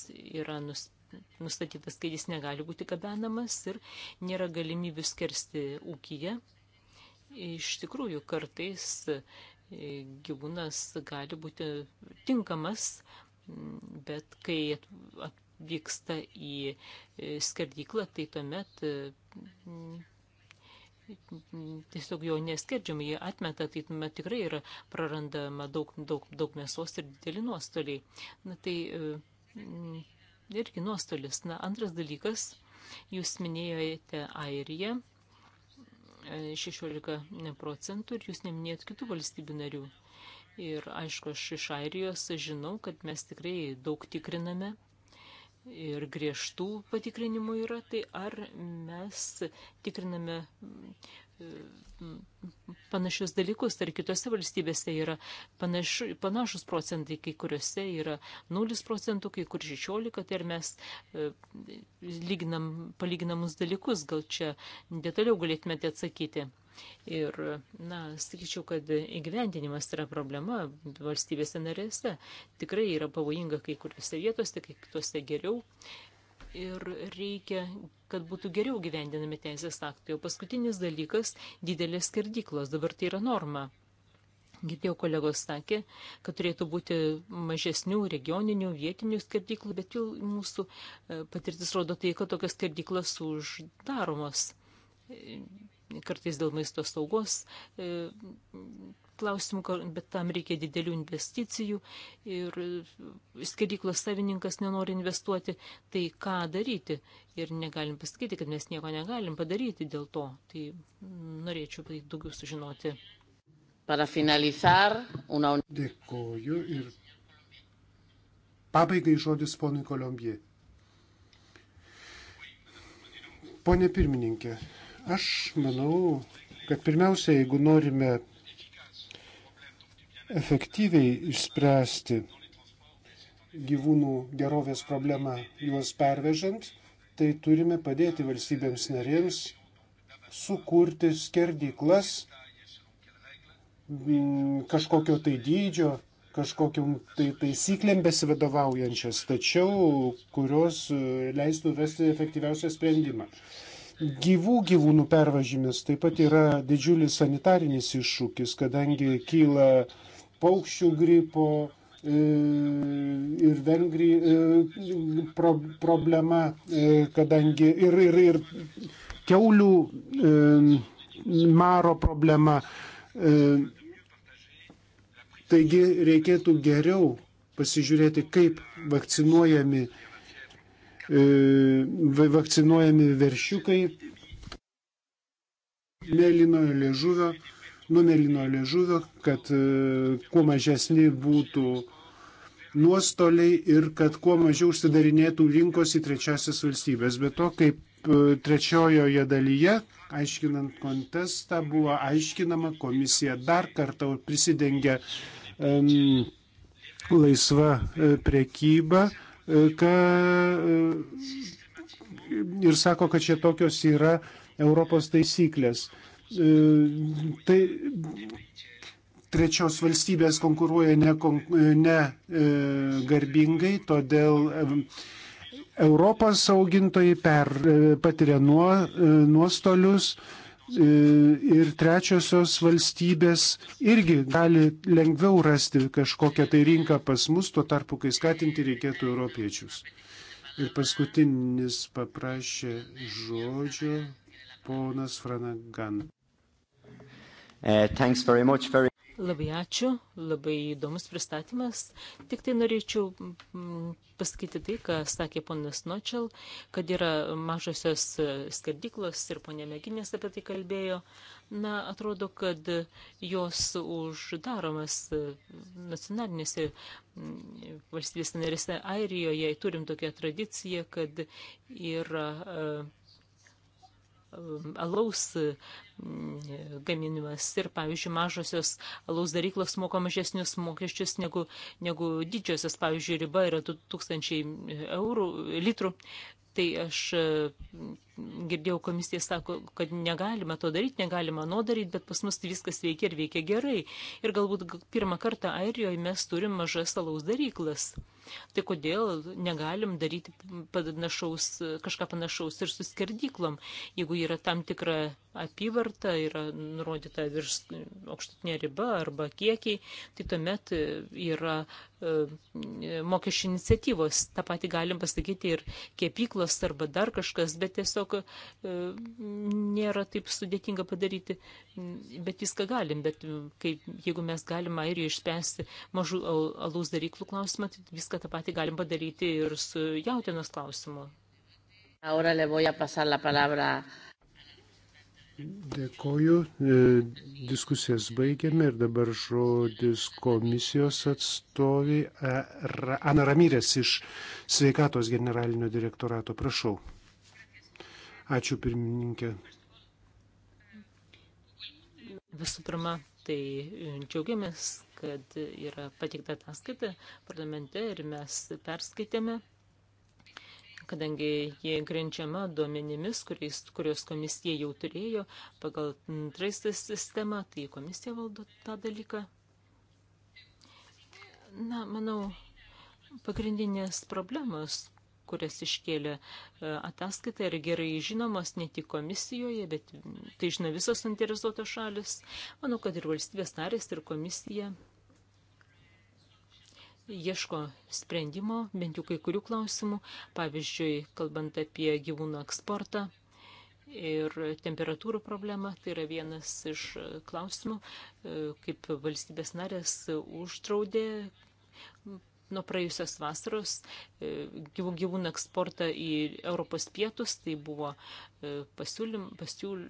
yra nustatytas, kad jis negali būti gabenamas ir nėra galimybių skersti ūkyje. Iš tikrųjų, kartais e, gyvūnas gali būti tinkamas, bet kai vyksta į e, skerdyklą, tai tuomet e, tiesiog jo neskerdžiama, jie atmeta, tai tuomet tikrai yra prarandama daug, daug, daug mėsos ir dideli nuostoliai. Na tai e, irgi nuostolis. Na, antras dalykas, jūs minėjote Airiją 16 procentų ir jūs neminėjot kitų valstybių narių. Ir aišku, aš iš Airijos žinau, kad mes tikrai daug tikriname ir griežtų patikrinimų yra, tai ar mes tikriname panašius dalykus, ar kitose valstybėse yra panašu, panašus procentai, kai kuriuose yra 0 procentų, kai kur 16, tai ar mes e, lyginam, palyginamus dalykus, gal čia detaliau galėtumėte atsakyti. Ir, na, sakyčiau, kad įgyvendinimas yra problema valstybėse narėse. Tikrai yra pavojinga kai kuriuose vietose, kai kitose geriau ir reikia, kad būtų geriau gyvendinami teisės aktai. O paskutinis dalykas - didelės skerdyklos. Dabar tai yra norma. Girdėjau kolegos sakė, kad turėtų būti mažesnių regioninių, vietinių skerdyklų, bet jau mūsų e, patirtis rodo tai, kad tokios skerdyklos uždaromos e, kartais dėl maisto saugos e, klausimų, bet tam reikia didelių investicijų ir skiryklos savininkas nenori investuoti, tai ką daryti? Ir negalim pasakyti, kad mes nieko negalim padaryti dėl to. Tai norėčiau tai daugiau sužinoti. Para
finalizar, una... Dėkoju ir pabaigai
žodis ponui Kolombijai. Pone pirmininkė, aš manau, kad pirmiausia, jeigu norime efektyviai išspręsti gyvūnų gerovės problemą juos pervežant, tai turime padėti valstybėms narėms sukurti skerdyklas mm, kažkokio tai dydžio, kažkokiam tai taisyklėm besivadovaujančias, tačiau kurios e, leistų rasti efektyviausią sprendimą. Gyvų gyvūnų pervažymis taip pat yra didžiulis sanitarinis iššūkis, kadangi kyla uh, paukščių gripo e, ir Vengrijų e, pro, problema, e, kadangi ir, ir, ir keulių maro problema. Taigi reikėtų geriau pasižiūrėti, kaip vakcinuojami, vakcinuojami veršiukai mėlynojo liežuvio numerį nuo liežuvio, kad e, kuo mažesni būtų nuostoliai ir kad kuo mažiau užsidarinėtų rinkos į trečiasis valstybės. Bet to, kaip e, trečiojoje dalyje, aiškinant kontestą, buvo aiškinama, komisija dar kartą prisidengia um, laisva e, prekyba ka, ir sako, kad čia tokios yra Europos taisyklės. E, tai trečios valstybės konkuruoja negarbingai, ne, e, ne e, todėl Europos augintojai per, patiria nuo, nuostolius ir trečiosios valstybės irgi gali lengviau rasti kažkokią tai rinką pas mus, tuo tarpu, kai skatinti reikėtų
europiečius.
Ir paskutinis paprašė žodžio ponas Franagan.
Uh, very...
Labai ačiū, labai įdomus pristatymas. Tik tai norėčiau mm, pasakyti tai, ką sakė ponas Nočel, kad yra mažosios e, skerdiklos ir ponė Meginės apie tai kalbėjo. Na, atrodo, kad jos uždaromas e, nacionalinėse mm, valstybės narėse Airijoje turim tokią tradiciją, kad yra. Uh, alaus mm, gaminimas ir, pavyzdžiui, mažosios alaus daryklos moka mažesnius mokesčius negu, negu didžiosios, pavyzdžiui, riba yra 2000 eurų, litrų. Tai aš girdėjau komisija sako, kad negalima to daryti, negalima nuo daryti, bet pas mus viskas veikia ir veikia gerai. Ir galbūt pirmą kartą Airijoje mes turim mažas alaus daryklas. Tai kodėl negalim daryti panašaus, kažką panašaus ir su skerdyklom, jeigu yra tam tikra apyvarta, yra nurodyta virš aukštutinė riba arba kiekiai, tai tuomet yra e, mokesčių iniciatyvos. Ta pati galim pasakyti ir kepyklos arba dar kažkas, bet tiesiog dalyką e, nėra taip sudėtinga padaryti, bet viską galim, bet e, kaip, jeigu mes galim airijoje išspręsti mažų alaus daryklų klausimą, tai viską tą patį galim padaryti ir su jautienos klausimu.
Ahora le voy a pasar la palabra
Dėkoju, e, diskusijas baigėme ir dabar žodis komisijos atstoviai Ana Ramyrės iš sveikatos generalinio direktorato. Prašau. Ačiū pirmininkė.
Visų pirma, tai e, džiaugiamės, kad yra pateikta ataskaita parlamente ir mes perskaitėme, kadangi jie grenčiama duomenimis, kuriais, kurios komisija jau turėjo pagal traistą sistemą, tai komisija valdo tą dalyką. Na, manau, pagrindinės problemos, kurias iškėlė e, ataskaita, yra gerai žinomas ne tik komisijoje, bet tai žino visos interesuotos šalis. Manau, kad ir valstybės narės, ir komisija ieško sprendimo, bent jau kai kurių klausimų, pavyzdžiui, kalbant apie gyvūnų eksportą ir temperatūrų problema, tai yra vienas iš klausimų, e, kaip valstybės narės uždraudė nuo praėjusios vasaros e, gyvų gyvūnų eksportą į Europos pietus. Tai buvo e, pasiūlym, pasiūl,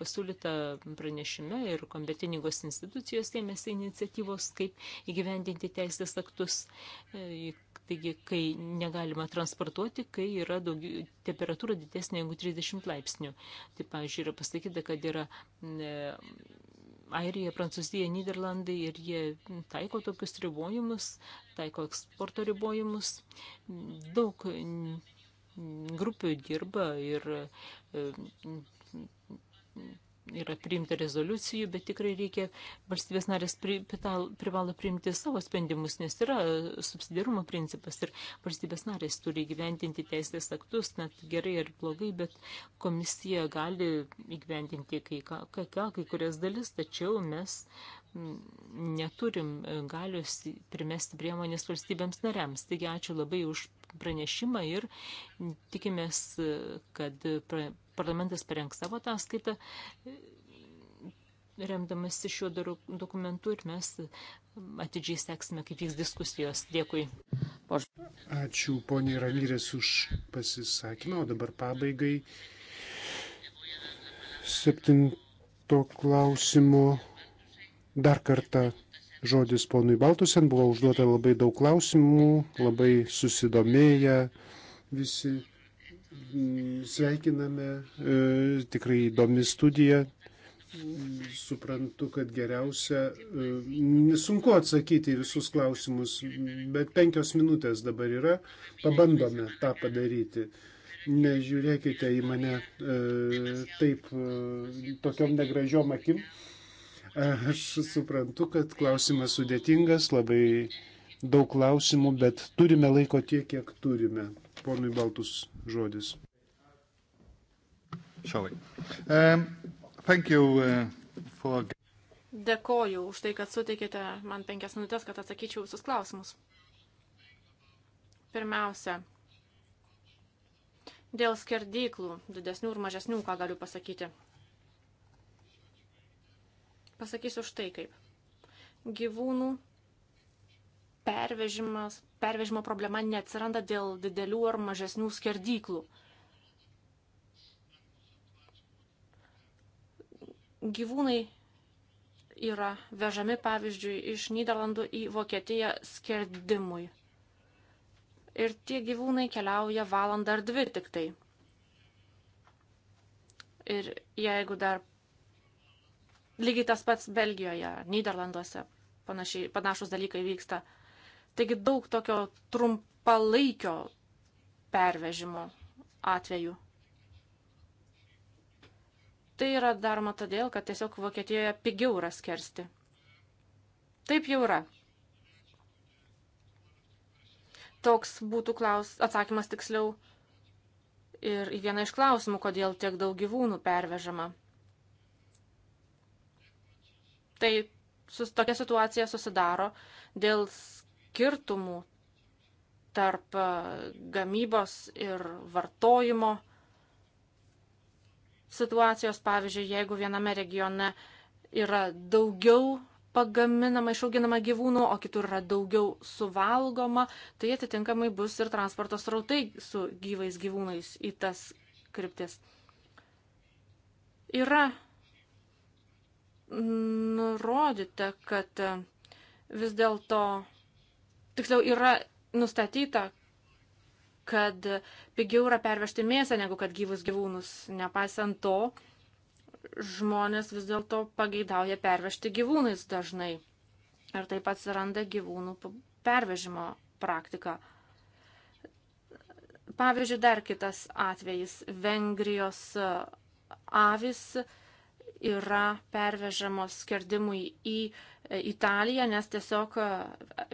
pasiūlyta pranešime ir kompeteningos institucijos ėmėsi iniciatyvos, kaip įgyvendinti teisės aktus. E, taigi, kai negalima transportuoti, kai yra daugiau, temperatūra didesnė negu 30 laipsnių. Tai, pavyzdžiui, yra pasakyta, kad yra Airija, Prancūzija, Niderlandai ir jie taiko tokius ribojimus, taiko eksporto ribojimus. Daug grupių dirba ir e, yra priimta rezoliucijų, bet tikrai reikia, valstybės narės pri, privalo priimti savo sprendimus, nes yra subsidiarumo principas ir valstybės narės turi gyventinti teisės aktus, net gerai ar blogai, bet komisija gali įgyventinti kai ką, kai, ką, kai kurias dalis, tačiau mes neturim galius primesti priemonės valstybėms nariams. Taigi ačiū labai už pranešimą ir tikimės, kad pra parlamentas parengs savo ataskaitą remdamasi šiuo dokumentu ir mes atidžiai seksime, kaip vyks diskusijos. Dėkui.
Ačiū poniai Ravyrės už pasisakymą, o dabar pabaigai septinto klausimo dar kartą žodis ponui Baltusen. Buvo užduota labai daug klausimų, labai susidomėję visi sveikiname, e, tikrai įdomi studija. Suprantu, kad geriausia, e, sunku atsakyti į visus klausimus, bet penkios minutės dabar yra, pabandome tą padaryti. Nežiūrėkite į mane e, taip, tokiom negražiom akim. Aš suprantu, kad klausimas sudėtingas, labai daug klausimų, bet turime laiko tiek, kiek turime. Ponui Baltus žodis. Šalai. Um, you, uh, for...
Dėkoju už tai, kad suteikėte man penkias minutės, kad atsakyčiau visus klausimus. Pirmiausia, dėl skerdyklų, didesnių ir mažesnių, ką galiu pasakyti. Pasakysiu štai kaip. Gyvūnų pervežimas, pervežimo problema neatsiranda dėl didelių ar mažesnių skerdyklų. Gyvūnai yra vežami, pavyzdžiui, iš Niderlandų į Vokietiją skerdimui. Ir tie gyvūnai keliauja valandą ar dvi tik tai. Ir jeigu dar lygiai tas pats Belgijoje, Niderlanduose panašiai, panašus dalykai vyksta, uh, Taigi daug tokio trumpalaikio pervežimo atveju. Tai yra daroma todėl, kad tiesiog Vokietijoje pigiau yra skersti. Taip jau yra. Toks būtų klaus, atsakymas tiksliau ir į vieną iš klausimų, kodėl tiek daug gyvūnų pervežama. Tai sus, tokia situacija susidaro dėl skirtumų tarp e, gamybos ir vartojimo situacijos. Pavyzdžiui, jeigu viename regione yra daugiau pagaminama, išauginama gyvūnų, o kitur yra daugiau suvalgoma, tai atitinkamai bus ir transporto srautai su gyvais gyvūnais į tas kryptis. Yra nurodyta, kad vis dėlto tiksliau yra nustatyta, kad pigiau yra pervežti mėsą negu kad gyvus gyvūnus. Nepaisant to, žmonės vis dėlto pageidauja pervežti gyvūnais dažnai. Ir taip atsiranda gyvūnų pervežimo praktika. Pavyzdžiui, dar kitas atvejis - Vengrijos avis yra pervežamos skerdimui į e, Italiją, nes tiesiog e,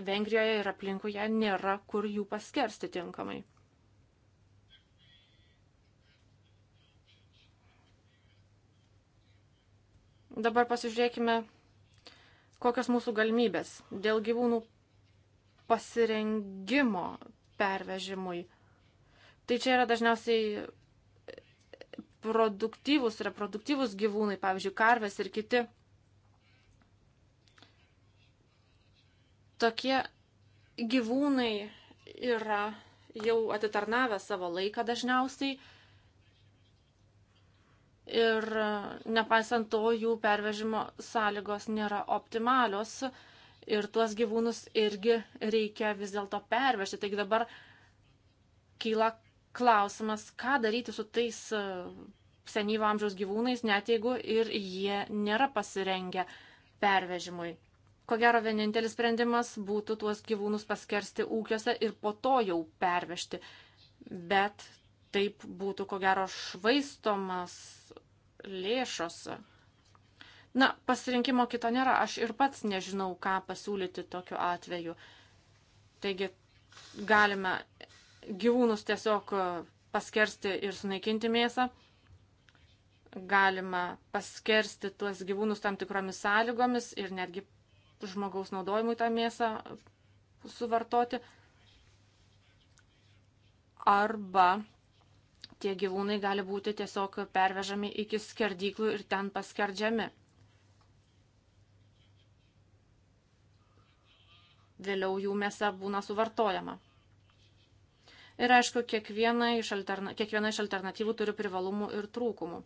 Vengrijoje ir aplinkoje nėra kur jų paskersti tinkamai. Dabar pasižiūrėkime, kokios mūsų galimybės dėl gyvūnų pasirengimo pervežimui. Tai čia yra dažniausiai produktyvūs, reproduktyvūs gyvūnai, pavyzdžiui, karvės ir kiti. Tokie gyvūnai yra jau atitarnavę savo laiką dažniausiai ir e, nepaisant to jų pervežimo sąlygos nėra optimalios ir tuos gyvūnus irgi reikia vis dėlto pervežti. Taigi dabar kyla klausimas, ką daryti su tais e, senyvo amžiaus gyvūnais, net jeigu ir jie nėra pasirengę pervežimui. Ko gero, vienintelis sprendimas būtų tuos gyvūnus paskersti ūkiuose ir po to jau pervežti. Bet taip būtų, ko gero, švaistomas lėšos. Na, pasirinkimo kito nėra. Aš ir pats nežinau, ką pasiūlyti tokiu atveju. Taigi, galime gyvūnus tiesiog e, paskersti ir sunaikinti mėsą. Galima paskersti tuos gyvūnus tam tikromis sąlygomis ir netgi žmogaus naudojimui tą mėsą suvartoti. Arba tie gyvūnai gali būti tiesiog pervežami iki skerdyklų ir ten paskerdžiami. Vėliau jų mėsa būna suvartojama. Ir aišku, kiekviena iš, alterna, kiekviena iš alternatyvų turi privalumų ir trūkumų.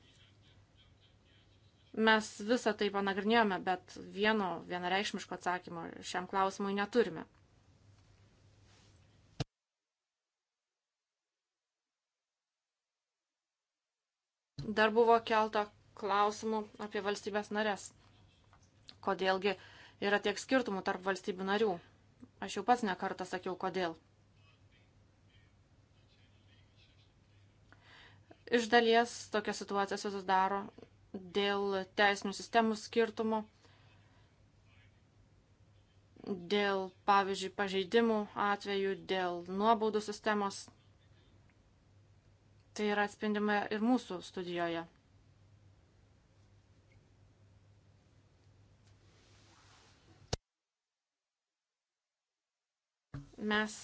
Mes visą tai panagrinėjome, bet vieno vienareikšmiško atsakymo šiam klausimui neturime. Dar buvo kelta klausimų apie valstybės narės. Kodėlgi yra tiek skirtumų tarp valstybių narių? Aš jau pats nekartą sakiau, kodėl. Iš dalies tokia situacija susidaro dėl teisinių sistemų skirtumų, dėl, pavyzdžiui, pažeidimų atvejų, dėl nuobaudų sistemos. Tai yra atspindima ir mūsų studijoje. Mes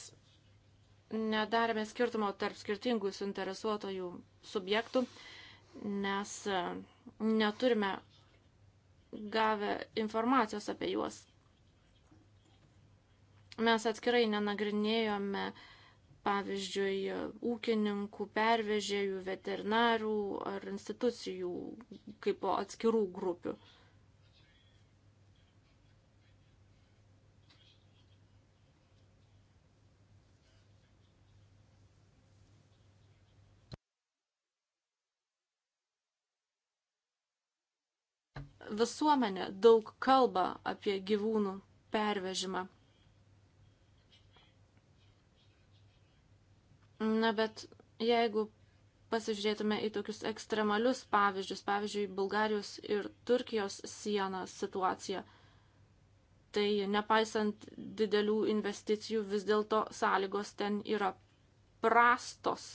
nedarėme skirtumo tarp skirtingų suinteresuotojų subjektų, nes e, neturime gavę informacijos apie juos. Mes atskirai nenagrinėjome, pavyzdžiui, ūkininkų, pervežėjų, veterinarių ar institucijų kaip atskirų grupių. visuomenė daug kalba apie gyvūnų pervežimą. Na, bet jeigu pasižiūrėtume į tokius ekstremalius pavyzdžius, pavyzdžiui, Bulgarijos ir Turkijos sieną situaciją, tai nepaisant didelių investicijų, vis dėlto sąlygos ten yra prastos.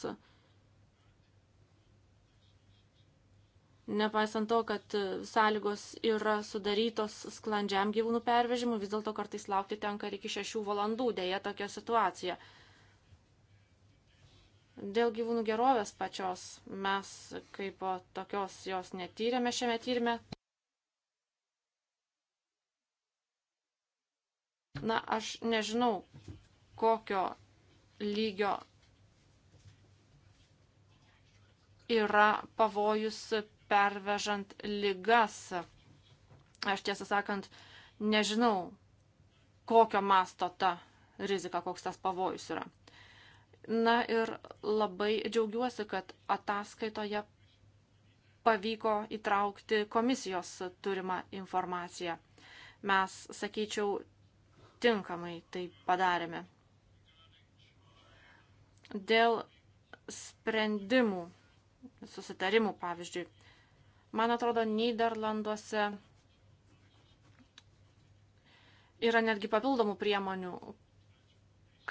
Nepaisant to, kad e, sąlygos yra sudarytos sklandžiam gyvūnų pervežimui, vis dėlto kartais laukti tenka iki šešių valandų, dėja tokia situacija. Dėl gyvūnų gerovės pačios mes kaip tokios jos netyrėme šiame tyrimė. Na, aš nežinau, kokio lygio yra pavojus pervežant lygas. Aš tiesą sakant, nežinau, kokio masto ta rizika, koks tas pavojus yra. Na ir labai džiaugiuosi, kad ataskaitoje pavyko įtraukti komisijos turimą informaciją. Mes, sakyčiau, tinkamai tai padarėme. Dėl sprendimų, susitarimų, pavyzdžiui, Man atrodo, Niderlanduose yra netgi papildomų priemonių,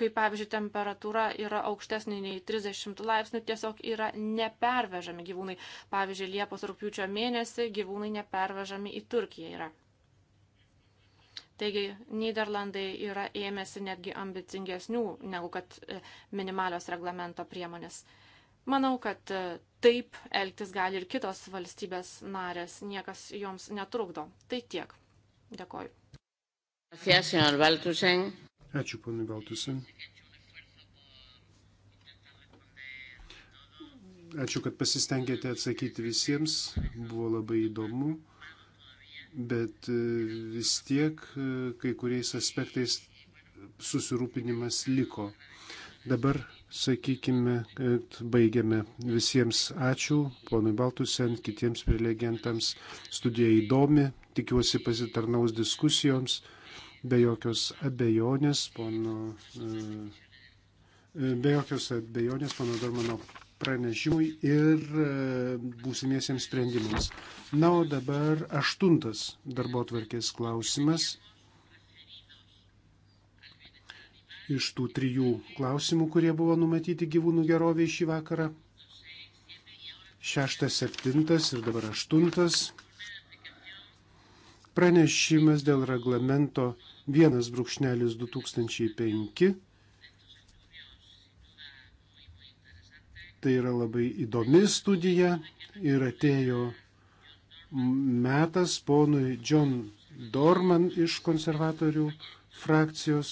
kai pavyzdžiui temperatūra yra aukštesnė nei 30 laipsnių, tiesiog yra nepervežami gyvūnai. Pavyzdžiui, Liepos rūpiučio mėnesį gyvūnai nepervežami į Turkiją yra. Taigi Niderlandai yra ėmėsi netgi ambicingesnių negu kad e, minimalios reglamento priemonės. Manau, kad e, taip elgtis gali ir kitos valstybės narės, niekas joms netrukdo. Tai tiek. Dėkoju.
Ačiū,
ponai Baltusen. Ačiū, kad pasistengėte atsakyti visiems. Buvo labai įdomu. Bet e, vis tiek e, kai kuriais aspektais susirūpinimas liko. Dabar sakykime, kad baigiame visiems ačiū, ponui Baltusen, kitiems prelegentams. Studija įdomi, tikiuosi pasitarnaus diskusijoms, be jokios abejonės, pono, e, e, be jokios abejonės, pono Dormano pranešimui ir e, būsimiesiems sprendimams. Na, o dabar aštuntas darbo tvarkės klausimas. iš tų trijų klausimų, kurie buvo numatyti gyvūnų geroviai šį vakarą. Šeštas, septintas ir dabar aštuntas. Pranešimas dėl reglamento 1.2005. Tai yra labai įdomi studija ir atėjo metas ponui John Dorman iš konservatorių frakcijos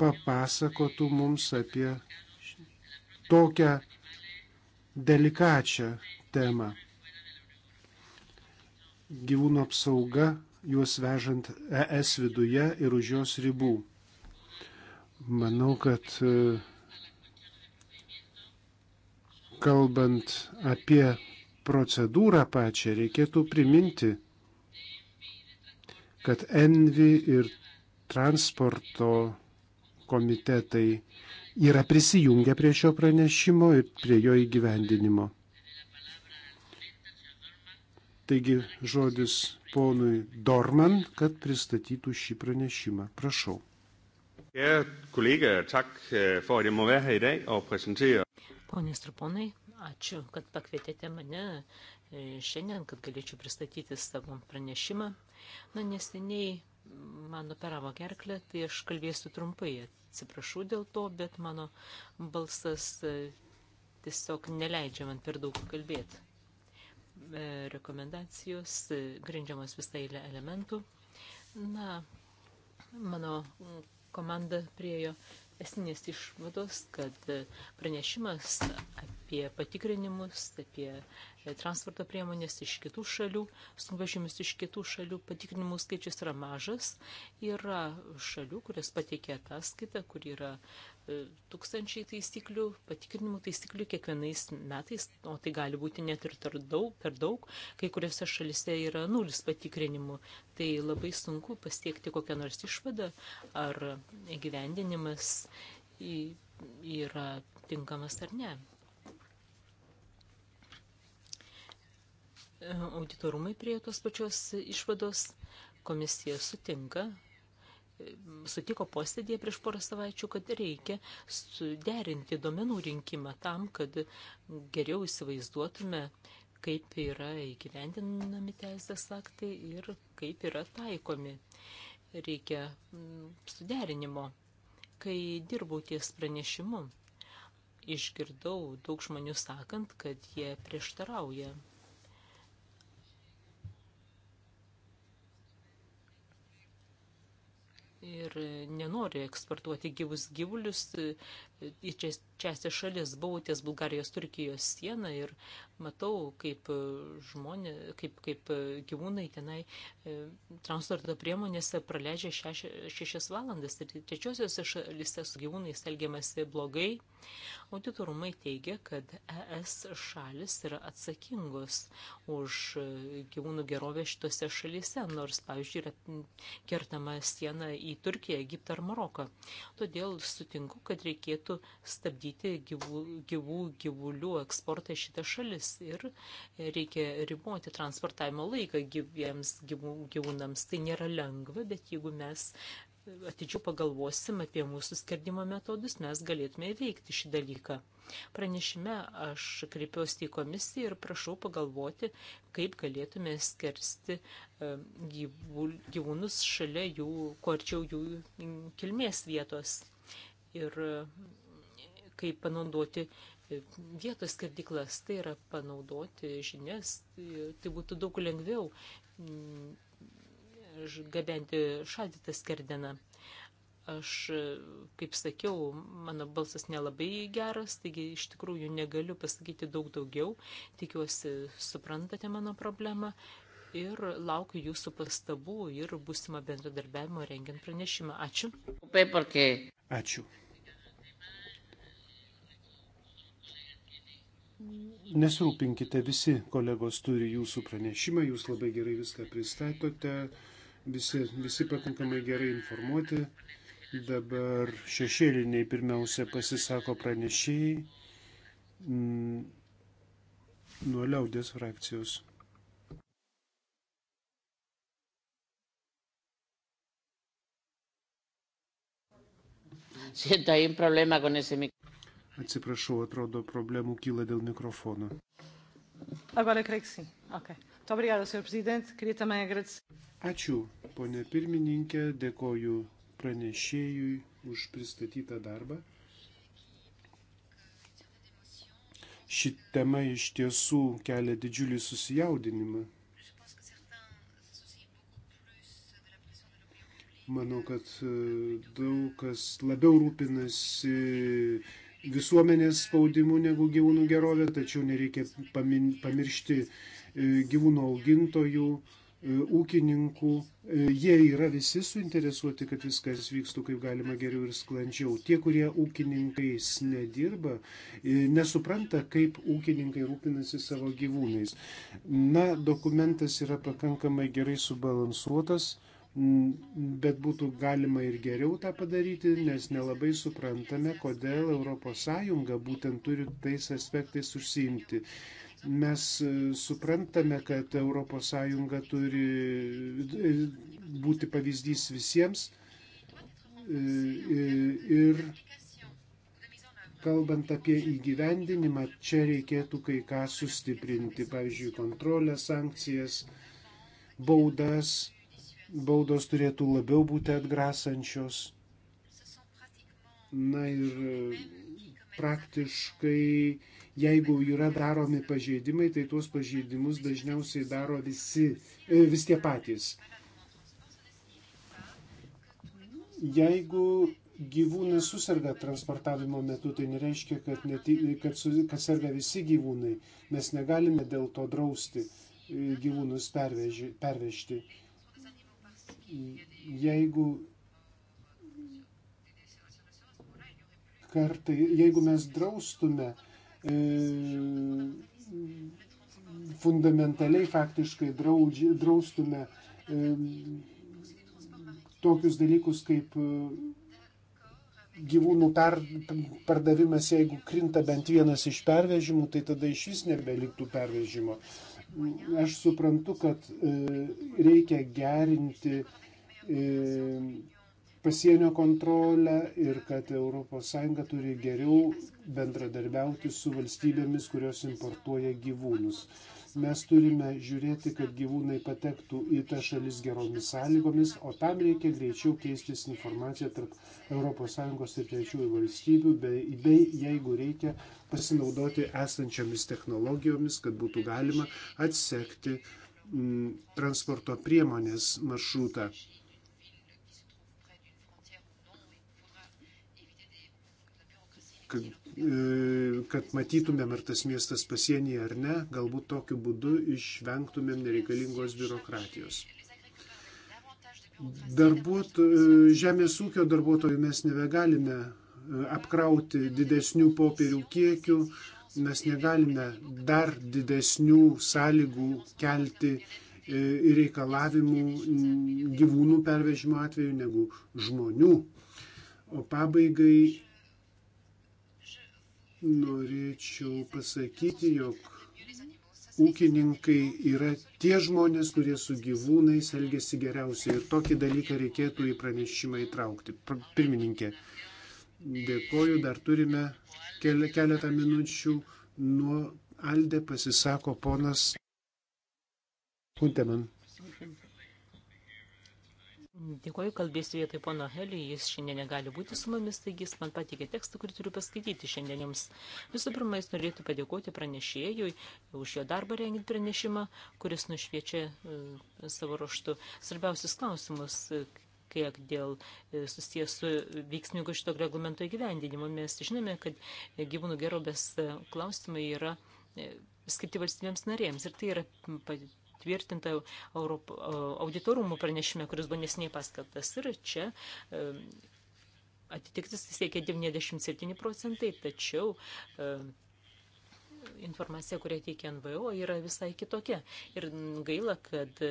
papasakotų mums apie tokią delikačią temą. Gyvūnų apsauga juos vežant ES viduje ir už jos ribų. Manau, kad e, kalbant apie procedūrą pačią, reikėtų priminti, kad Envi ir transporto komitetai yra prisijungę prie šio pranešimo ir prie jo įgyvendinimo. Taigi žodis ponui Dorman, kad pristatytų
šį pranešimą.
Prašau.
Kære kollegaer, tak eh, for, at jeg må være her i dag og præsentere.
Ponies ir ponai, ačiū, kad pakvietėte mane e, šiandien, kad galėčiau pristatyti savo pranešimą. Na, neseniai man operavo gerklę, tai aš kalbėsiu trumpai atsiprašau dėl to, bet mano balsas e, tiesiog neleidžia man per daug kalbėti. E, rekomendacijos e, grindžiamas visai elementų. Na, mano komanda priejo esinės išvados, kad e, pranešimas apie patikrinimus, apie e, transporto priemonės iš kitų šalių, sunkvežimis iš kitų šalių, patikrinimų skaičius yra mažas. Yra šalių, kurios pateikia ataskaitą, kur yra E, tūkstančiai taisyklių, patikrinimų taisyklių kiekvienais metais, o tai gali būti net ir per daug, per daug. kai kuriuose šalise yra nulis patikrinimų. Tai labai sunku pasiekti kokią nors išvadą, ar gyvendinimas yra tinkamas ar ne. E, auditorumai prie tos pačios išvados komisija sutinka sutiko posėdėje prieš porą savaičių, kad reikia suderinti domenų rinkimą tam, kad geriau įsivaizduotume, kaip yra įgyvendinami teisės aktai ir kaip yra taikomi. Reikia mm, suderinimo. Kai dirbau ties pranešimu, išgirdau daug žmonių sakant, kad jie prieštarauja ir e, nenori eksportuoti gyvus gyvulius į čiasi šalis. Buvau ties Bulgarijos Turkijos sieną ir matau, kaip e, žmonė, kaip, kaip e, gyvūnai tenai e, transporto priemonėse praleidžia šeš, šešias valandas. Ir trečiosiuose šalise su gyvūnais elgiamasi blogai. Auditorumai teigia, kad ES šalis yra atsakingos už gyvūnų gerovę šitose šalise, nors, pavyzdžiui, yra kertama siena į Turkiją, Egiptą ar Maroką. Todėl sutinku, kad reikėtų reikėtų stabdyti gyvų, gyvų gyvulių eksportą į šitą šalis ir reikia riboti transportavimo laiką gyviems gyvų, gyvūnams. Tai nėra lengva, bet jeigu mes atidžiau pagalvosim apie mūsų skerdimo metodus, mes galėtume įveikti šį dalyką. Pranešime aš kreipiuosi į komisiją ir prašau pagalvoti, kaip galėtume skersti e, gyvūnus šalia jų, kuo arčiau jų kilmės vietos. Ir kaip panaudoti e, vietos skerdiklas, tai yra panaudoti žinias, tai, tai būtų daug lengviau mm, gabenti šaldytą skerdeną. Aš, e, kaip sakiau, mano balsas nelabai geras, taigi iš tikrųjų negaliu pasakyti daug daugiau. Tikiuosi, suprantate mano problemą ir laukiu jūsų pastabų ir būsimo bendradarbiavimo rengiant pranešimą. Ačiū.
Ačiū.
Nesirūpinkite, visi kolegos turi jūsų pranešimą, jūs labai gerai viską pristatote, visi, visi pakankamai gerai informuoti. Dabar šešėliniai pirmiausia pasisako pranešėjai m, mm, nuo liaudės frakcijos.
Siento, hay un problema con ese micrófono.
Atsiprašau, atrodo, problemų kyla dėl mikrofono. Agora creio que sim. Ok. Muito obrigada, Sr. Presidente. Queria também agradecer. Ačiū, ponė pirmininkė. Dėkoju pranešėjui už pristatytą darbą. Ši tema iš tiesų kelia didžiulį susijaudinimą. Manau, kad e, daug kas labiau rūpinasi visuomenės spaudimu negu gyvūnų gerovė, tačiau nereikia pamiršti e, gyvūnų augintojų, e, ūkininkų. E, jie yra visi suinteresuoti, kad viskas vykstų kaip galima geriau ir sklandžiau. Tie, kurie ūkininkais nedirba, nesupranta, kaip ūkininkai rūpinasi savo gyvūnais. Na, dokumentas yra pakankamai gerai subalansuotas Mm, bet būtų galima ir geriau tą padaryti, nes nelabai suprantame, kodėl ES būtent turi tais aspektais užsiimti. Mes e, suprantame, kad ES turi e, būti pavyzdys visiems e, ir kalbant apie įgyvendinimą, čia reikėtų kai ką sustiprinti, pavyzdžiui, kontrolę, sankcijas, baudas, baudos turėtų labiau būti atgrasančios. Na ir e, praktiškai, jeigu yra daromi pažeidimai, tai tuos pažeidimus dažniausiai daro visi, e, vis tie patys. Jeigu gyvūnas susirga transportavimo metu, tai nereiškia, kad, neti, kad, su, kad serga visi gyvūnai. Mes negalime dėl to drausti e, gyvūnus perveži, pervežti jeigu kartai, jeigu mes draustume e, fundamentaliai faktiškai draudži, draustume e, tokius dalykus kaip e, gyvūnų per, pardavimas, jeigu krinta bent vienas iš pervežimų, tai tada iš vis nebeliktų pervežimo. Aš suprantu, kad e, reikia gerinti e, pasienio kontrolę ir kad ES turi geriau bendradarbiauti su valstybėmis, kurios importuoja gyvūnus. Mes turime žiūrėti, kad gyvūnai patektų į tą šalis geromis sąlygomis, o tam reikia greičiau keistis informaciją tarp ES ir trečiųjų valstybių, bei, bei jeigu reikia pasinaudoti esančiomis technologijomis, kad būtų galima atsekti m, transporto priemonės maršrutą kad, e, kad matytumėm, ar tas miestas pasienyje ar ne, galbūt tokiu būdu išvengtumėm nereikalingos biurokratijos. Darbuot, e, žemės ūkio darbuotojų mes nebegalime e, apkrauti didesnių popierių kiekių, mes negalime dar didesnių sąlygų kelti ir reikalavimų gyvūnų pervežimo atveju negu žmonių. O pabaigai norėčiau pasakyti, jog ūkininkai yra tie žmonės, kurie su gyvūnais elgesi geriausiai ir tokį dalyką reikėtų į pranešimą įtraukti. Pirmininkė, dėkoju, dar turime keletą minučių. Nuo Alde pasisako ponas Hunteman.
Dėkuoju, kalbėsiu vietoj pono Helį, jis šiandien negali būti su mumis, taigi jis man patikė tekstą, kurį turiu paskaityti šiandien jums. Visų pirma, jis norėtų padėkoti pranešėjui už jo darbą rengint pranešimą, kuris nušviečia e, savo ruoštų svarbiausius klausimus, e, kiek dėl e, susijęs su veiksmingu šito reglamento įgyvendinimu. Mes žinome, kad gyvūnų gerovės klausimai yra skirti valstybėms narėms ir tai yra patvirtinta Europo, auditorumų pranešime, kuris buvo nesiniai paskatas. Ir čia atitiktis siekia 97 procentai, tačiau informacija, kurią teikia NVO, yra visai kitokia. Ir gaila, kad e,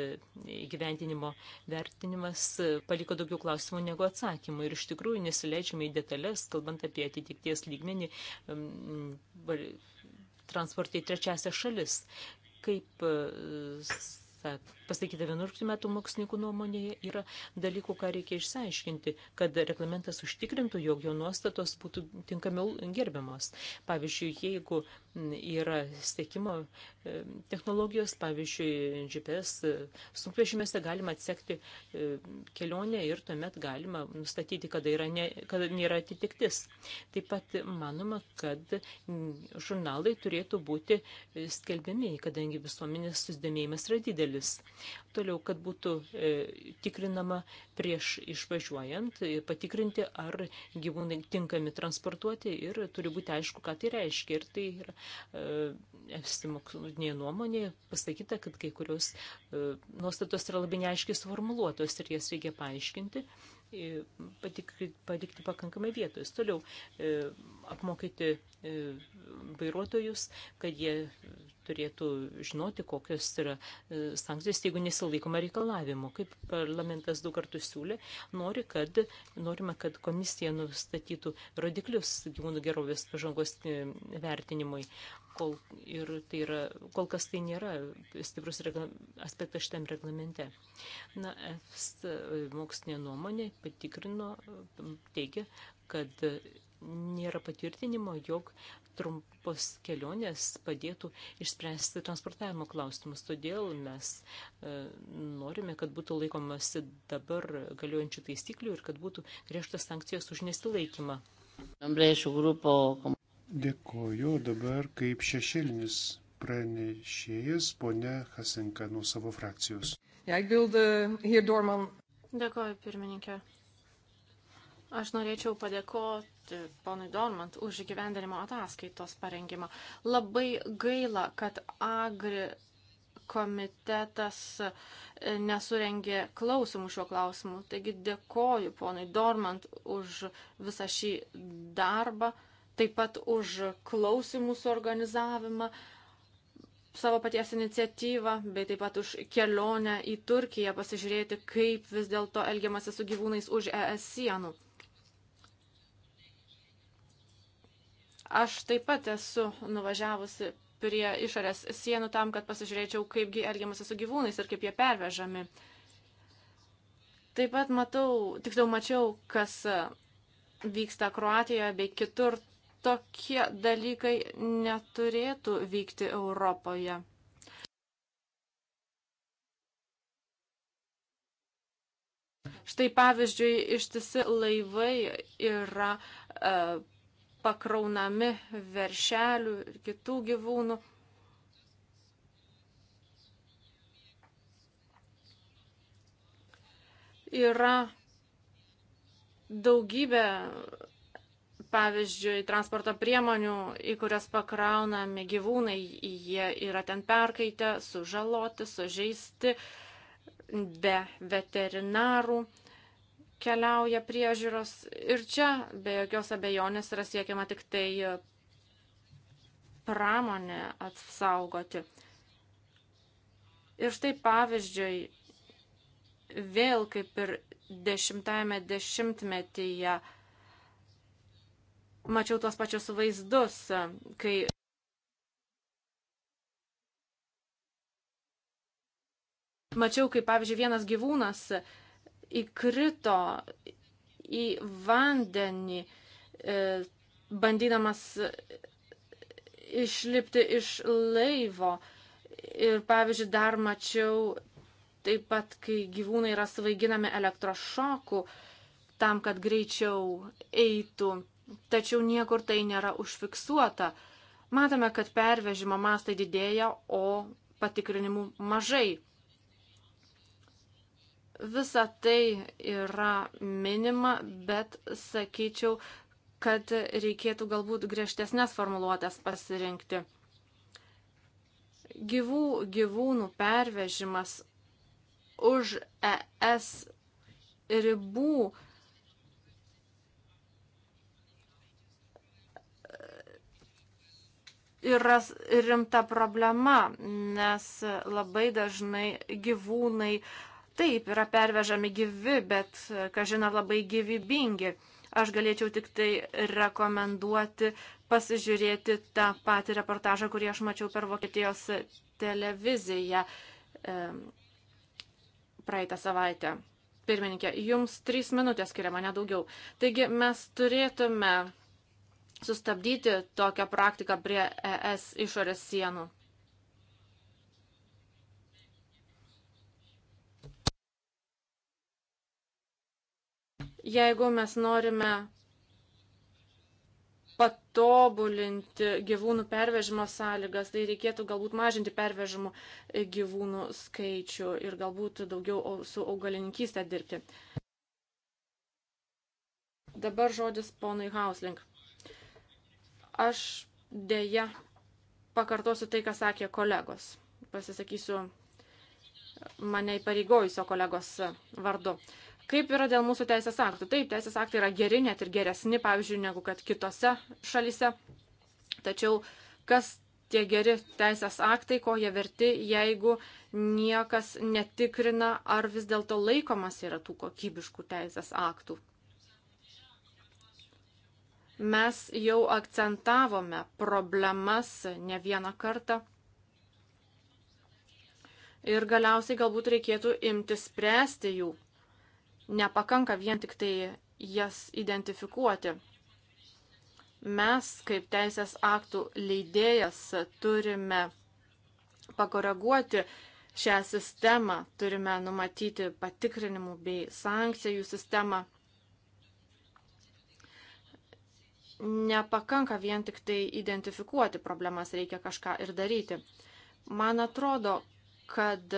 gyventinimo vertinimas e, paliko daugiau klausimų negu atsakymų. Ir iš tikrųjų nesileidžiame į detalės, kalbant apie atitikties lygmenį transportai trečiasias šalis kaip pasakyta 11 metų mokslininkų nuomonėje, yra dalykų, ką reikia išsiaiškinti, kad reglamentas užtikrintų, jog jo nuostatos būtų tinkamiau gerbiamos. Pavyzdžiui, jeigu yra sėkimo e, technologijos, pavyzdžiui, GPS e, sunkvežimėse galima atsekti e, kelionę ir tuomet galima nustatyti, kada, yra ne, kada nėra atitiktis. Taip pat manoma, kad žurnalai turėtų būti skelbiami, kadangi visuomenės susidėmėjimas yra didelis. Toliau, kad būtų tikrinama prieš išvažiuojant e, patikrinti, ar gyvūnai tinkami transportuoti ir turi būti aišku, ką tai reiškia. Ir tai yra epistimokslinė nuomonė pasakyta, kad kai kurios e, nuostatos yra labai neaiškiai suformuluotos ir jas reikia paaiškinti. E, palikti pakankamai vietos. Toliau e, apmokyti e, vairuotojus, kad jie turėtų žinoti, kokios yra sankcijos, jeigu nesilaikoma reikalavimo. Kaip parlamentas du kartus siūlė, nori, kad, norime, kad komisija nustatytų rodiklius gyvūnų gerovės pažangos vertinimui kol, ir tai yra, kol kas tai nėra stiprus regla, aspektas šitam reglamente. Na, EFS e, mokslinė nuomonė patikrino, teigia, kad nėra patvirtinimo, jog trumpos kelionės padėtų išspręsti transportavimo klausimus. Todėl mes e, norime, kad būtų laikomasi dabar galiojančių taisyklių ir kad būtų griežtas sankcijos už nesilaikymą.
Dėkoju dabar kaip šešėlinis pranešėjas ponia Hasenka nuo savo frakcijos.
Dėkoju, pirmininkė. Aš norėčiau padėkoti ponui Dormant už įgyvendinimo ataskaitos parengimą. Labai gaila, kad Agri komitetas e, nesurengė klausimų šiuo klausimu. Taigi dėkoju ponui Dormant už visą šį darbą taip pat už klausimų suorganizavimą, savo paties iniciatyvą, bei taip pat už kelionę į Turkiją pasižiūrėti, kaip vis dėlto elgiamasi su gyvūnais už ES sienų. Aš taip pat esu nuvažiavusi prie išorės sienų tam, kad pasižiūrėčiau, kaipgi elgiamasi su gyvūnais ir kaip jie pervežami. Taip pat matau, tiksliau mačiau, kas vyksta Kroatijoje bei kitur tokie dalykai neturėtų vykti Europoje. Štai pavyzdžiui, ištisi laivai yra e, pakraunami veršelių ir kitų gyvūnų. Yra daugybė Pavyzdžiui, transporto priemonių, į kurias pakraunami gyvūnai, jie yra ten perkaitę, sužaloti, sužeisti, be veterinarų keliauja priežiūros. Ir čia be jokios abejonės yra siekiama tik tai pramonę apsaugoti. Ir štai pavyzdžiui, vėl kaip ir dešimtajame dešimtmetyje mačiau tuos pačius vaizdus, kai mačiau, kaip pavyzdžiui vienas gyvūnas įkrito į vandenį, e, bandydamas išlipti iš laivo. Ir pavyzdžiui, dar mačiau taip pat, kai gyvūnai yra svaiginami elektrošokų tam, kad greičiau eitų tačiau niekur tai nėra užfiksuota. Matome, kad pervežimo mastai didėja, o patikrinimų mažai. Visa tai yra minima, bet sakyčiau, kad reikėtų galbūt griežtesnės formuluotės pasirinkti. Gyvų gyvūnų pervežimas už ES ribų yra rimta problema, nes labai dažnai gyvūnai taip yra pervežami gyvi, bet, ką žinai, labai gyvybingi. Aš galėčiau tik tai rekomenduoti pasižiūrėti tą patį reportažą, kurį aš mačiau per Vokietijos televiziją e, praeitą savaitę. Pirmininkė, jums trys minutės skiriama, nedaugiau. Taigi mes turėtume sustabdyti tokią praktiką prie ES išorės sienų. Jeigu mes norime patobulinti gyvūnų pervežimo sąlygas, tai reikėtų galbūt mažinti pervežimų gyvūnų skaičių ir galbūt daugiau su augalininkystė dirbti. Dabar žodis ponui Hauslink. Aš dėja pakartosiu tai, ką sakė kolegos. Pasisakysiu mane įpareigojusio kolegos vardu. Kaip yra dėl mūsų teisės aktų? Taip, teisės aktai yra geri, net ir geresni, pavyzdžiui, negu kad kitose šalise. Tačiau kas tie geri teisės aktai, ko jie verti, jeigu niekas netikrina, ar vis dėlto laikomas yra tų kokybiškų teisės aktų Mes jau akcentavome problemas ne vieną kartą. Ir galiausiai galbūt reikėtų imti spręsti jų. Nepakanka vien tik tai jas identifikuoti. Mes, kaip teisės aktų leidėjas, turime pakoreguoti šią sistemą, turime numatyti patikrinimų bei sankcijų sistemą. nepakanka vien tik tai identifikuoti problemas, reikia kažką ir daryti. Man atrodo, kad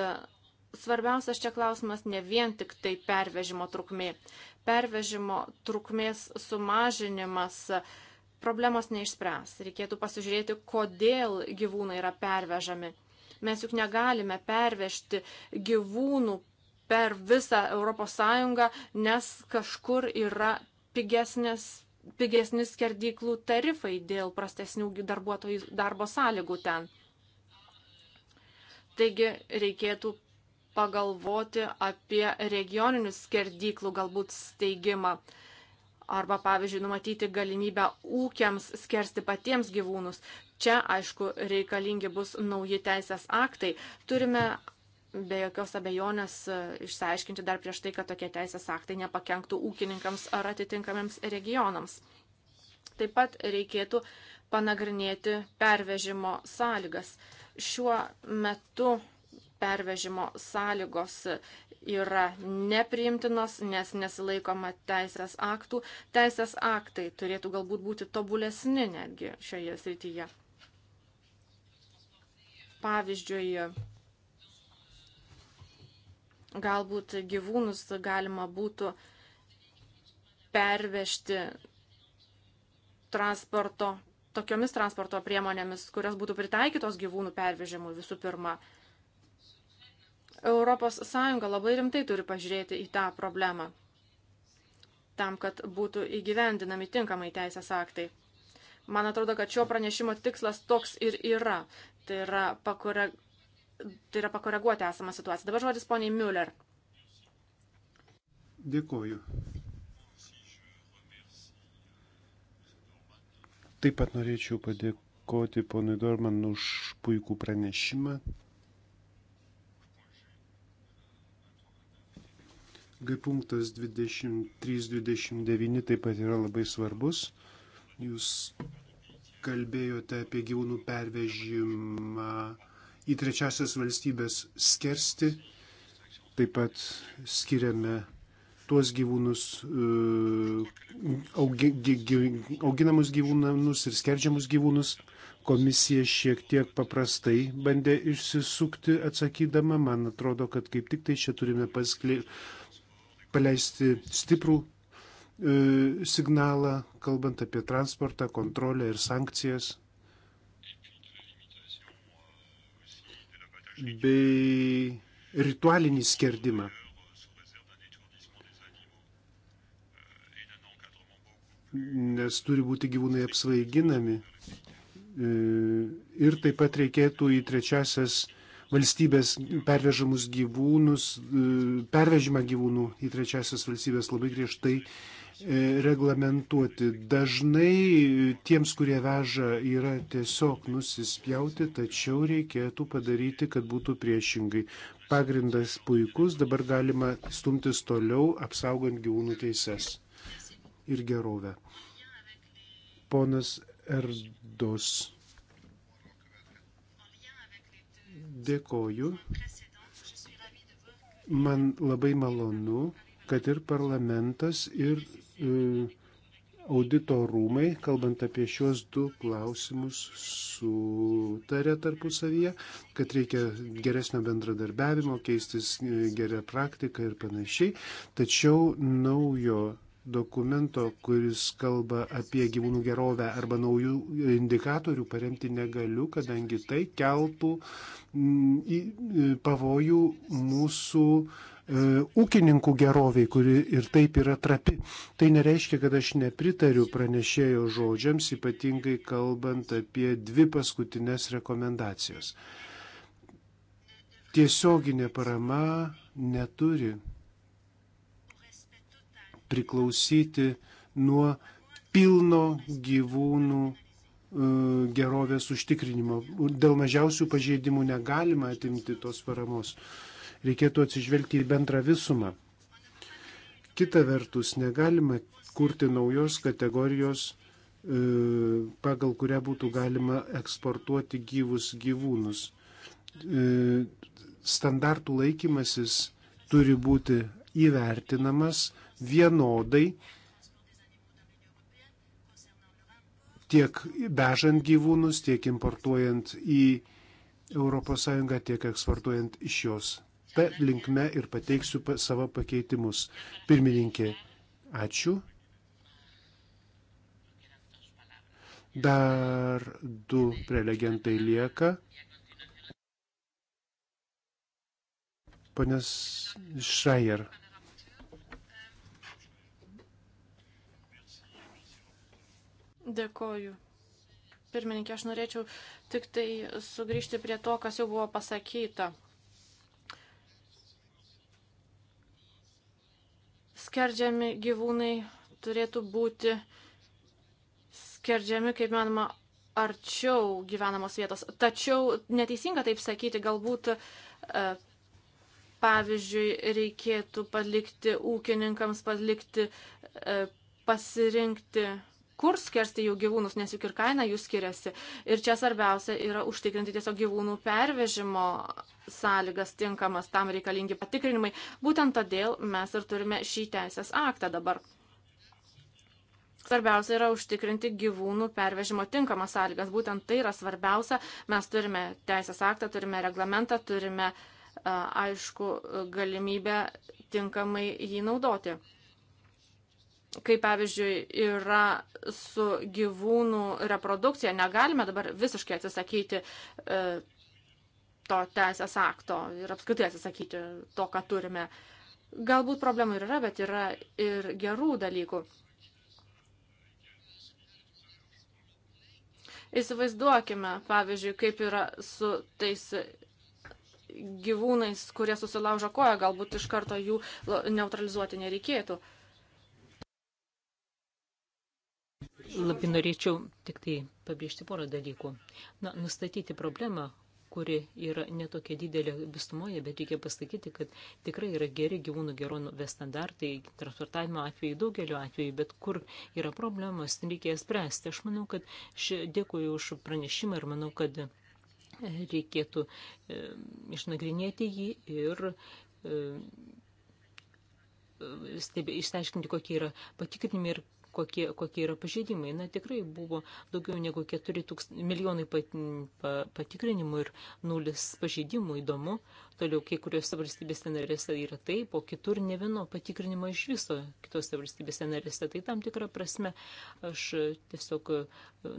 svarbiausias čia klausimas ne vien tik tai pervežimo trukmė. Pervežimo trukmės sumažinimas problemos neišspręs. Reikėtų pasižiūrėti, kodėl gyvūnai yra pervežami. Mes juk negalime pervežti gyvūnų per visą ES, nes kažkur yra pigesnės pigesni skerdyklų tarifai dėl prastesnių darbuotojų darbo sąlygų ten. Taigi reikėtų pagalvoti apie regioninius skerdyklų galbūt steigimą. Arba, pavyzdžiui, numatyti galimybę ūkiams skersti patiems gyvūnus. Čia, aišku, reikalingi bus nauji teisės aktai. Turime be jokios abejonės e, išsiaiškinti dar prieš tai, kad tokie teisės aktai nepakenktų ūkininkams ar atitinkamiems regionams. Taip pat reikėtų panagrinėti pervežimo sąlygas. Šiuo metu pervežimo sąlygos yra nepriimtinos, nes nesilaikoma teisės aktų. Teisės aktai turėtų galbūt būti tobulesni netgi šioje srityje. Pavyzdžiui, Galbūt gyvūnus galima būtų pervežti transporto, tokiomis transporto priemonėmis, kurios būtų pritaikytos gyvūnų pervežimui visų pirma. ES labai rimtai turi pažiūrėti į tą problemą, tam, kad būtų įgyvendinami tinkamai teisės aktai. Man atrodo, kad šio pranešimo tikslas toks ir yra. Tai yra pakore, tai yra pakoreguoti esamą situaciją. Dabar žodis poniai Müller.
Dėkoju. Taip pat norėčiau padėkoti ponui Dorman už puikų pranešimą. G punktas 2329 taip pat yra labai svarbus. Jūs kalbėjote apie gyvūnų pervežimą į trečiasias valstybės skersti. Taip pat skiriame tuos gyvūnus, e, auginamus gyvūnus ir skerdžiamus gyvūnus. Komisija šiek tiek paprastai bandė išsisukti atsakydama. Man atrodo, kad kaip tik tai čia turime pasklė, paleisti stiprų e, signalą, kalbant apie transportą, kontrolę ir sankcijas. bei ritualinį skerdimą. Nes turi būti gyvūnai apsvaiginami. E, ir taip pat reikėtų į trečiasias valstybės pervežamus gyvūnus, e, pervežimą gyvūnų į trečiasias valstybės labai griežtai E, reglamentuoti. Dažnai tiems, kurie veža, yra tiesiog nusispjauti, tačiau reikėtų padaryti, kad būtų priešingai. Pagrindas puikus, dabar galima stumtis toliau, apsaugant gyvūnų teises ir gerovę. Ponas Erdos. Dėkoju. Man labai malonu, kad ir parlamentas, ir Mm, audito rūmai, kalbant apie šios du klausimus, sutarė tarpusavyje, kad reikia geresnio bendradarbiavimo, keistis e, gerą praktiką ir panašiai. Tačiau naujo dokumento, kuris kalba apie gyvūnų gerovę arba naujų indikatorių paremti negaliu, kadangi tai keltų mm, į e, pavojų mūsų uh, E, ūkininkų geroviai, kuri ir taip yra trapi. Tai nereiškia, kad aš nepritariu pranešėjo žodžiams, ypatingai kalbant apie dvi paskutinės rekomendacijos. Tiesioginė parama neturi priklausyti nuo pilno gyvūnų e, gerovės užtikrinimo. Dėl mažiausių pažeidimų negalima atimti tos paramos. Uh, reikėtų atsižvelgti į bendrą visumą. Kita vertus, negalima kurti naujos kategorijos, e, pagal kurią būtų galima eksportuoti gyvus gyvūnus. E, standartų laikymasis turi būti įvertinamas vienodai tiek bežant gyvūnus, tiek importuojant į ES, tiek eksportuojant iš jos ta linkme ir pateiksiu pa savo pakeitimus. Pirmininkė, ačiū. Dar du prelegentai lieka. Ponas Šrajer.
Dėkoju. Pirmininkė, aš norėčiau tik tai sugrįžti prie to, kas jau buvo pasakyta. skerdžiami gyvūnai turėtų būti skerdžiami, kaip manoma, arčiau gyvenamos vietos. Tačiau neteisinga taip sakyti, galbūt e, pavyzdžiui reikėtų palikti ūkininkams, palikti e, pasirinkti kur skersti jų gyvūnus, nes juk ir kaina jų skiriasi. Ir čia svarbiausia yra užtikrinti tiesiog gyvūnų pervežimo sąlygas tinkamas, tam reikalingi patikrinimai. Būtent todėl mes ir turime šį teisės aktą dabar. Svarbiausia yra užtikrinti gyvūnų pervežimo tinkamas sąlygas. Būtent tai yra svarbiausia. Mes turime teisės aktą, turime reglamentą, turime aišku galimybę tinkamai jį naudoti kaip pavyzdžiui yra su gyvūnų reprodukcija, negalime dabar visiškai atsisakyti e, to teisės akto ir apskritai atsisakyti to, ką turime. Galbūt problemų ir yra, bet yra ir gerų dalykų. Įsivaizduokime, pavyzdžiui, kaip yra su tais gyvūnais, kurie susilaužo koją, galbūt iš karto jų neutralizuoti nereikėtų. Uh,
Labai norėčiau tik tai pabrėžti porą dalykų. Na, nustatyti problemą, kuri yra netokia didelė visumoje, bet reikia pasakyti, kad tikrai yra geri gyvūnų gerovės standartai, transportavimo atveju, daugeliu atveju, bet kur yra problemos, reikia jas spręsti. Aš manau, kad ši, dėkuoju už pranešimą ir manau, kad e, reikėtų e, išnagrinėti jį ir e, e, stebė, išsiaiškinti, kokie yra patikrinimai ir kokie, kokie yra pažeidimai. Na, tikrai buvo daugiau negu 4 tūkst... milijonai pat... patikrinimų ir nulis pažeidimų, įdomu. Toliau, kai kuriuose valstybėse narėse yra taip, o kitur ne vieno patikrinimo iš viso kitose valstybėse narėse. Tai tam tikrą prasme aš tiesiog e,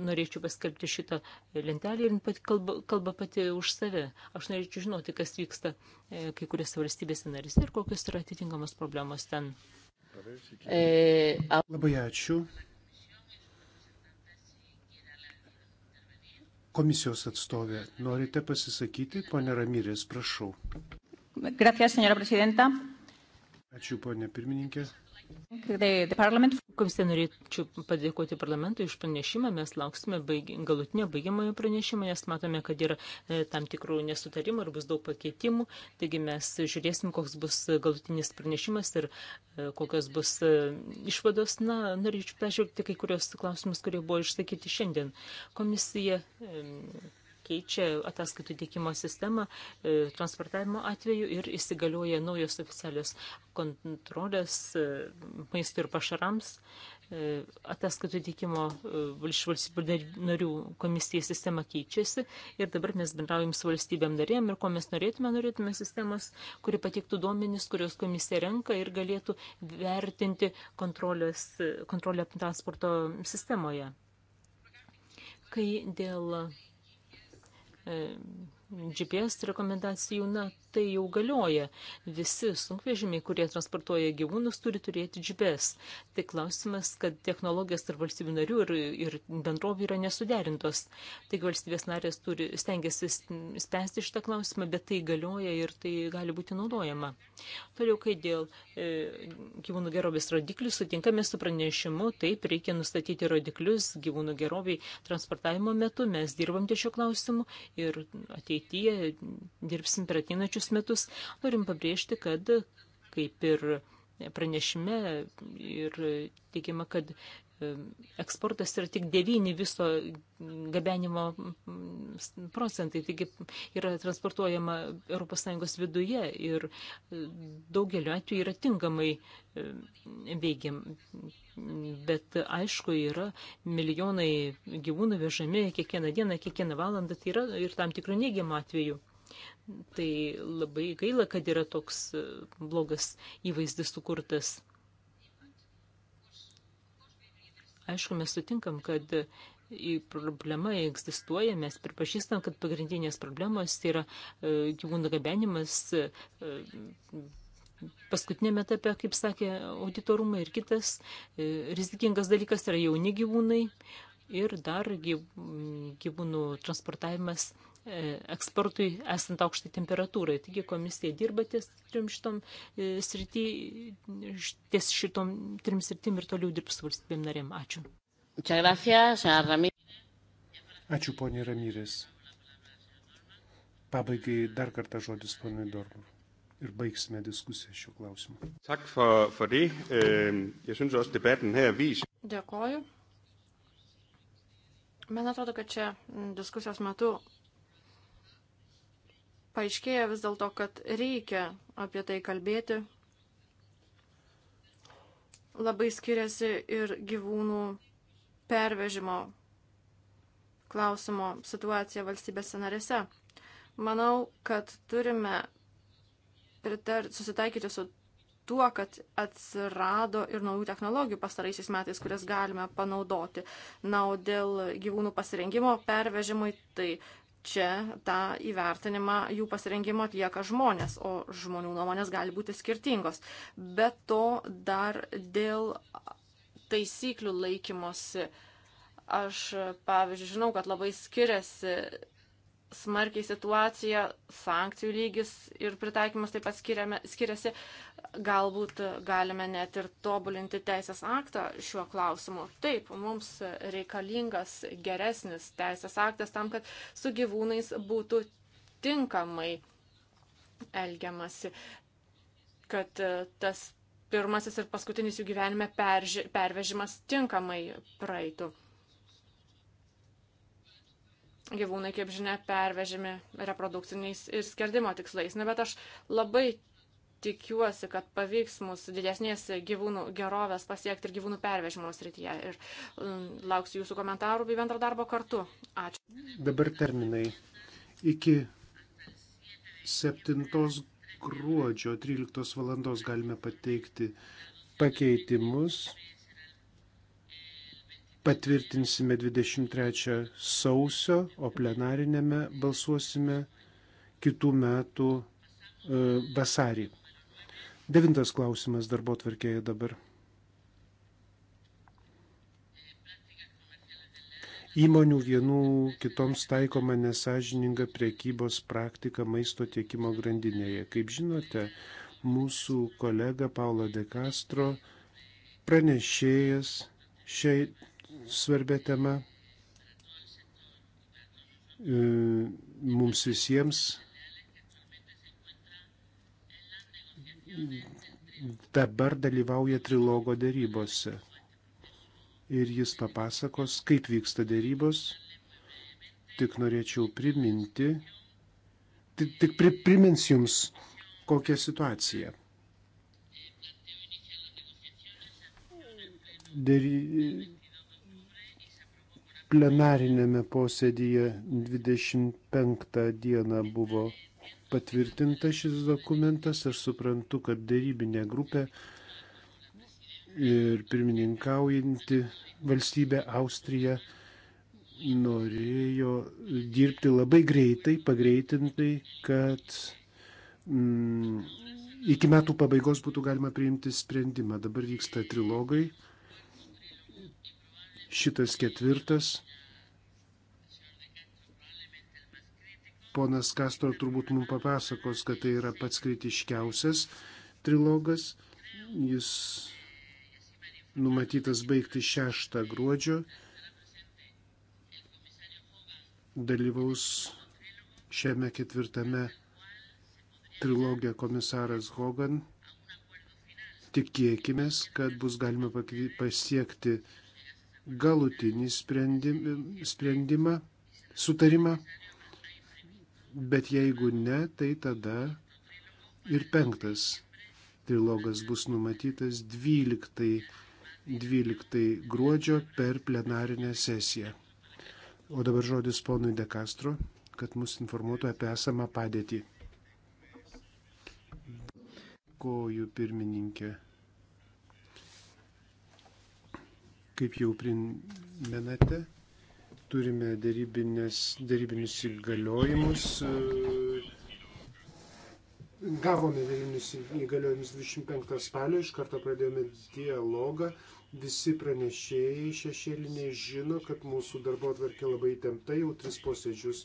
norėčiau paskelbti šitą lentelę ir pat kalba, kalba pati už save. Aš norėčiau žinoti, kas vyksta e, kai kuriuose valstybėse narėse ir kokios yra atitinkamos problemos ten. E,
Labai ačiū. Komisijos atstovė, norite pasisakyti, ponė Ramyrės, prašau.
Gracias, senora prezidenta. Ačiū, ponė pirmininkė. Komisija norėčiau padėkoti parlamentui iš pranešimą, mes lauksime baigi, galutinio baigiamojo pranešimo, nes matome, kad yra e, tam tikrų nesutarimų ir bus daug pakeitimų, taigi mes žiūrėsim, koks bus galutinis pranešimas ir e, kokios bus e, išvados. Na, norėčiau peržiūrėti kai kurios klausimus, kurie buvo išsakyti šiandien. Komisija. E, keičia ataskaitų teikimo sistemą e, transportavimo atveju ir įsigalioja naujos oficialios kontrolės e, maistui ir pašarams. E, ataskaitų teikimo valstybių narių komisija sistema keičiasi ir dabar mes bendraujam su valstybėm narėm ir ko mes norėtume, norėtume sistemas, kuri patiktų duomenis, kurios komisija renka ir galėtų vertinti kontrolę transporto sistemoje kai dėl GPS rekomendacijų, na, tai jau galioja. Visi sunkvežimiai, kurie transportuoja gyvūnus, turi turėti džibes. Tai klausimas, kad technologijos tarp valstybių narių ir, ir bendrovų yra nesuderintos. Tai valstybės narės turi, stengiasi spręsti šitą klausimą, bet tai galioja ir tai gali būti naudojama. Toliau, kai dėl e, gyvūnų gerovės rodiklių sutinkame su pranešimu, taip reikia nustatyti rodiklius gyvūnų geroviai transportavimo metu. Mes dirbam ties šio klausimu ir ateityje dirbsim per atinačius septynerius metus. Norim pabrėžti, kad kaip ir pranešime ir teigiama, kad eksportas yra tik 9 viso gabenimo procentai, taigi yra transportuojama ES viduje ir e, daugeliu atveju yra tinkamai veikiam. Bet aišku, yra milijonai gyvūnų vežami kiekvieną dieną, kiekvieną valandą, tai yra ir tam tikrų neigiamų atvejų. Tai labai gaila, kad yra toks e, blogas įvaizdis sukurtas. Aišku, mes sutinkam, kad problema egzistuoja, mes pripažįstam, kad pagrindinės problemos yra e, gyvūnų gabenimas e, paskutinėme etape, kaip sakė auditorumai ir kitas, rizikingas dalykas yra jauni gyvūnai ir dar gyvūnų transportavimas E, eksportui esant aukštai temperatūrai. Taigi komisija dirba ties trim šitom e, srity, ties šitom trim sritim ir toliau dirbs valstybėm narėm. Ačiū.
Ačiū, ponė Ramyrės. Pabaigai dar kartą žodis ponui Dormur. Ir baigsime diskusiją šiuo klausimu.
Tak for, for det. Øh, jeg synes også, debatten her viser.
Dėkoju. Man atrodo, kad čia diskusijos metu paaiškėja vis dėlto, kad reikia apie tai kalbėti. Labai skiriasi ir gyvūnų pervežimo klausimo situacija valstybėse narėse. Manau, kad turime pritar, susitaikyti su tuo, kad atsirado ir naujų technologijų pastaraisiais metais, kurias galime panaudoti. Na, o dėl gyvūnų pasirengimo pervežimui, tai čia tą įvertinimą jų pasirengimo atlieka žmonės, o žmonių nuomonės gali būti skirtingos. Be to dar dėl taisyklių laikymosi. Aš, pavyzdžiui, žinau, kad labai skiriasi smarkiai situacija, sankcijų lygis ir pritaikymas taip pat skiriame, skiriasi. Galbūt galime net ir tobulinti teisės aktą šiuo klausimu. Taip, mums reikalingas geresnis teisės aktas tam, kad su gyvūnais būtų tinkamai elgiamasi, kad e, tas pirmasis ir paskutinis jų gyvenime perži, pervežimas tinkamai praeitų gyvūnai, kaip žinia, pervežimi reprodukciniais ir skerdimo tikslais. Na, bet aš labai tikiuosi, kad pavyks mūsų didesnės gyvūnų gerovės pasiekti ir gyvūnų pervežimo srityje. Ir um, lauksiu jūsų komentarų bei bendro darbo kartu. Ačiū.
Dabar terminai. Iki 7 gruodžio 13 valandos galime pateikti pakeitimus patvirtinsime 23 sausio, o plenarinėme balsuosime kitų metų e, vasarį. Devintas klausimas darbo tvarkėje dabar. Įmonių vienų kitoms taikoma nesažininga priekybos praktika maisto tiekimo grandinėje. Kaip žinote, mūsų kolega Paulo De Castro pranešėjas šiai svarbia tema e, mums visiems. Dabar dalyvauja trilogo dėrybose. Ir jis papasakos, kaip vyksta dėrybos. Tik norėčiau priminti, tik, tik pri, primins jums, kokią situaciją. Dėry, plenarinėme posėdyje 25 dieną buvo patvirtinta šis dokumentas. Aš suprantu, kad darybinė grupė ir pirmininkaujanti valstybė Austrija norėjo dirbti labai greitai, pagreitintai, kad mm, iki metų pabaigos būtų galima priimti sprendimą. Dabar vyksta trilogai Šitas ketvirtas. Ponas Kastro turbūt mums papasakos, kad tai yra pats kritiškiausias trilogas. Jis numatytas baigti 6 gruodžio. Dalyvaus šiame ketvirtame trilogė komisaras Hogan. Tikėkime, kad bus galima pasiekti galutinį sprendimą, sutarimą, bet jeigu ne, tai tada ir penktas trilogas bus numatytas 12, 12 gruodžio per plenarinę sesiją. O dabar žodis ponui De Castro, kad mus informuotų apie esamą padėtį. Dėkoju pirmininkė. Kaip jau primenate, turime darybinius įgaliojimus. E, gavome darybinius įgaliojimus 25 spalio, iš karto pradėjome dialogą. Visi pranešėjai šešėliniai žino, kad mūsų darbo atvarkė labai tempta, jau tris posėdžius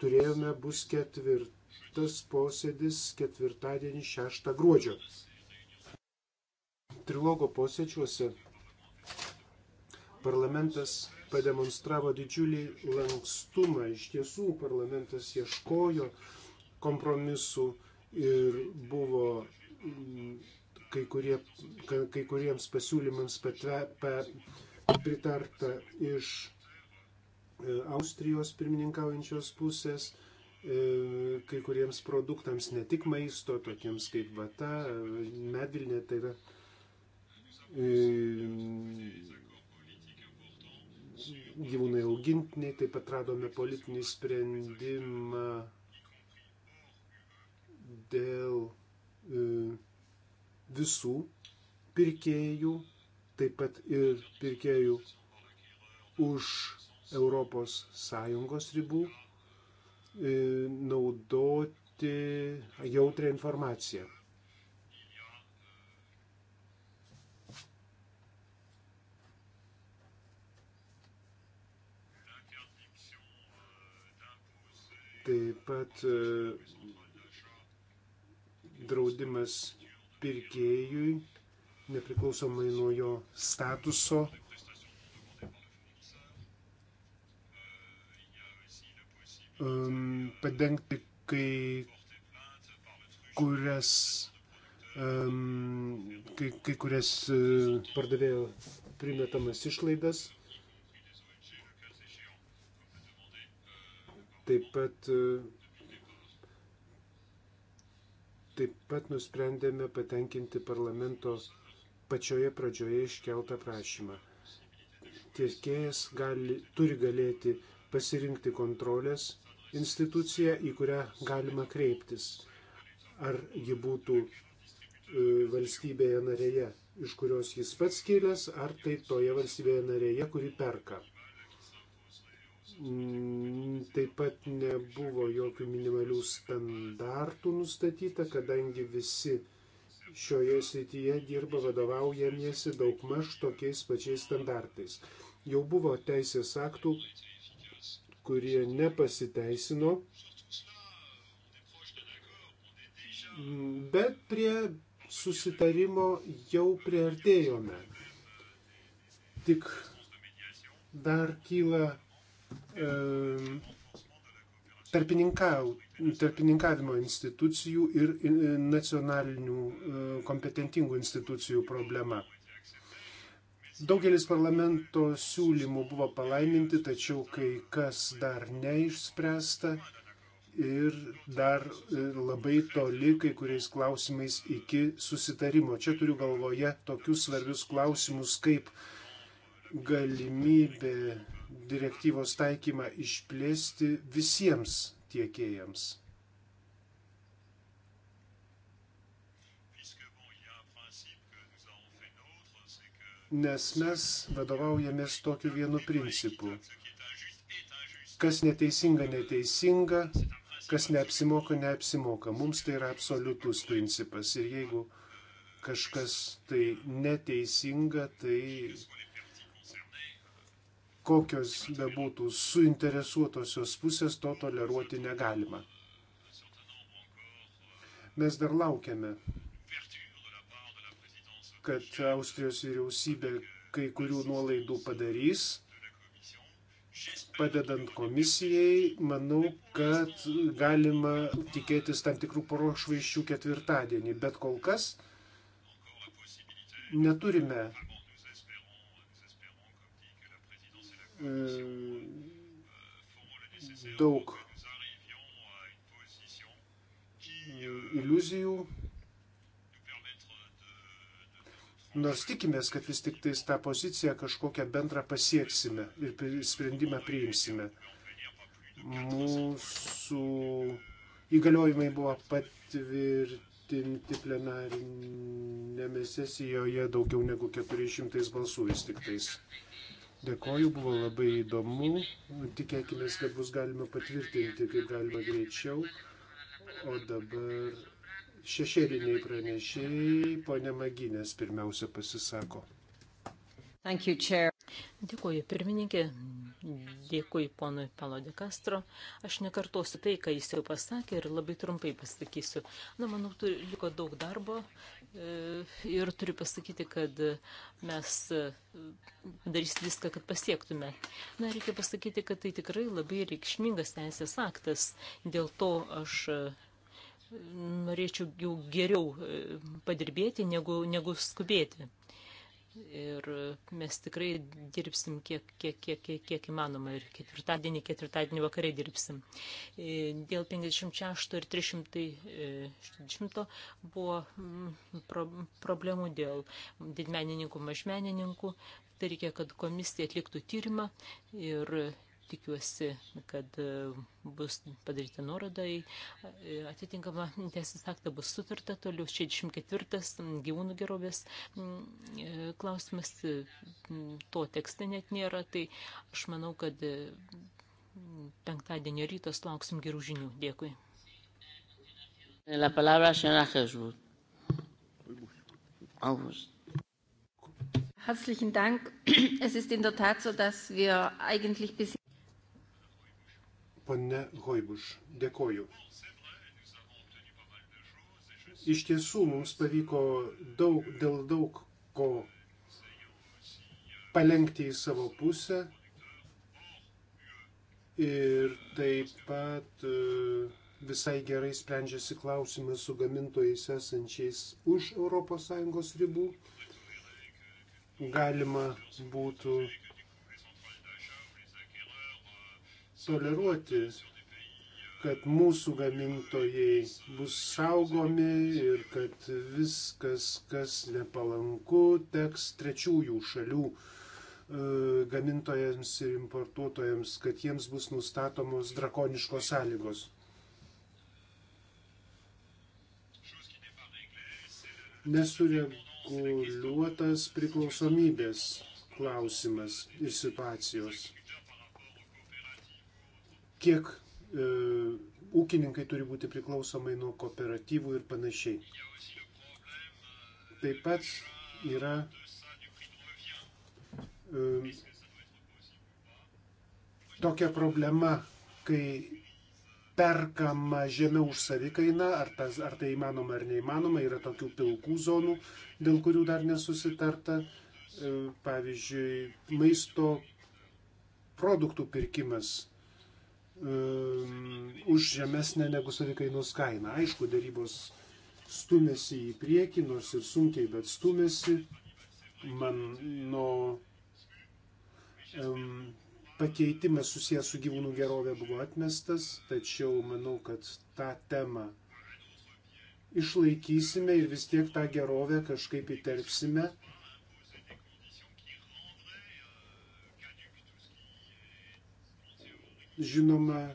turėjome, bus ketvirtas posėdis ketvirtadienį 6 gruodžio. Trilogo posėdžiuose Parlamentas pademonstravo didžiulį lankstumą. Iš tiesų, parlamentas ieškojo kompromisų ir buvo mm, kai, kurie, kai kuriems pasiūlymams patve, pa, pritarta iš e, Austrijos pirmininkaujančios pusės, e, kai kuriems produktams, ne tik maisto, tokiems kaip vata, medvilnė, tai yra e, gyvūnai augintiniai, taip pat radome politinį sprendimą dėl e, visų pirkėjų, taip pat ir pirkėjų už ES ribų e, naudoti jautrę informaciją. Taip pat e, draudimas pirkėjui, nepriklausomai nuo jo statuso. Um, padengti kai kurias, um, kai, kai kurias e, pardavėjo primetamas išlaidas Taip pat, e, taip pat nusprendėme patenkinti parlamento pačioje pradžioje iškeltą prašymą. Tiekėjas gali, turi galėti pasirinkti kontrolės instituciją, į kurią galima kreiptis. Ar ji būtų e, valstybėje narėje, iš kurios jis pats kilęs, ar tai toje valstybėje narėje, kuri perka. Mm, taip pat nebuvo jokių minimalių standartų nustatyta, kadangi visi šioje srityje dirba vadovaujamiesi daugmaž tokiais pačiais standartais. Jau buvo teisės aktų, kurie nepasiteisino, bet prie susitarimo jau priartėjome. Tik dar kyla tarpininkavimo institucijų ir e, nacionalinių e, kompetentingų institucijų problema. Daugelis parlamento siūlymų buvo palaiminti, tačiau kai kas dar neišspręsta ir dar e, labai toli kai kuriais klausimais iki susitarimo. Čia turiu galvoje tokius svarbius klausimus kaip galimybė direktyvos taikymą išplėsti visiems tiekėjams. Nes mes vadovaujamės tokiu vienu principu. Kas neteisinga, neteisinga, kas neapsimoka, neapsimoka. Mums tai yra absoliutus principas. Ir jeigu kažkas tai neteisinga, tai kokios bebūtų suinteresuotosios pusės, to toleruoti negalima. Mes dar laukiame, kad Austrijos vyriausybė kai kurių nuolaidų padarys padedant komisijai, manau, kad galima tikėtis tam tikrų prošvaiščių ketvirtadienį, bet kol kas neturime Mm, daug iliuzijų, nors tikimės, kad vis tik tais tą poziciją kažkokią bendrą pasieksime ir sprendimą priimsime. Mūsų įgaliojimai buvo patvirtinti plenarinėme sesijoje daugiau negu 400 balsų vis tik tais. Dėkoju, buvo labai įdomu. Tikėkime, kad bus galima patvirtinti, kaip galima greičiau. O dabar
šešėliniai
pranešėjai, ponė Maginės pirmiausia pasisako.
Thank you, chair. Dėkuoju pirmininkė, dėkuoju ponui Palo de Castro. Aš nekartosiu tai, ką jis jau pasakė ir labai trumpai pasakysiu. Na, manau, turi, liko daug darbo, E, ir turiu pasakyti, kad mes e, darysime viską, kad pasiektume. Na, reikia pasakyti, kad tai tikrai labai reikšmingas teisės aktas. Dėl to aš e, norėčiau jau geriau padirbėti, negu, negu skubėti. Ir mes tikrai dirbsim kiek, kiek, kiek, kiek, kiek įmanoma ir ketvirtadienį, ketvirtadienį vakarai dirbsim. E, dėl 56 ir 360 e, buvo mm, pro, problemų dėl didmenininkų, mažmenininkų. Tai reikia, kad komisija atliktų tyrimą ir tikiuosi, kad e, bus padaryta nuoroda į e, atitinkamą teisės aktą, bus sutarta toliau 64 gyvūnų gerovės e, klausimas, to tekste net nėra, tai aš manau, kad penktadienio rytos lauksim gerų žinių. Dėkui.
La palabra, señora Jesús. August.
Herzlichen Dank. Es ist in der Tat so, dass wir eigentlich bis
Pone Hoibuš, dėkoju. Iš tiesų mums pavyko daug, dėl daug ko palengti į savo pusę ir taip pat e, visai gerai sprendžiasi klausimas su gamintojais esančiais už ES ribų. Galima būtų toleruoti, kad mūsų gamintojai bus saugomi ir kad viskas, kas nepalanku, teks trečiųjų šalių e, gamintojams ir importuotojams, kad jiems bus nustatomos drakoniškos sąlygos. Nesureguliuotas priklausomybės klausimas ir situacijos kiek e, ūkininkai turi būti priklausomai nuo kooperatyvų ir panašiai. Taip pat yra e, tokia problema, kai perkama žemiau už savikainą, ar, tas, ar tai įmanoma ar neįmanoma, yra tokių pilkų zonų, dėl kurių dar nesusitarta. E, pavyzdžiui, maisto produktų pirkimas Ehm, už žemesnę negu savikainos kainą. Aišku, darybos stumėsi į priekį, nors ir sunkiai, bet stumėsi. Mano um, pakeitimas susijęs su gyvūnų gerovė buvo atmestas, tačiau manau, kad tą temą išlaikysime ir vis tiek tą gerovę kažkaip įterpsime žinoma,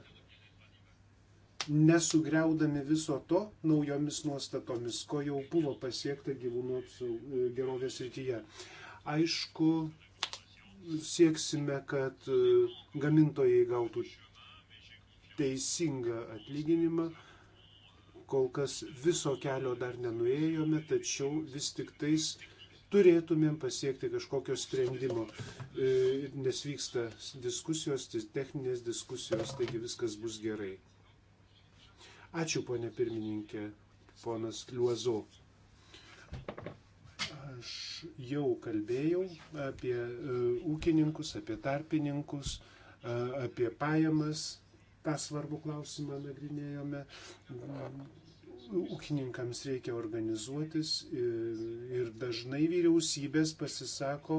nesugriaudami viso to naujomis nuostatomis, ko jau buvo pasiekta gyvūnų gerovės rytyje. Aišku, sieksime, kad e, gamintojai gautų teisingą atlyginimą. Kol kas viso kelio dar nenuėjome, tačiau vis tik tais uh, turėtumėm pasiekti kažkokio sprendimo, e, nes vyksta diskusijos, tai techninės diskusijos, taigi viskas bus gerai. Ačiū, ponė pirmininkė, ponas Liuozo. Aš jau kalbėjau apie e, ūkininkus, apie tarpininkus, e, apie pajamas. Ta svarbu klausimą nagrinėjome ūkininkams reikia organizuotis ir dažnai vyriausybės pasisako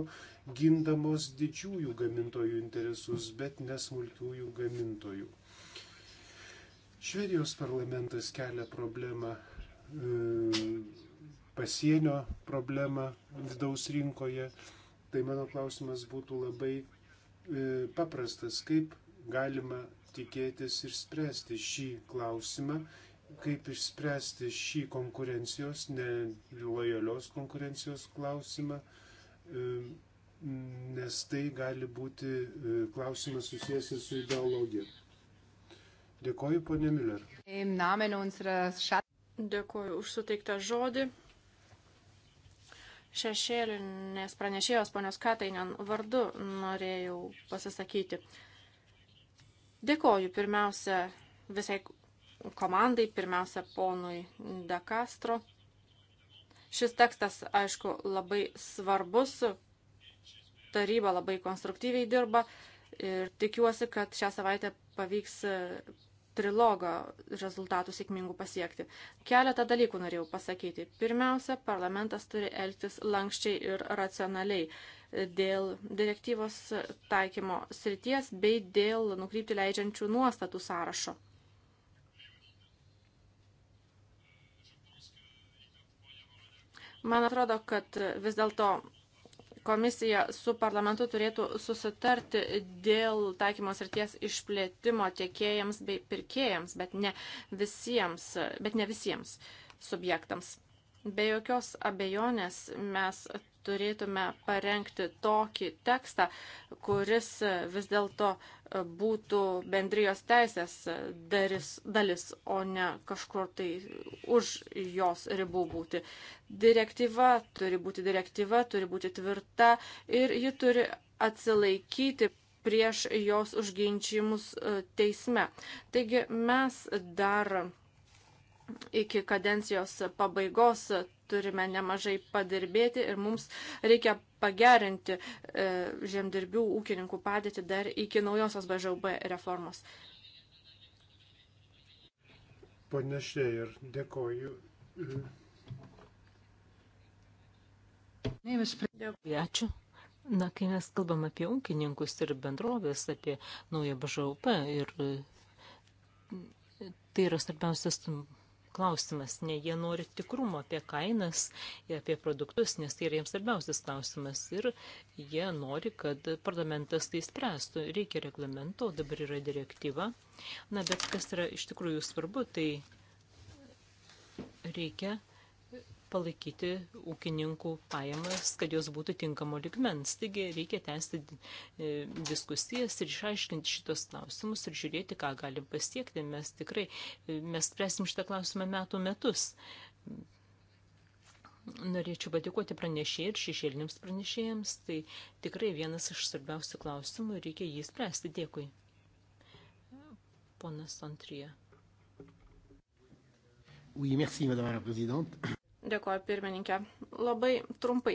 gindamos didžiųjų gamintojų interesus, bet nesmulkiųjų gamintojų. Švedijos parlamentas kelia problemą, e, pasienio problemą vidaus rinkoje. Tai mano klausimas būtų labai e, paprastas, kaip galima tikėtis ir spręsti šį klausimą, kaip išspręsti šį konkurencijos, nelojalios konkurencijos klausimą, nes tai gali būti e, klausimas susijęs ir su ideologija. Dėkoju, ponė Miller.
Dėkoju už suteiktą žodį. Šešėlinės pranešėjos ponios Katainen vardu norėjau pasisakyti. Dėkoju pirmiausia visai komandai, pirmiausia, ponui De Castro. Šis tekstas, aišku, labai svarbus, taryba labai konstruktyviai dirba ir tikiuosi, kad šią savaitę pavyks e, trilogo rezultatų sėkmingų pasiekti. Keletą dalykų norėjau pasakyti. Pirmiausia, parlamentas turi elgtis lankščiai ir racionaliai dėl direktyvos taikymo srities bei dėl nukrypti leidžiančių nuostatų sąrašo. Man atrodo, kad vis dėlto komisija su parlamentu turėtų susitarti dėl taikymos ryties išplėtimo tiekėjams bei pirkėjams, bet ne visiems, bet ne visiems subjektams. Be jokios abejonės mes turėtume parengti tokį tekstą, kuris vis dėlto būtų bendrijos teisės daris, dalis, o ne kažkur tai už jos ribų būti. Direktyva turi būti direktyva, turi būti tvirta ir ji turi atsilaikyti prieš jos užginčimus e, teisme. Taigi mes dar iki kadencijos pabaigos turime nemažai padirbėti ir mums reikia pagerinti e, žemdirbių ūkininkų padėtį dar iki naujosios BŽUB reformos.
Panašiai ir dėkoju.
Ačiū. Na, kai mes kalbam apie ūkininkus ir bendrovės, apie naują BŽUP ir e, tai yra svarbiausias klausimas, ne jie nori tikrumo apie kainas ir apie produktus, nes tai yra jiems svarbiausias klausimas ir jie nori, kad parlamentas tai spręstų. Reikia reglamento, dabar yra direktyva. Na, bet kas yra iš tikrųjų svarbu, tai reikia palaikyti ūkininkų pajamas, kad jos būtų tinkamo ligmens. Taigi reikia tęsti e, diskusijas ir išaiškinti šitos klausimus ir žiūrėti, ką galim pasiekti. Mes tikrai, e, mes spręsim šitą klausimą metų metus. Norėčiau padėkoti pranešėjai ir šešėliniams pranešėjams. Tai tikrai vienas iš svarbiausių klausimų ir reikia jį spręsti. Dėkui.
Ponas Antrija.
Oui, merci, madame la présidente.
Dėkoju pirmininkė. Labai trumpai.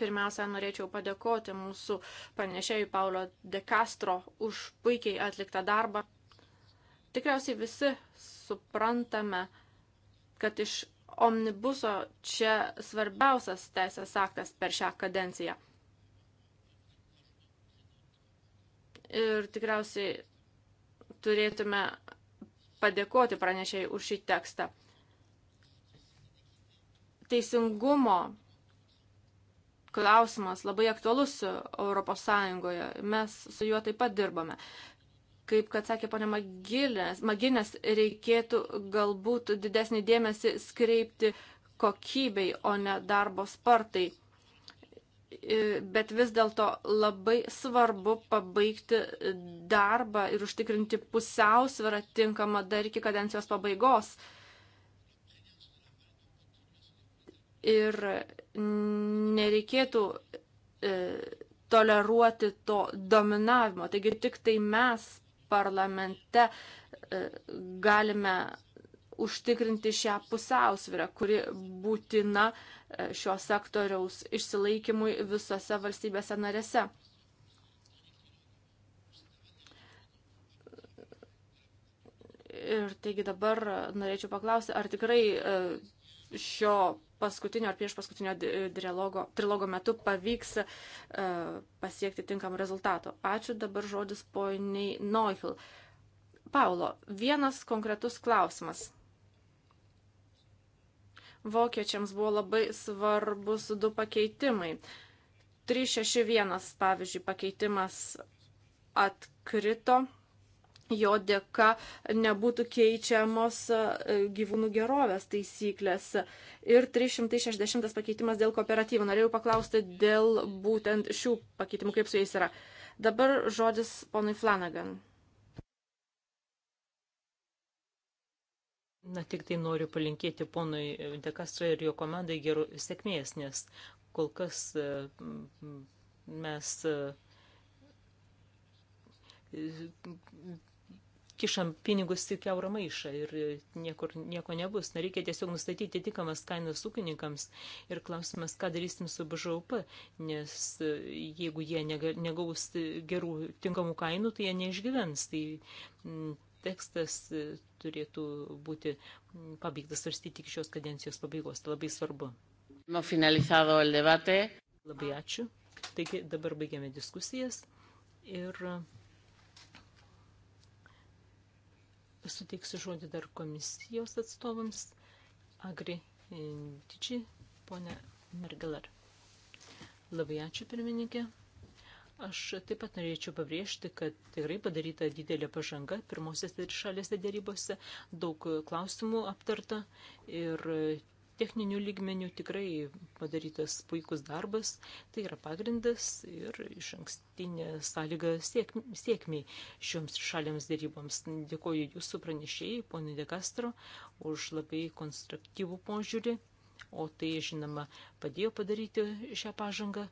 Pirmiausia, norėčiau padėkoti mūsų pranešėjui Paulo De Castro už puikiai atliktą darbą. Tikriausiai visi suprantame, kad iš omnibuso čia svarbiausias teisės aktas per šią kadenciją. Ir tikriausiai turėtume padėkoti pranešėjai už šį tekstą teisingumo klausimas labai aktualus ES. Mes su juo taip pat dirbame. Kaip, kad sakė ponė Maginės, Maginės, reikėtų galbūt didesnį dėmesį skreipti kokybei, o ne darbo spartai. Bet vis dėlto labai svarbu pabaigti darbą ir užtikrinti pusiausvyrą tinkamą dar iki kadencijos pabaigos. Uh, ir nereikėtų e, toleruoti to dominavimo. Taigi tik tai mes parlamente e, galime užtikrinti šią pusiausvyrą, kuri būtina e, šio sektoriaus išsilaikymui visose valstybėse narėse. Ir taigi dabar norėčiau paklausti, ar tikrai e, šio paskutinio ar prieš paskutinio trilogo, trilogo metu pavyks uh, pasiekti tinkamų rezultatų. Ačiū dabar žodis poniai Neuhil. Paulo, vienas konkretus klausimas. Vokiečiams buvo labai svarbus du pakeitimai. 361, pavyzdžiui, pakeitimas atkrito jo dėka nebūtų keičiamos e, gyvūnų gerovės taisyklės. Ir 360 pakeitimas dėl kooperatyvų. Norėjau paklausti dėl būtent šių pakeitimų, kaip su jais yra. Dabar žodis ponui Flanagan.
Na, tik tai noriu palinkėti ponui Dekastro ir jo komandai gerų sėkmės, nes kol kas e, mes e, kišam pinigus į keurą maišą ir e, niekur, nieko nebus. Na, reikia tiesiog nustatyti tikamas kainas ūkininkams ir klausimas, ką darysim su BŽUP, nes e, jeigu jie negaus gerų tinkamų kainų, tai jie neišgyvens. Tai tekstas e, turėtų būti pabaigtas svarstyti iki šios kadencijos pabaigos. Tai labai svarbu. Labai ačiū. Taigi dabar baigiame diskusijas ir suteiksiu žodį dar komisijos atstovams. Agri e, Didži, ponė Mergelar. Labai ačiū, pirmininkė. Aš taip pat norėčiau pabrėžti, kad tikrai padaryta didelė pažanga pirmosiose trišalėse dėrybose, daug klausimų aptarta ir techninių lygmenių tikrai padarytas puikus darbas, tai yra pagrindas ir iš ankstinė sąlyga siek, sėkmiai šioms šalėms dėryboms. Dėkoju jūsų pranešėjai, ponai De Castro, už labai konstruktyvų požiūrį, o tai, žinoma, padėjo padaryti šią pažangą.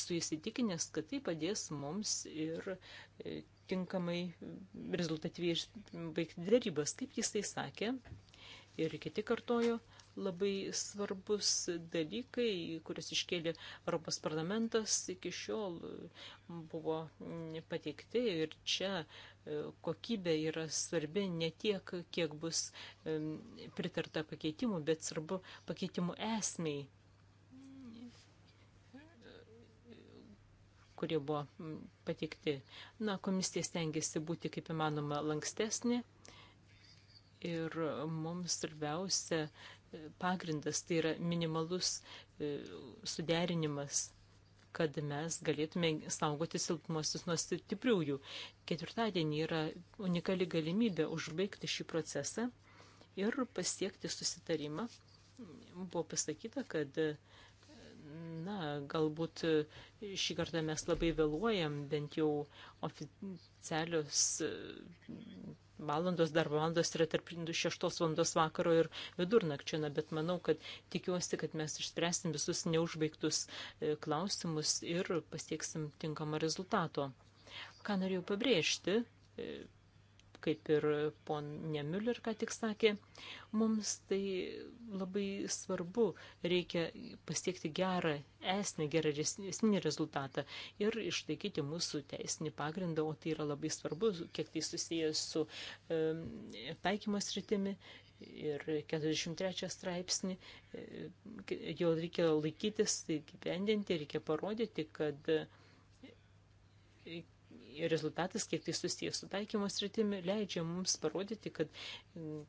Su įsitikinęs, kad tai padės mums ir e, tinkamai rezultatyviai baigti dėrybas, kaip jis tai sakė ir kiti kartojo, labai svarbus dalykai, kuriuos iškėlė Europos parlamentas iki šiol buvo mm, pateikti ir čia e, kokybė yra svarbi ne tiek, kiek bus pritarta pakeitimų, bet svarbu pakeitimų esmiai, kurie buvo pateikti. Na, komisija stengiasi būti kaip įmanoma lankstesnė ir mums svarbiausia pagrindas, tai yra minimalus e, suderinimas, kad mes galėtume saugoti silpnuosius nuo stipriųjų. Ketvirtadienį yra unikali galimybė užbaigti šį procesą ir pasiekti susitarimą. Buvo pasakyta, kad Na, galbūt e, šį kartą mes labai vėluojam, bent jau oficialios e, valandos, darbo valandos yra tarp 6 valandos vakaro ir vidurnakčio, na, bet manau, kad tikiuosi, kad mes išspręsim visus neužbaigtus e, klausimus ir pasieksim tinkamą rezultato. Ką norėjau pabrėžti, kaip ir ponė Müller ką tik sakė, mums tai labai svarbu, reikia pasiekti gerą esmę, geresnį rezultatą ir išlaikyti mūsų teisinį pagrindą, o tai yra labai svarbu, kiek tai susijęs su e, taikymos rytimi. Ir 43 straipsnį, jo reikia laikytis, tai gyvendinti, reikia parodyti, kad rezultatas, kiek tai susijęs su taikymo sritimi, leidžia mums parodyti, kad mm,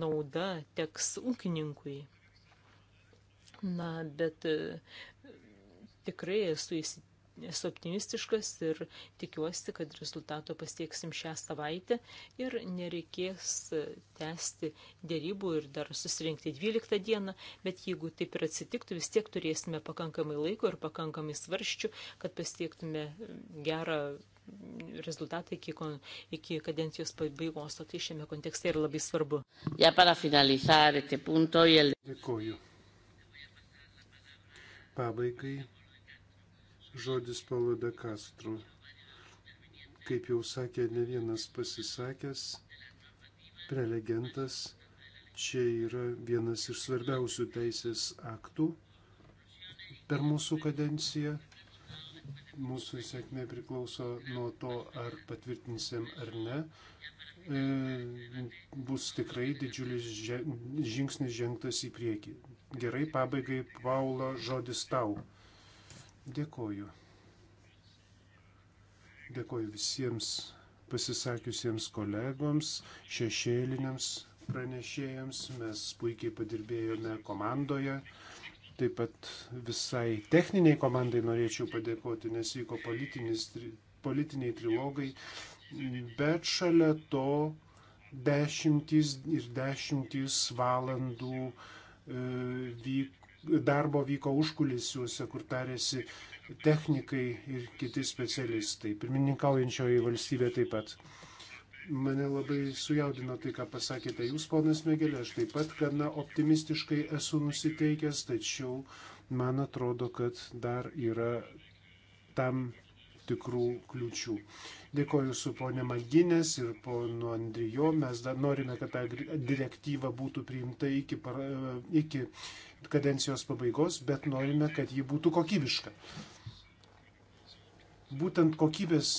nauda teks ūkininkui. Na, bet e, tikrai esu įsitikinęs esu optimistiškas ir tikiuosi, kad rezultato pasieksim šią savaitę ir nereikės e, tęsti dėrybų ir dar susirinkti 12 dieną, bet jeigu taip ir atsitiktų, vis tiek turėsime pakankamai laiko ir pakankamai svarščių, kad pasiektume gerą rezultatą iki, iki kadencijos pabaigos, o tai šiame kontekste yra labai svarbu.
Ja para finalizar este punto y el... Dėkoju. Pabaigai
žodis Paulo de Castro. Kaip jau sakė ne vienas pasisakęs, prelegentas, čia yra vienas iš svarbiausių teisės aktų per mūsų kadenciją mūsų sėkmė priklauso nuo to, ar patvirtinsim ar ne. E, bus tikrai didžiulis žingsnis žengtas į priekį. Gerai, pabaigai, Paulo, žodis tau. Dėkoju. Dėkoju visiems pasisakiusiems kolegoms, šešėliniams pranešėjams. Mes puikiai padirbėjome komandoje. Taip pat visai techniniai komandai norėčiau padėkoti, nes vyko politiniai trilogai, bet šalia to dešimtys ir dešimtys valandų e, vyk, darbo vyko užkulisiuose, kur tarėsi technikai ir kiti specialistai, pirmininkaujančioji valstybė taip pat. Mane labai sujaudino tai, ką pasakėte jūs, ponas Mėgelė. Aš taip pat gana optimistiškai esu nusiteikęs, tačiau man atrodo, kad dar yra tam tikrų kliučių. Dėkoju su ponė Maginės ir ponu Andrijo. Mes dar norime, kad ta direktyva būtų priimta iki, par, iki kadencijos pabaigos, bet norime, kad ji būtų kokybiška. Būtent kokybės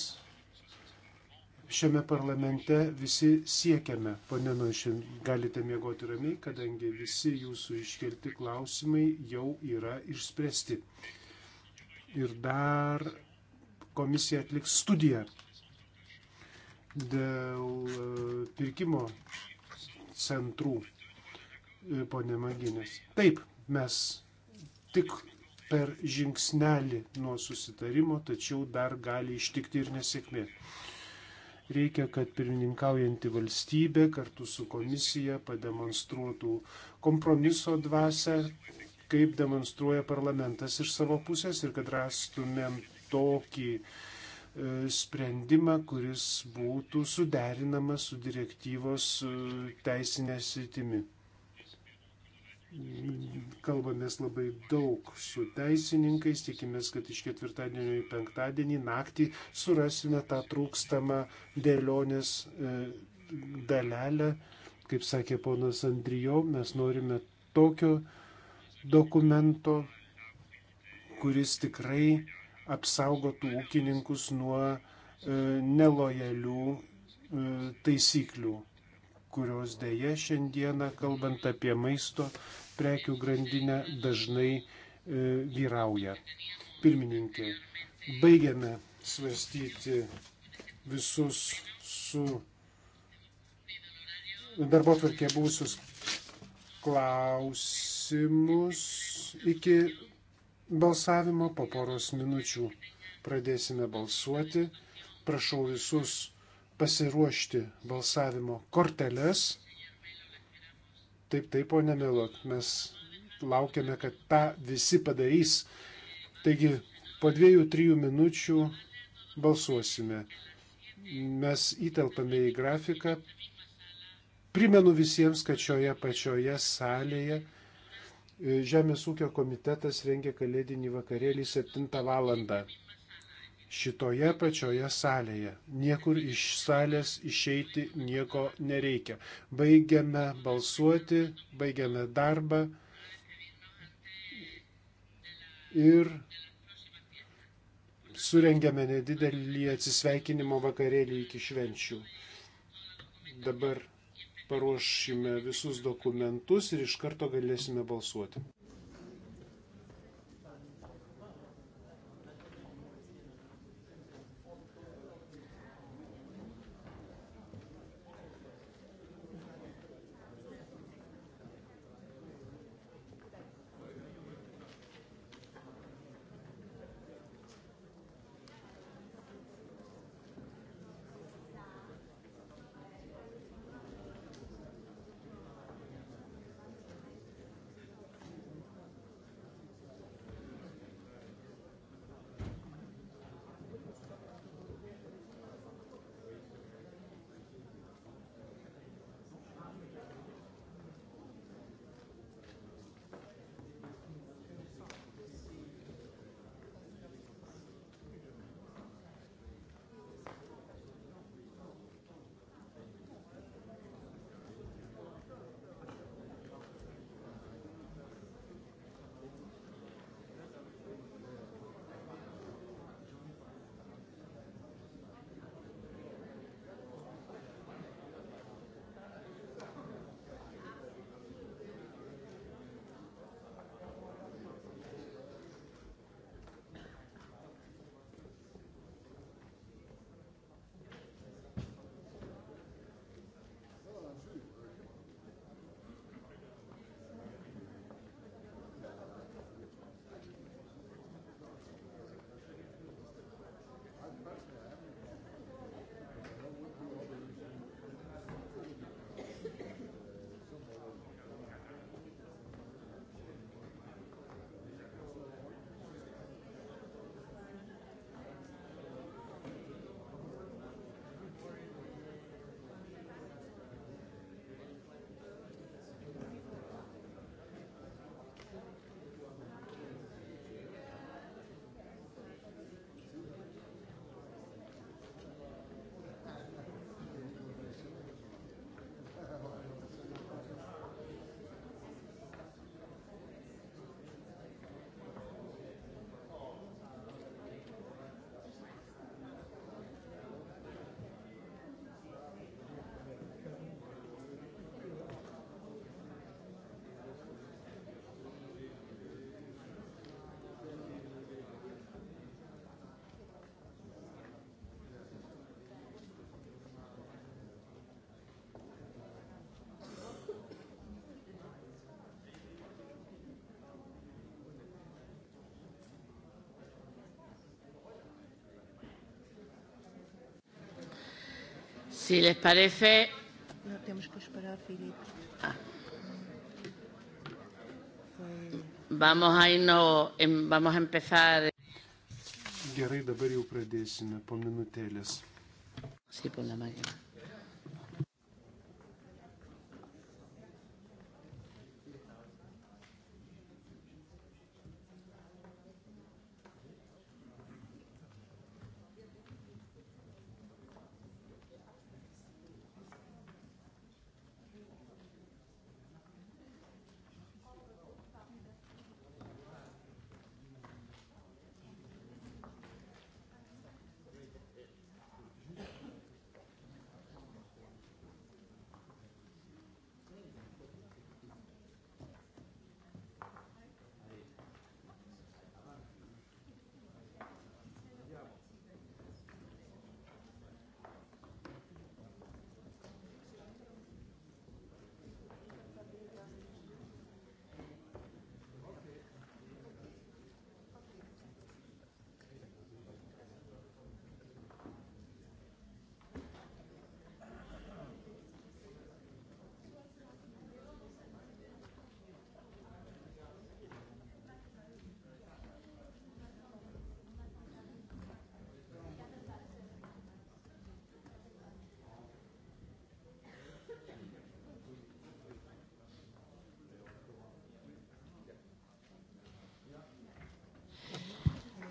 šiame parlamente visi siekiame. Pone Noišin, galite miegoti ramiai, kadangi visi jūsų iškelti klausimai jau yra išspręsti. Ir dar komisija atliks studiją dėl e, pirkimo centrų, e, ponė Maginės. Taip, mes tik per žingsnelį nuo susitarimo, tačiau dar gali ištikti ir nesėkmė. Reikia, kad pirmininkaujanti valstybė kartu su komisija pademonstruotų kompromiso dvasę, kaip demonstruoja parlamentas iš savo pusės ir kad rastumėm tokį e, sprendimą, kuris būtų suderinamas su direktyvos e, teisinė sritimi. Kalbamės labai daug su teisininkais, tikimės, kad iš ketvirtadienio į penktadienį naktį surasime tą trūkstamą dėlionės e, dalelę. Kaip sakė ponas Andrijo, mes norime tokio dokumento, kuris tikrai apsaugotų ūkininkus nuo e, nelojalių e, taisyklių kurios dėje šiandieną, kalbant apie maisto prekių grandinę, dažnai e, vyrauja. Pirmininkė, baigiame svarstyti visus su darbo tvarkė būsius klausimus iki balsavimo po poros minučių. Pradėsime balsuoti. Prašau visus pasiruošti balsavimo korteles. Taip, taip, ponė Milot, mes laukiame, kad tą visi padarys. Taigi, po dviejų, trijų minučių balsuosime. Mes įtelpame į grafiką. Primenu visiems, kad šioje pačioje salėje e, Žemės ūkio komitetas rengia kalėdinį vakarėlį 7 valandą šitoje pačioje salėje. Niekur iš salės išeiti nieko nereikia. Baigiame balsuoti, baigiame darbą ir surengėme nedidelį atsisveikinimo vakarėlį iki švenčių. Dabar paruošime visus dokumentus ir iš karto galėsime balsuoti.
Si les parece. No,
tenemos que esperar, Filip. Ah.
Pues... Vamos a irnos, em, vamos a empezar.
Gerai, dabar jau pradėsime po minutėlės. Sí, por la máquina.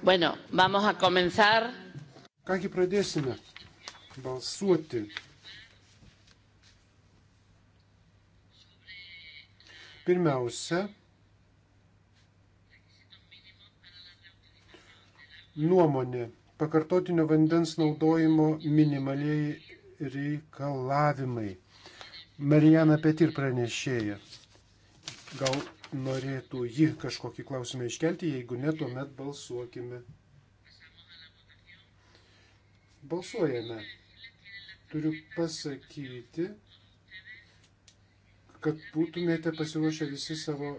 Bueno, vamos a comenzar. Kągi pradėsime balsuoti.
Pirmiausia, nuomonė pakartotinio vandens naudojimo minimaliai reikalavimai. Marijana Petir pranešėja. Gal norėtų ji kažkokį klausimą iškelti, jeigu ne, tuomet balsuokime. Balsuojame. Turiu pasakyti, kad būtumėte pasiruošę visi savo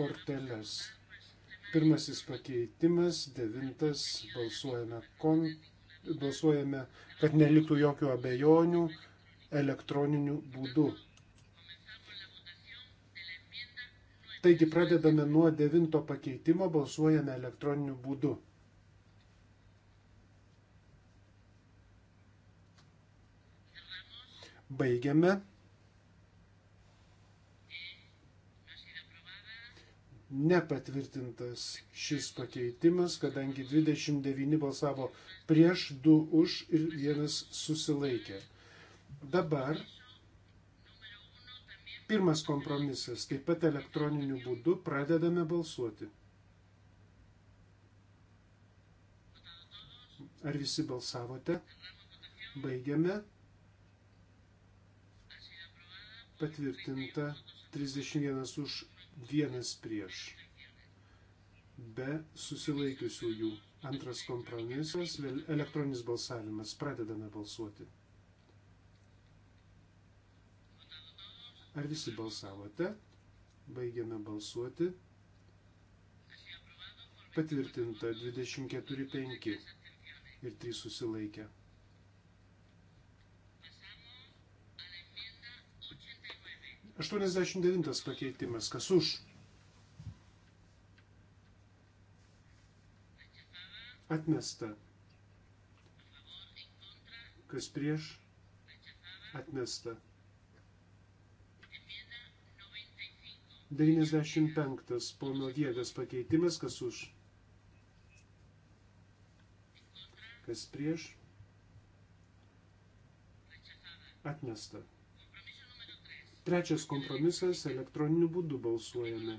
korteles. Pirmasis pakeitimas, devintas, balsuojame, kon, balsuojame kad neliktų jokių abejonių elektroniniu būdu. Taigi pradedame nuo devinto pakeitimo, balsuojame elektroniniu būdu. Baigiame. Nepatvirtintas šis pakeitimas, kadangi 29 balsavo prieš, 2 už ir 1 susilaikė. Dabar Pirmas kompromisas. Taip pat elektroniniu būdu pradedame balsuoti. Ar visi balsavote? Baigiame. Patvirtinta 31 už, 1 prieš. Be susilaikiusiųjų. Antras kompromisas, elektroninis balsavimas. Pradedame balsuoti. Ar visi balsavote? Baigiame balsuoti. Patvirtinta 24.5 ir 3 susilaikė. Aštuoniasdešimt devintas pakeitimas. Kas už? Atmesta. Kas prieš? Atmesta. 95 pono Viegas pakeitimas, kas už. Kas prieš. Atmesta. Trečias kompromisas - elektroniniu būdu balsuojame.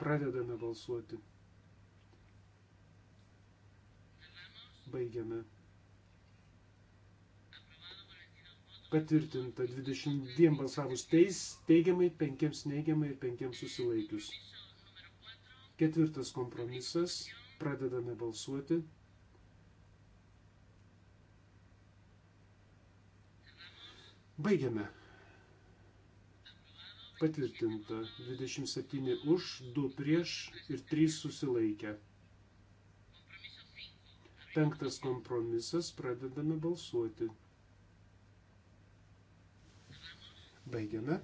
Pradedame balsuoti. Baigiame. patvirtinta 22 balsavus teis, teigiamai, 5 neigiamai ir 5 susilaikius. Ketvirtas kompromisas. Pradedame balsuoti. Baigiame. Patvirtinta 27 už, 2 prieš ir 3 susilaikę. Penktas kompromisas. Pradedame balsuoti. Baigiame.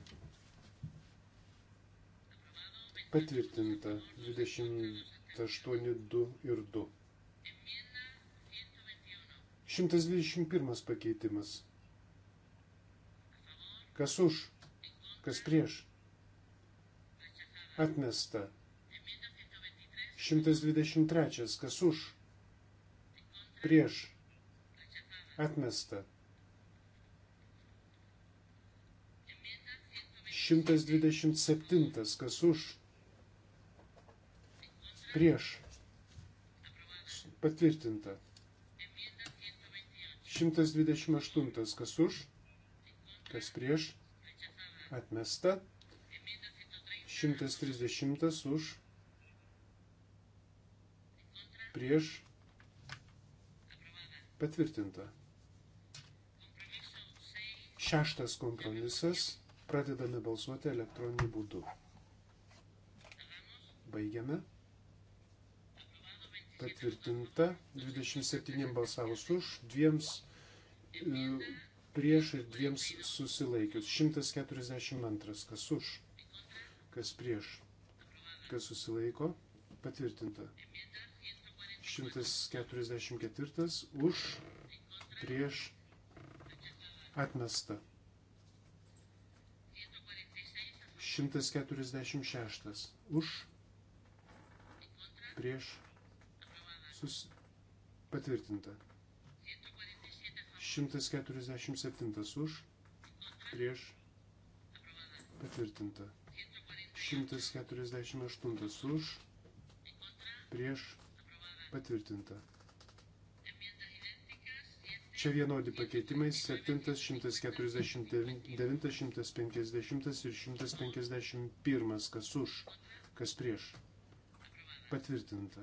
Patvirtinta 28, 2 ir 2. 121 pakeitimas. Kas už, kas prieš. Atmesta. 123. Kas už, prieš. Atmesta. 127. Kas už? Prieš. Patvirtinta. 128. Kas už? Kas prieš? Atmesta. 130 už. Prieš. Patvirtinta. Šeštas kompromisas Pradedame balsuoti elektroniniu būdu. Baigiame. Patvirtinta. 27 balsavus už, 2 e, prieš ir 2 susilaikius. 142. Kas už? Kas prieš? Kas susilaiko? Patvirtinta. 144 už prieš atmestą. 146. Už, prieš, sus, patvirtinta. 147 už, prieš, patvirtinta. 148 už, prieš, patvirtinta. Čia vienodi pakeitimai 7, 149, 150 ir 151, kas už, kas prieš. Patvirtinta.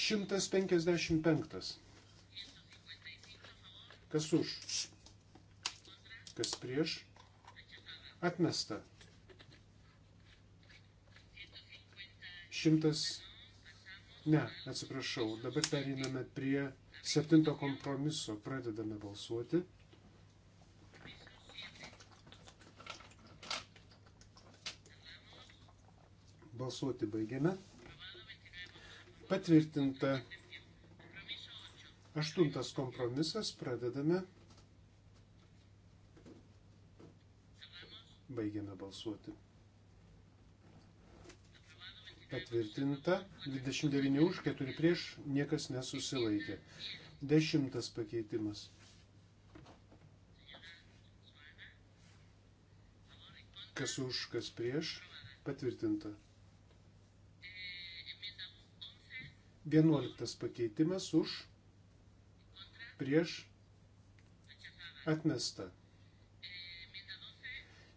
Šimtas penkiasdešimt penktas. Kas už? Kas prieš? Atmesta. Šimtas. Ne, atsiprašau. Dabar periname prie septinto kompromiso. Pradedame balsuoti. Balsuoti baigiame. Patvirtinta. Aštuntas kompromisas. Pradedame. Baigiame balsuoti. Patvirtinta. 29 už, 4 prieš, niekas nesusilaikė. Dešimtas pakeitimas. Kas už, kas prieš. Patvirtinta. 11 pakeitimas už, prieš, atmesta.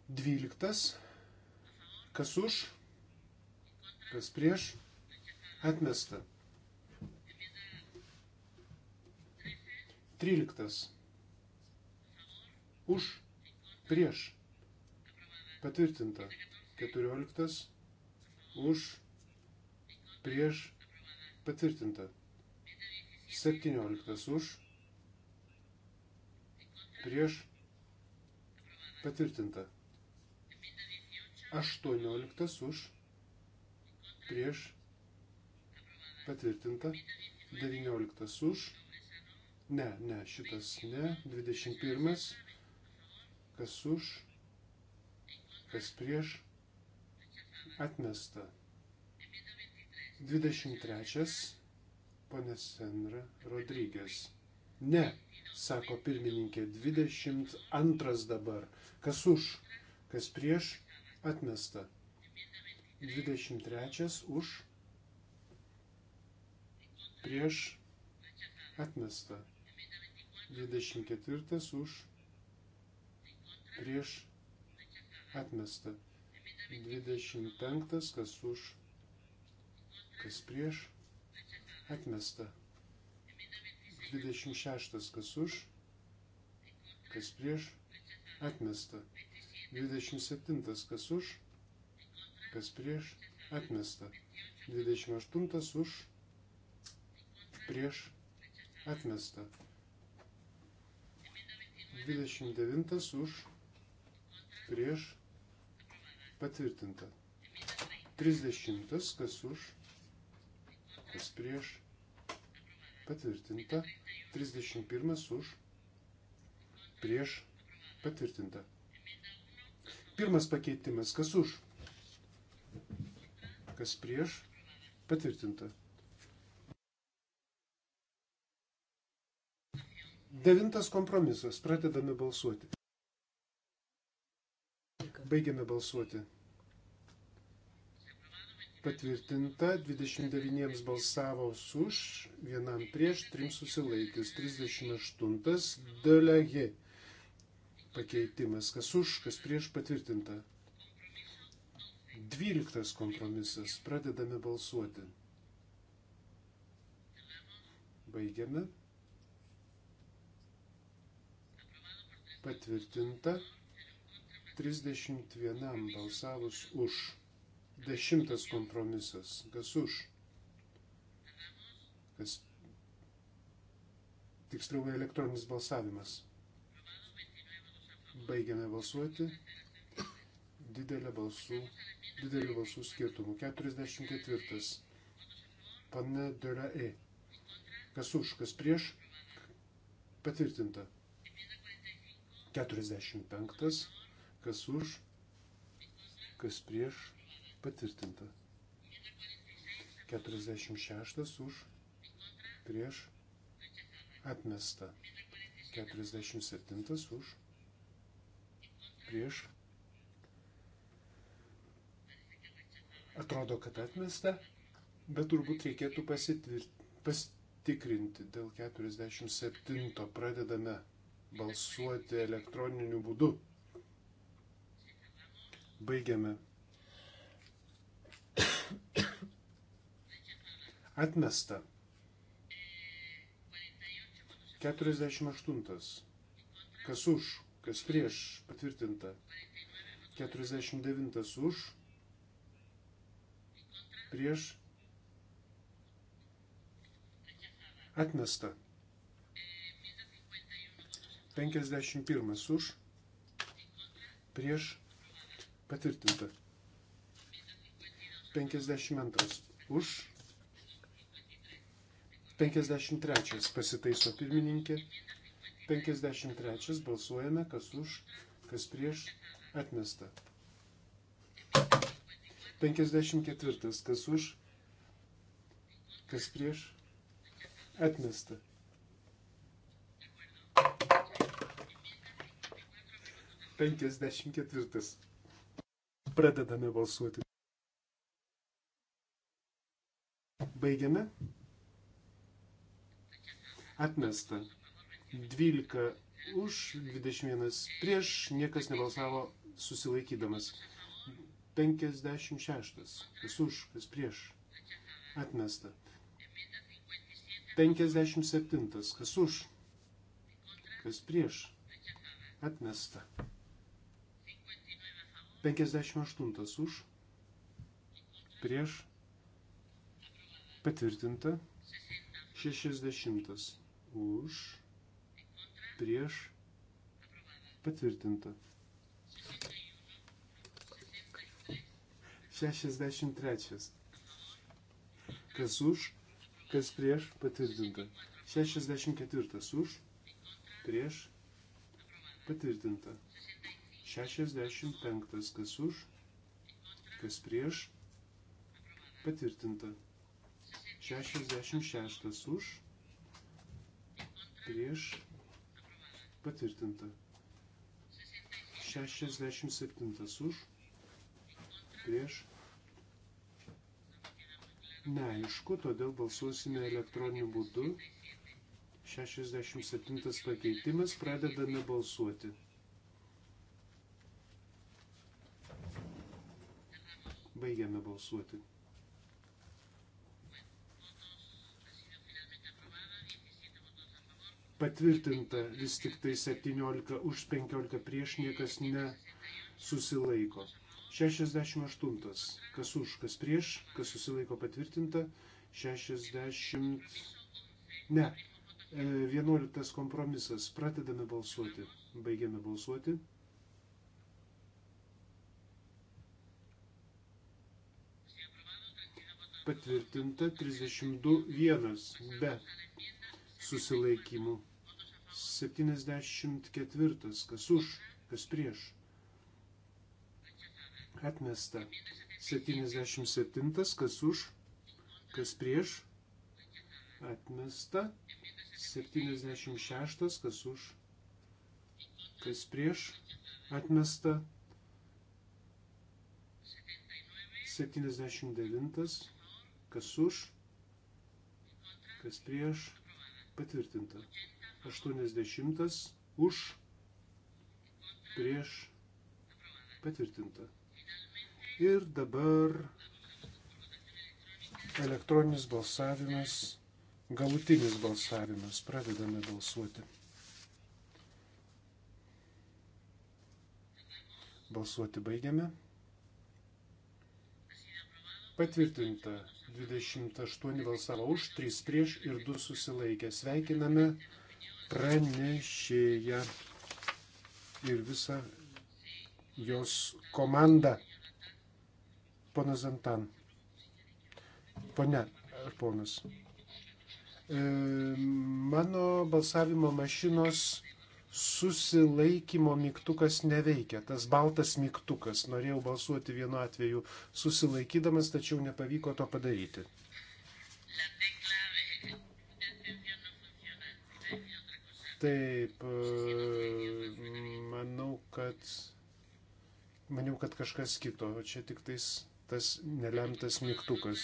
12. Kas už, Kas prieš? Atmesta. Tryliktas. Už. Prieš. Patvirtinta. Keturioliktas. Už. Prieš. Patvirtinta. Septynioliktas. Už. Prieš. Patvirtinta. Aštuonioliktas. Už prieš, patvirtinta, 19 už, ne, ne, šitas ne, 21, kas už, kas prieš, atmesta, 23, ponė Senra Rodrygės. Ne, sako pirmininkė, 22 dabar, kas už, kas prieš, atmesta. 23 už prieš atmestą. 24 už prieš atmestą. 25 kas už kas prieš atmestą. 26 kas už kas prieš atmestą. 27 kas už kas prieš, atmesta. 28 už, prieš, atmesta. 29 už, prieš, patvirtinta. 30 kas už, kas prieš, patvirtinta. 31 už, prieš, patvirtinta. Pirmas pakeitimas, kas už, kas prieš, patvirtinta. Devintas kompromisas. Pradedame balsuoti. Baigiame balsuoti. Patvirtinta 29 balsavo už, vienam prieš, trim susilaikius. 38 dalagė pakeitimas. Kas už, kas prieš patvirtinta. Dvyliktas kompromisas. Pradedame balsuoti. Baigiame. Patvirtinta 31 balsavus už. Dešimtas kompromisas. Kas už? Kas tiksliau elektroninis balsavimas. Baigiame balsuoti didelė balsų, didelį balsų skirtumų. 44. Pane Dela E. Kas už, kas prieš? Patvirtinta. 45. Kas už, kas prieš? Patvirtinta. 46 už, prieš, atmesta. 47 už, prieš, Atrodo, kad atmesta, bet turbūt reikėtų pasitikrinti. Dėl 47 pradedame balsuoti elektroniniu būdu. Baigiame. Atmesta. 48. Kas už, kas prieš, patvirtinta. 49 už, prieš atmesta. 51 už prieš patvirtinta. 52 už 53 pasitaiso pirmininkė. 53 balsuojame, kas už, kas prieš atmesta. 54. Kas už, kas prieš, atmesta. Penkiasdešimt ketvirtas. Pradedame balsuoti. Baigiame. Atmesta. 12 už, 21 prieš, niekas nebalsavo susilaikydamas. 56. Kas už, kas prieš. Atmesta. 57. Kas už, kas prieš. Atmesta. 58. Už, prieš. Patvirtinta. 60. Už, prieš. Patvirtinta. 63. Kas už, kas prieš patvirtinta. 64 už, prieš patvirtinta. 65 kas už, kas prieš patvirtinta. 66 už, prieš patvirtinta. 67 už, prieš neaišku, todėl balsuosime elektroniniu būdu. 67 pakeitimas, pradedame balsuoti. Baigiame balsuoti. Patvirtinta vis tik tai 17 už 15 prieš niekas nesusilaiko. 68. Kas už, kas prieš, kas susilaiko patvirtinta. 60. Ne. 11 e, kompromisas. Pradedame balsuoti. Baigiame balsuoti. Patvirtinta 32.1 be susilaikymų. 74. Kas už, kas prieš atmesta. 77, kas už, kas prieš, atmesta. 76, kas už, kas prieš, atmesta. 79, kas už, kas prieš, patvirtinta. 80, už, prieš, patvirtinta. Ir dabar elektroninis balsavimas, galutinis balsavimas. Pradedame balsuoti. Balsuoti baigiame. Patvirtinta 28 balsavo už, 3 prieš ir 2 susilaikė. Sveikiname pranešėją ir visą jos komandą. Ponas Zantan. Pone, ar ponas? E, mano balsavimo mašinos susilaikymo mygtukas neveikia. Tas baltas mygtukas. Norėjau balsuoti vienu atveju susilaikydamas, tačiau nepavyko to padaryti. Taip, e, manau, kad. Maniau, kad kažkas kito, o čia tik tais tas nelemtas mygtukas.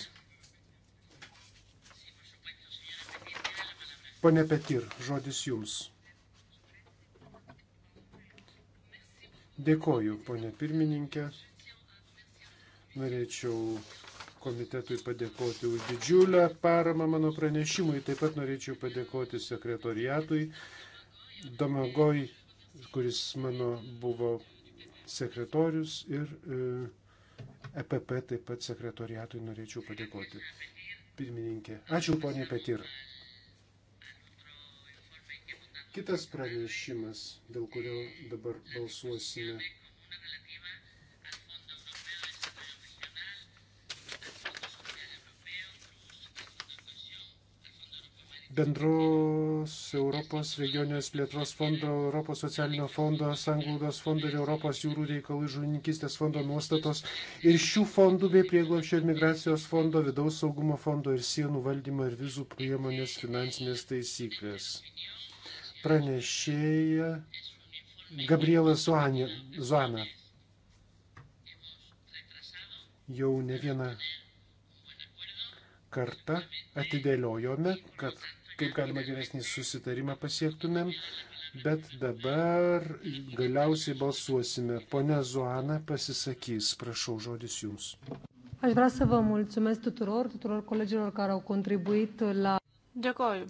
Pane Petir, žodis jums. Dėkoju, ponė pirmininkė. Norėčiau komitetui padėkoti už didžiulę paramą mano pranešimui. Taip pat norėčiau padėkoti sekretoriatui Domagoj, kuris mano buvo sekretorius ir e, EPP taip pat sekretoriatui norėčiau padėkoti. Pirmininkė. Ačiū ponė Petir. Kitas pranešimas, dėl kurio dabar balsuosime, bendros Europos regioninės plėtros fondo, Europos socialinio fondo, Sanglaudos fondo ir Europos jūrų reikalų žuvininkistės fondo nuostatos ir šių fondų bei prieglobščio ir migracijos fondo, vidaus saugumo fondo ir sienų valdymo ir vizų priemonės finansinės taisyklės. Pranešėja Gabriela Zuana. Jau ne vieną kartą atidėliojome, kad kaip galima geresnį susitarimą pasiektumėm, bet dabar galiausiai balsuosime. Pone Zoana pasisakys, prašau, žodis jums.
Aš vreau să vă mulțumesc tuturor, tuturor colegilor care au contribuit la.
Dėkoju.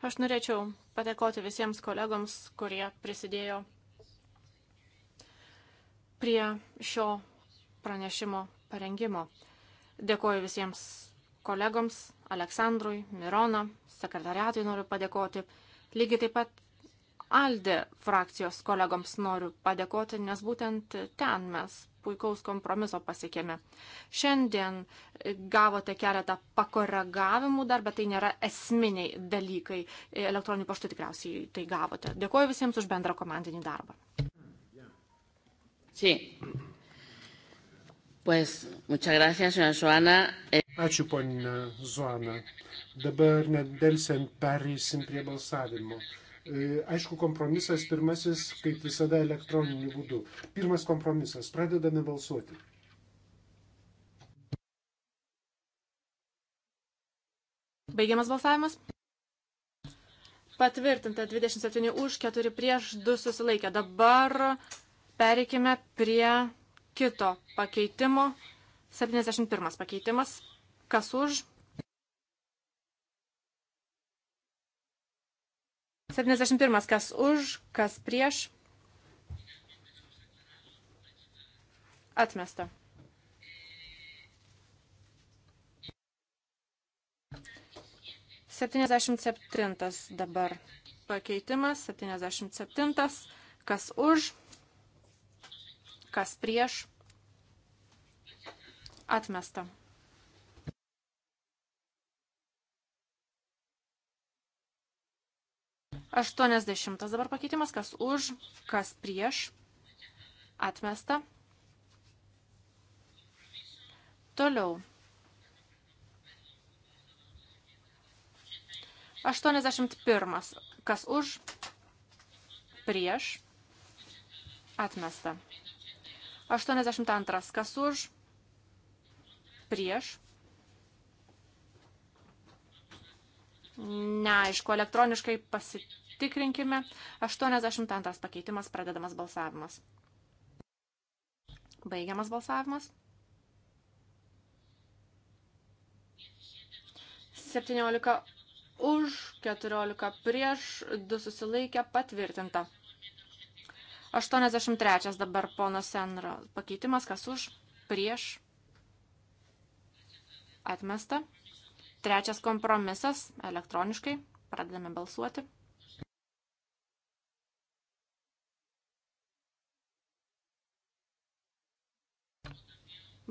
Aš norėčiau padėkoti visiems kolegoms, kurie prisidėjo prie šio pranešimo parengimo. Dėkoju visiems kolegoms, Aleksandrui, Mirona, sekretariatui noriu padėkoti. Lygiai taip pat Alde frakcijos kolegoms noriu padėkoti, nes būtent ten mes puikaus kompromiso pasiekėme. Šiandien gavote keletą pakoregavimų dar, bet tai nėra esminiai dalykai. Elektroniniu paštu tikriausiai tai gavote. Dėkuoju visiems už bendrą komandinį darbą. Sí.
Pues, muchas gracias, señora Suana. Eh, Ačiū, ponia Zuana. Dabar nedelsiant
perėsim prie balsavimo. E, aišku, kompromisas pirmasis, kaip visada, elektroniniu būdu. Pirmas kompromisas. Pradedame balsuoti.
Baigiamas balsavimas. Patvirtinta 27 už, 4 prieš, 2 susilaikė. Dabar pereikime prie kito pakeitimo. 71 pakeitimas. Kas už? 71. Kas už, kas prieš? Atmesta. Septyniasdešimt septintas dabar pakeitimas. Septyniasdešimt septintas. Kas už? kas prieš, atmesta. Aštuoniasdešimtas dabar pakeitimas, kas už, kas prieš, atmesta. Toliau. 81. Kas už, prieš, atmesta. 82. Kas už? Prieš. Neaišku, elektroniškai pasitikrinkime. 82 pakeitimas, pradedamas balsavimas. Baigiamas balsavimas. 17 už, 14 prieš, 2 susilaikę, patvirtinta. 83 dabar pono Senro pakeitimas, kas už, prieš, atmesta. Trečias kompromisas elektroniškai, pradedame balsuoti.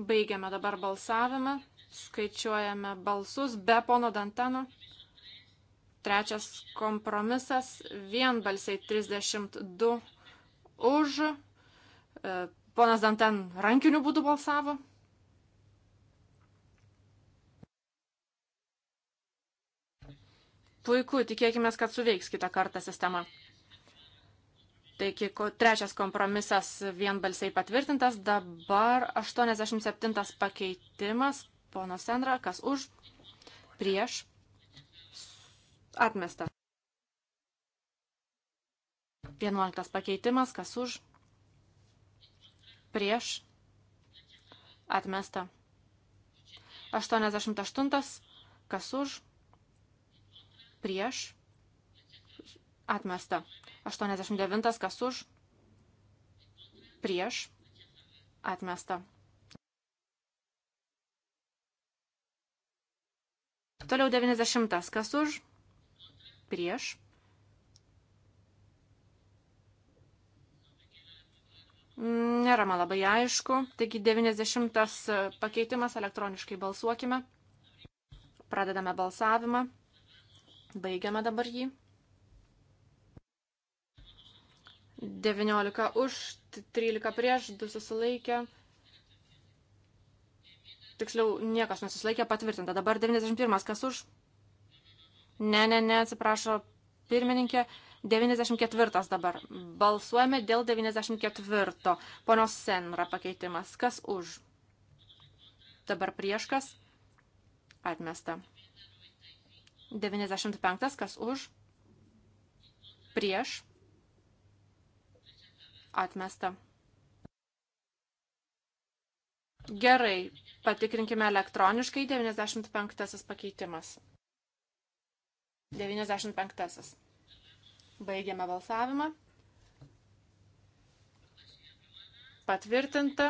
Baigiame dabar balsavimą, skaičiuojame balsus be pono Danteno. Trečias kompromisas, vienbalsiai 32 už, e, ponas Danten rankiniu būdu balsavo. Puiku, tikėkime, kad suveiks kitą kartą sistema. Taigi, trečias kompromisas vienbalsiai patvirtintas, dabar 87 pakeitimas, pono Sendra, kas už, prieš, atmesta. 11 pakeitimas, kas už, prieš, atmesta. 88, kas už, prieš, atmesta. 89, kas už, prieš, atmesta. Toliau 90, kas už, prieš, atmesta Nėra man labai aišku. Taigi 90 pakeitimas elektroniškai balsuokime. Pradedame balsavimą. Baigiame dabar jį. 19 už, 13 prieš, 2 susilaikė. Tiksliau, niekas nesusilaikė patvirtinta. Dabar 91. Kas už? Ne, ne, ne, atsiprašo pirmininkė. 94 dabar. Balsuojame dėl 94. Ponios Senra pakeitimas. Kas už? Dabar prieš kas? Atmesta. 95. Kas už? Prieš? Atmesta. Gerai, patikrinkime elektroniškai 95 pakeitimas. 95. Baigiame balsavimą. Patvirtinta.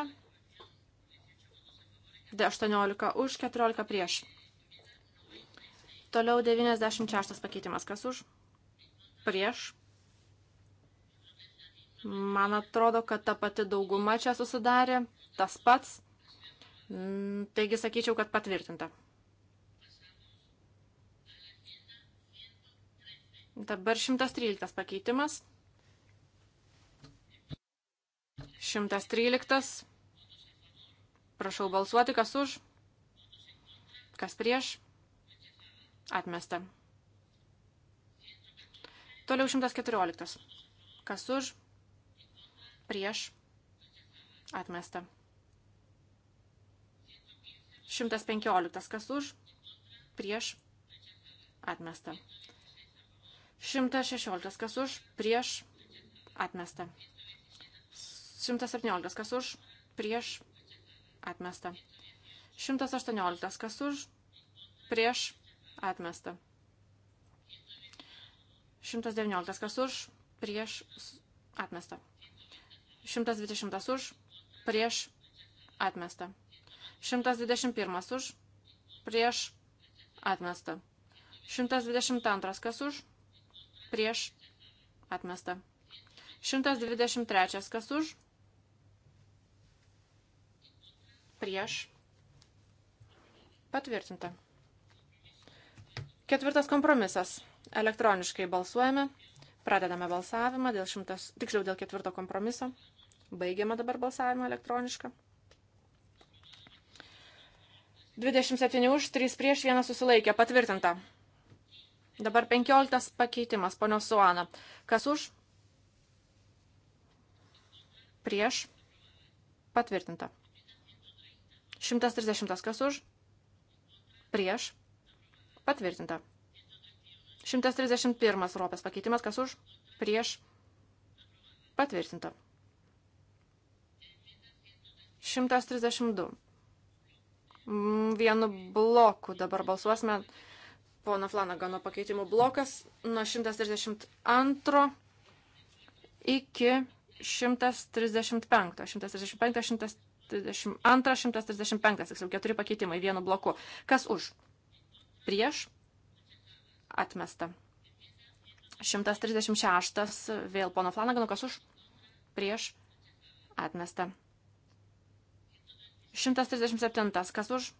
18 už, 14 prieš. Toliau 96 pakeitimas. Kas už? Prieš. Man atrodo, kad ta pati dauguma čia susidarė. Tas pats. Mm, taigi sakyčiau, kad patvirtinta. Dabar 113 pakeitimas. 113. Prašau balsuoti, kas už, kas prieš. Atmesta. Toliau 114. Kas už, prieš. Atmesta. 115. Kas už, prieš. Atmesta. 116 kas už, prieš atmesta. 117 kas už, prieš atmesta. 118 kas už, prieš atmesta. 119 kas už, prieš atmesta. 120 už, prieš atmesta. 121 už, prieš atmesta. 122 kas už, prieš atmestą. 123 kas už, prieš patvirtinta. Ketvirtas kompromisas. Elektroniškai balsuojame, pradedame balsavimą dėl šimtas, tiksliau dėl ketvirto kompromiso. Baigiame dabar balsavimą elektronišką. 27 už, 3 prieš, 1 susilaikė. Patvirtinta. Dabar 15 pakeitimas, ponios Suana. Kas už? Prieš. Patvirtinta. 130. Kas už? Prieš. Patvirtinta. 131. Ropės pakeitimas. Kas už? Prieš. Patvirtinta. 132. Mm, vienu bloku dabar balsuosime pono Flanagano pakeitimų blokas nuo 132 iki 135. 135, 132, 135, tiksliau, keturi pakeitimai vienu bloku. Kas už? Prieš? Atmesta. 136, vėl pono Flanagano, kas už? Prieš? Atmesta. 137, kas už?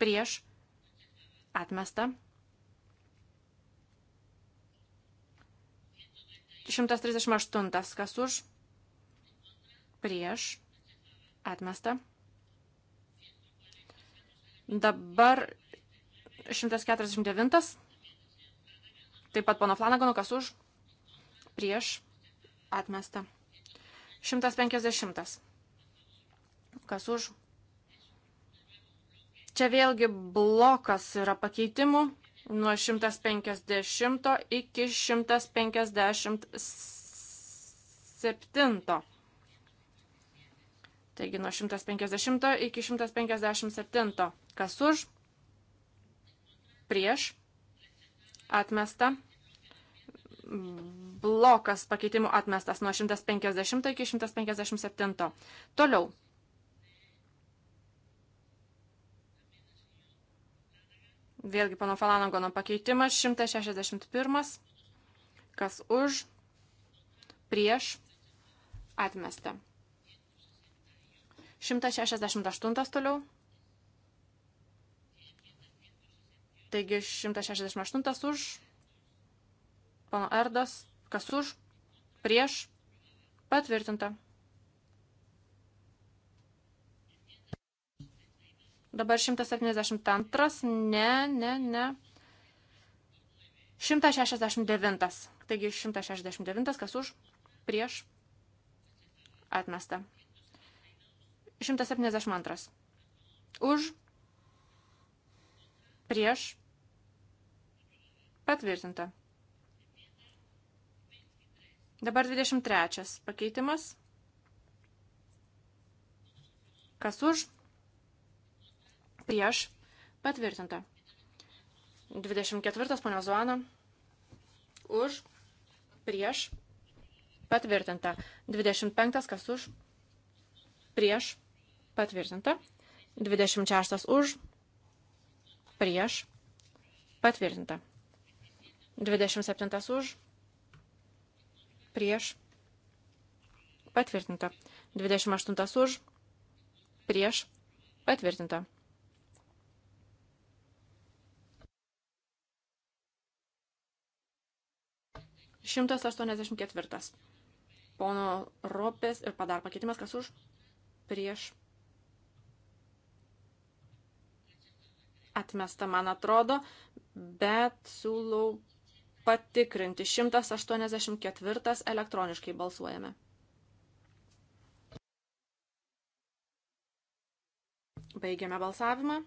Prieš? Atmesta. 138. Kas už? Prieš. Atmesta. Dabar 149. Taip pat pono Flanagano, kas už? Prieš. Atmesta. 150. Kas už? Čia vėlgi blokas yra pakeitimų nuo 150 iki 157. Taigi nuo 150 iki 157. Kas už? Prieš? Atmesta? Blokas pakeitimų atmestas nuo 150 iki 157. Toliau. Vėlgi pano Falanagano pakeitimas 161. Kas už, prieš, atmesta. 168 toliau. Taigi 168 už, pano Erdas, kas už, prieš, patvirtinta. Dabar 172. Ne, ne, ne. 169. Taigi 169, kas už, prieš, atmesta. 172. Už, prieš, patvirtinta. Dabar 23 pakeitimas. Kas už, prieš patvirtinta. 24 ponios Zuano už prieš patvirtinta. 25 kas už prieš patvirtinta. 26 už prieš patvirtinta. 27 už, prieš, patvirtinta. 28 už, prieš, patvirtinta. 184. Pono Ropės ir padar pakeitimas, kas už prieš atmesta, man atrodo, bet siūlau patikrinti. 184 elektroniškai balsuojame. Baigiame balsavimą.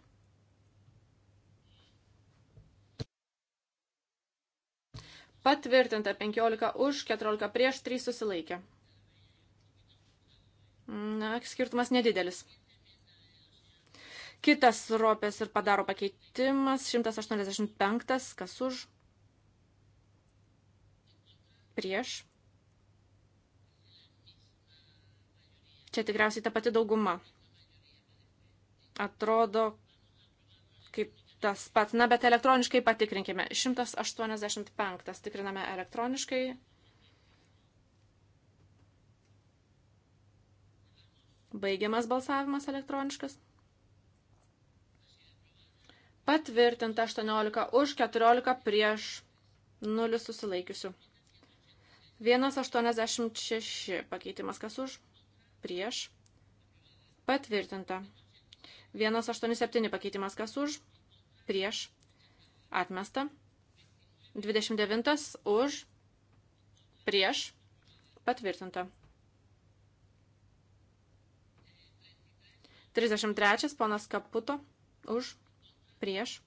Patvirtinta 15 už, 14 prieš, 3 susilaikė. Na, skirtumas nedidelis. Kitas ropės ir padaro pakeitimas 185, kas už, prieš. Čia tikriausiai ta pati dauguma. Atrodo, kaip tas pats. Na, bet elektroniškai patikrinkime. 185 tikriname elektroniškai. Baigiamas balsavimas elektroniškas. Patvirtinta 18 už 14 prieš 0 susilaikiusių. 186 pakeitimas kas už prieš. Patvirtinta. 187 pakeitimas kas už prieš atmestą. 29 už prieš patvirtinta. 33 ponas Kaputo už prieš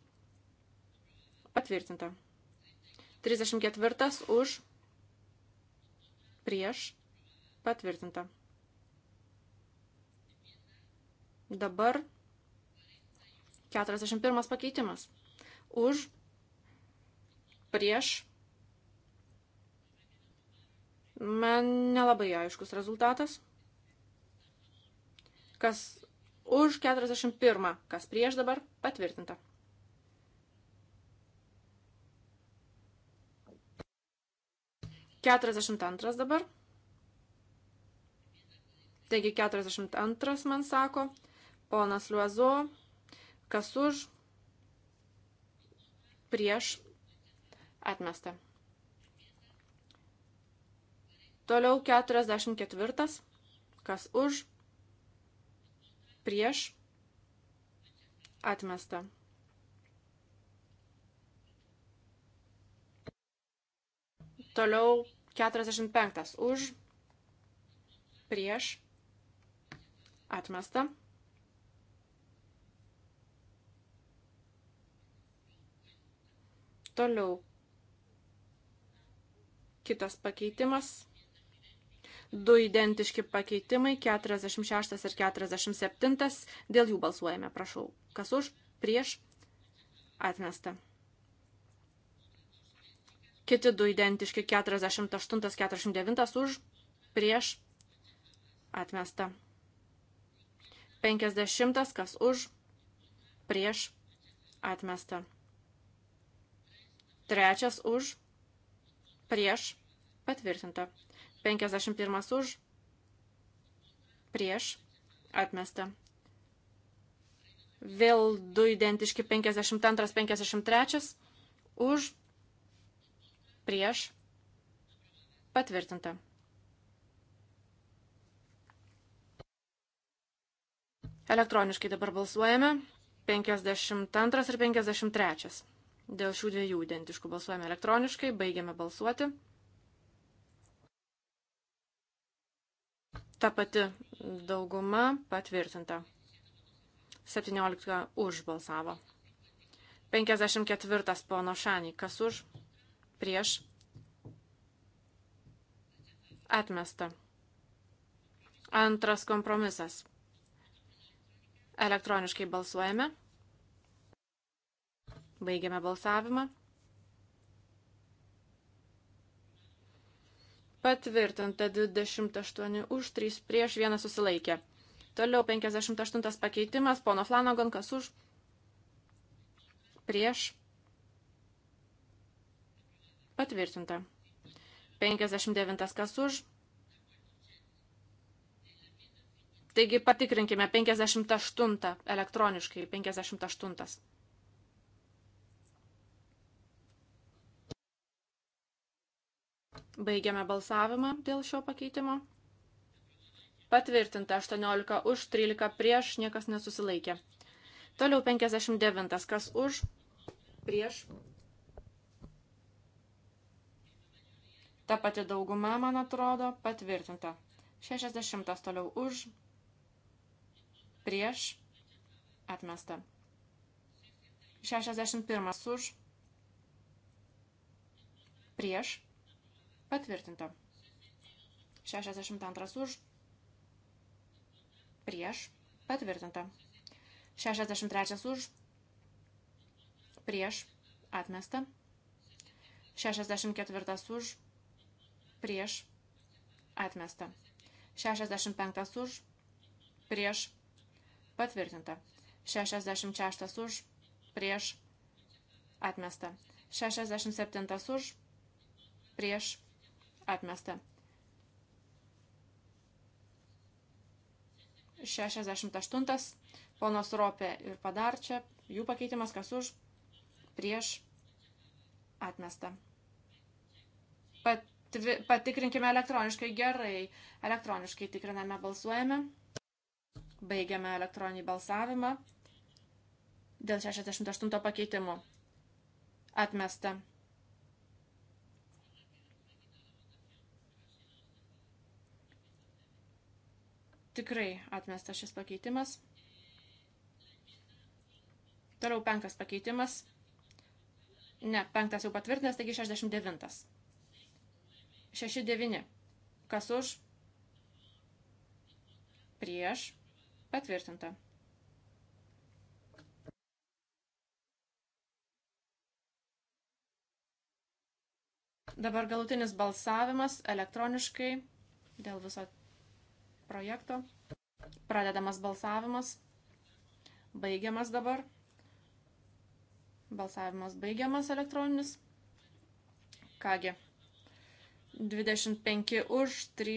patvirtinta. 34 už prieš patvirtinta. Dabar 41 pakeitimas. Už, prieš. Man nelabai aiškus rezultatas. Kas už 41, kas prieš dabar patvirtinta. Keturiasdešimt antras dabar. Taigi keturiasdešimt antras man sako, ponas Liuazo Kas už? Prieš? Atmesta. Toliau 44. Kas už? Prieš? Atmesta. Toliau 45. Už? Prieš? Atmesta. Toliau. Kitas pakeitimas. Du identiški pakeitimai 46 ir 47. Dėl jų balsuojame, prašau. Kas už, prieš, atmesta. Kiti du identiški 48-49 už, prieš, atmesta. 50 kas už, prieš, atmesta. Trečias už, prieš, patvirtinta. 51 už, prieš, atmesta. Vėl du identiški 52, 53, už, prieš, patvirtinta. Elektroniškai dabar balsuojame 52 ir 53. Dėl šių dviejų identiškų balsuojame elektroniškai, baigiame balsuoti. Ta pati dauguma patvirtinta. 17 už balsavo. 54 pono Šanį. Kas už? Prieš. Atmesta. Antras kompromisas. Elektroniškai balsuojame. Baigiame balsavimą. Patvirtinta 28 už 3 prieš 1 susilaikė. Toliau 58 pakeitimas, pono Flanagon, kas už prieš patvirtinta. 59 kas už. Taigi patikrinkime 58 elektroniškai, 58. Baigiame balsavimą dėl šio pakeitimo. Patvirtinta 18 už, 13 prieš, niekas nesusilaikė. Toliau 59, kas už, prieš. Ta pati dauguma, man atrodo, patvirtinta. 60 toliau už, prieš, atmesta. 61 už, prieš, Patvirtinta. 62 už. Prieš. Patvirtinta. 63 už. Prieš. Atmesta. 64 už. Prieš. Atmesta. 65 už. Prieš. Patvirtinta. 66 už. Prieš. Atmesta. 67 už. Prieš. Atmesta. 68. Ponos Ropė ir Padarčia. Jų pakeitimas kas už prieš atmestą. Patvi, patikrinkime elektroniškai gerai. Elektroniškai tikriname, balsuojame. Baigiame elektroninį balsavimą dėl 68 pakeitimų. Atmesta. Tikrai atmestas šis pakeitimas. Toliau penktas pakeitimas. Ne, penktas jau patvirtintas, taigi 69. 69. Kas už? Prieš. Patvirtinta. Dabar galutinis balsavimas elektroniškai dėl viso projekto. Pradedamas balsavimas. Baigiamas dabar. Balsavimas baigiamas elektroninis. Kągi. 25 už, 3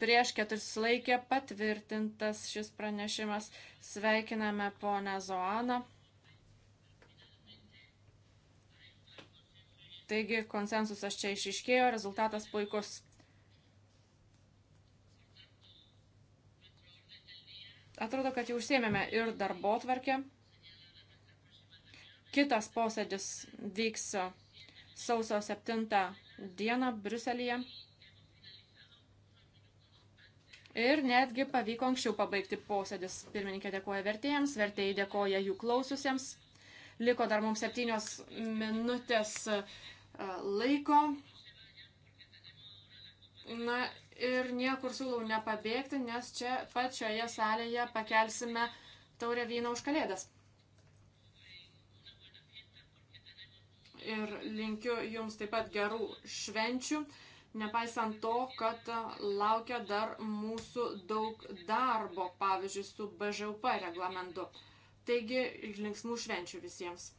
prieš, 4 sulaikė patvirtintas šis pranešimas. Sveikiname ponę Zoaną. Taigi konsensusas čia išiškėjo, rezultatas puikus. Atrodo, kad jau užsėmėme ir darbo tvarkę. Kitas posėdis vyks sausio 7 dieną Bruselėje. Ir netgi pavyko anksčiau pabaigti posėdis. Pirmininkė dėkoja vertėjams, vertėjai dėkoja jų klaususiems. Liko dar mums septynios minutės e, laiko. Na ir niekur siūlau nepabėgti, nes čia pačioje salėje pakelsime taurę vyną už kalėdas. Ir linkiu Jums taip pat gerų švenčių, nepaisant to, kad laukia dar mūsų daug darbo, pavyzdžiui, su BŽUP reglamentu. Taigi, linksmų švenčių visiems.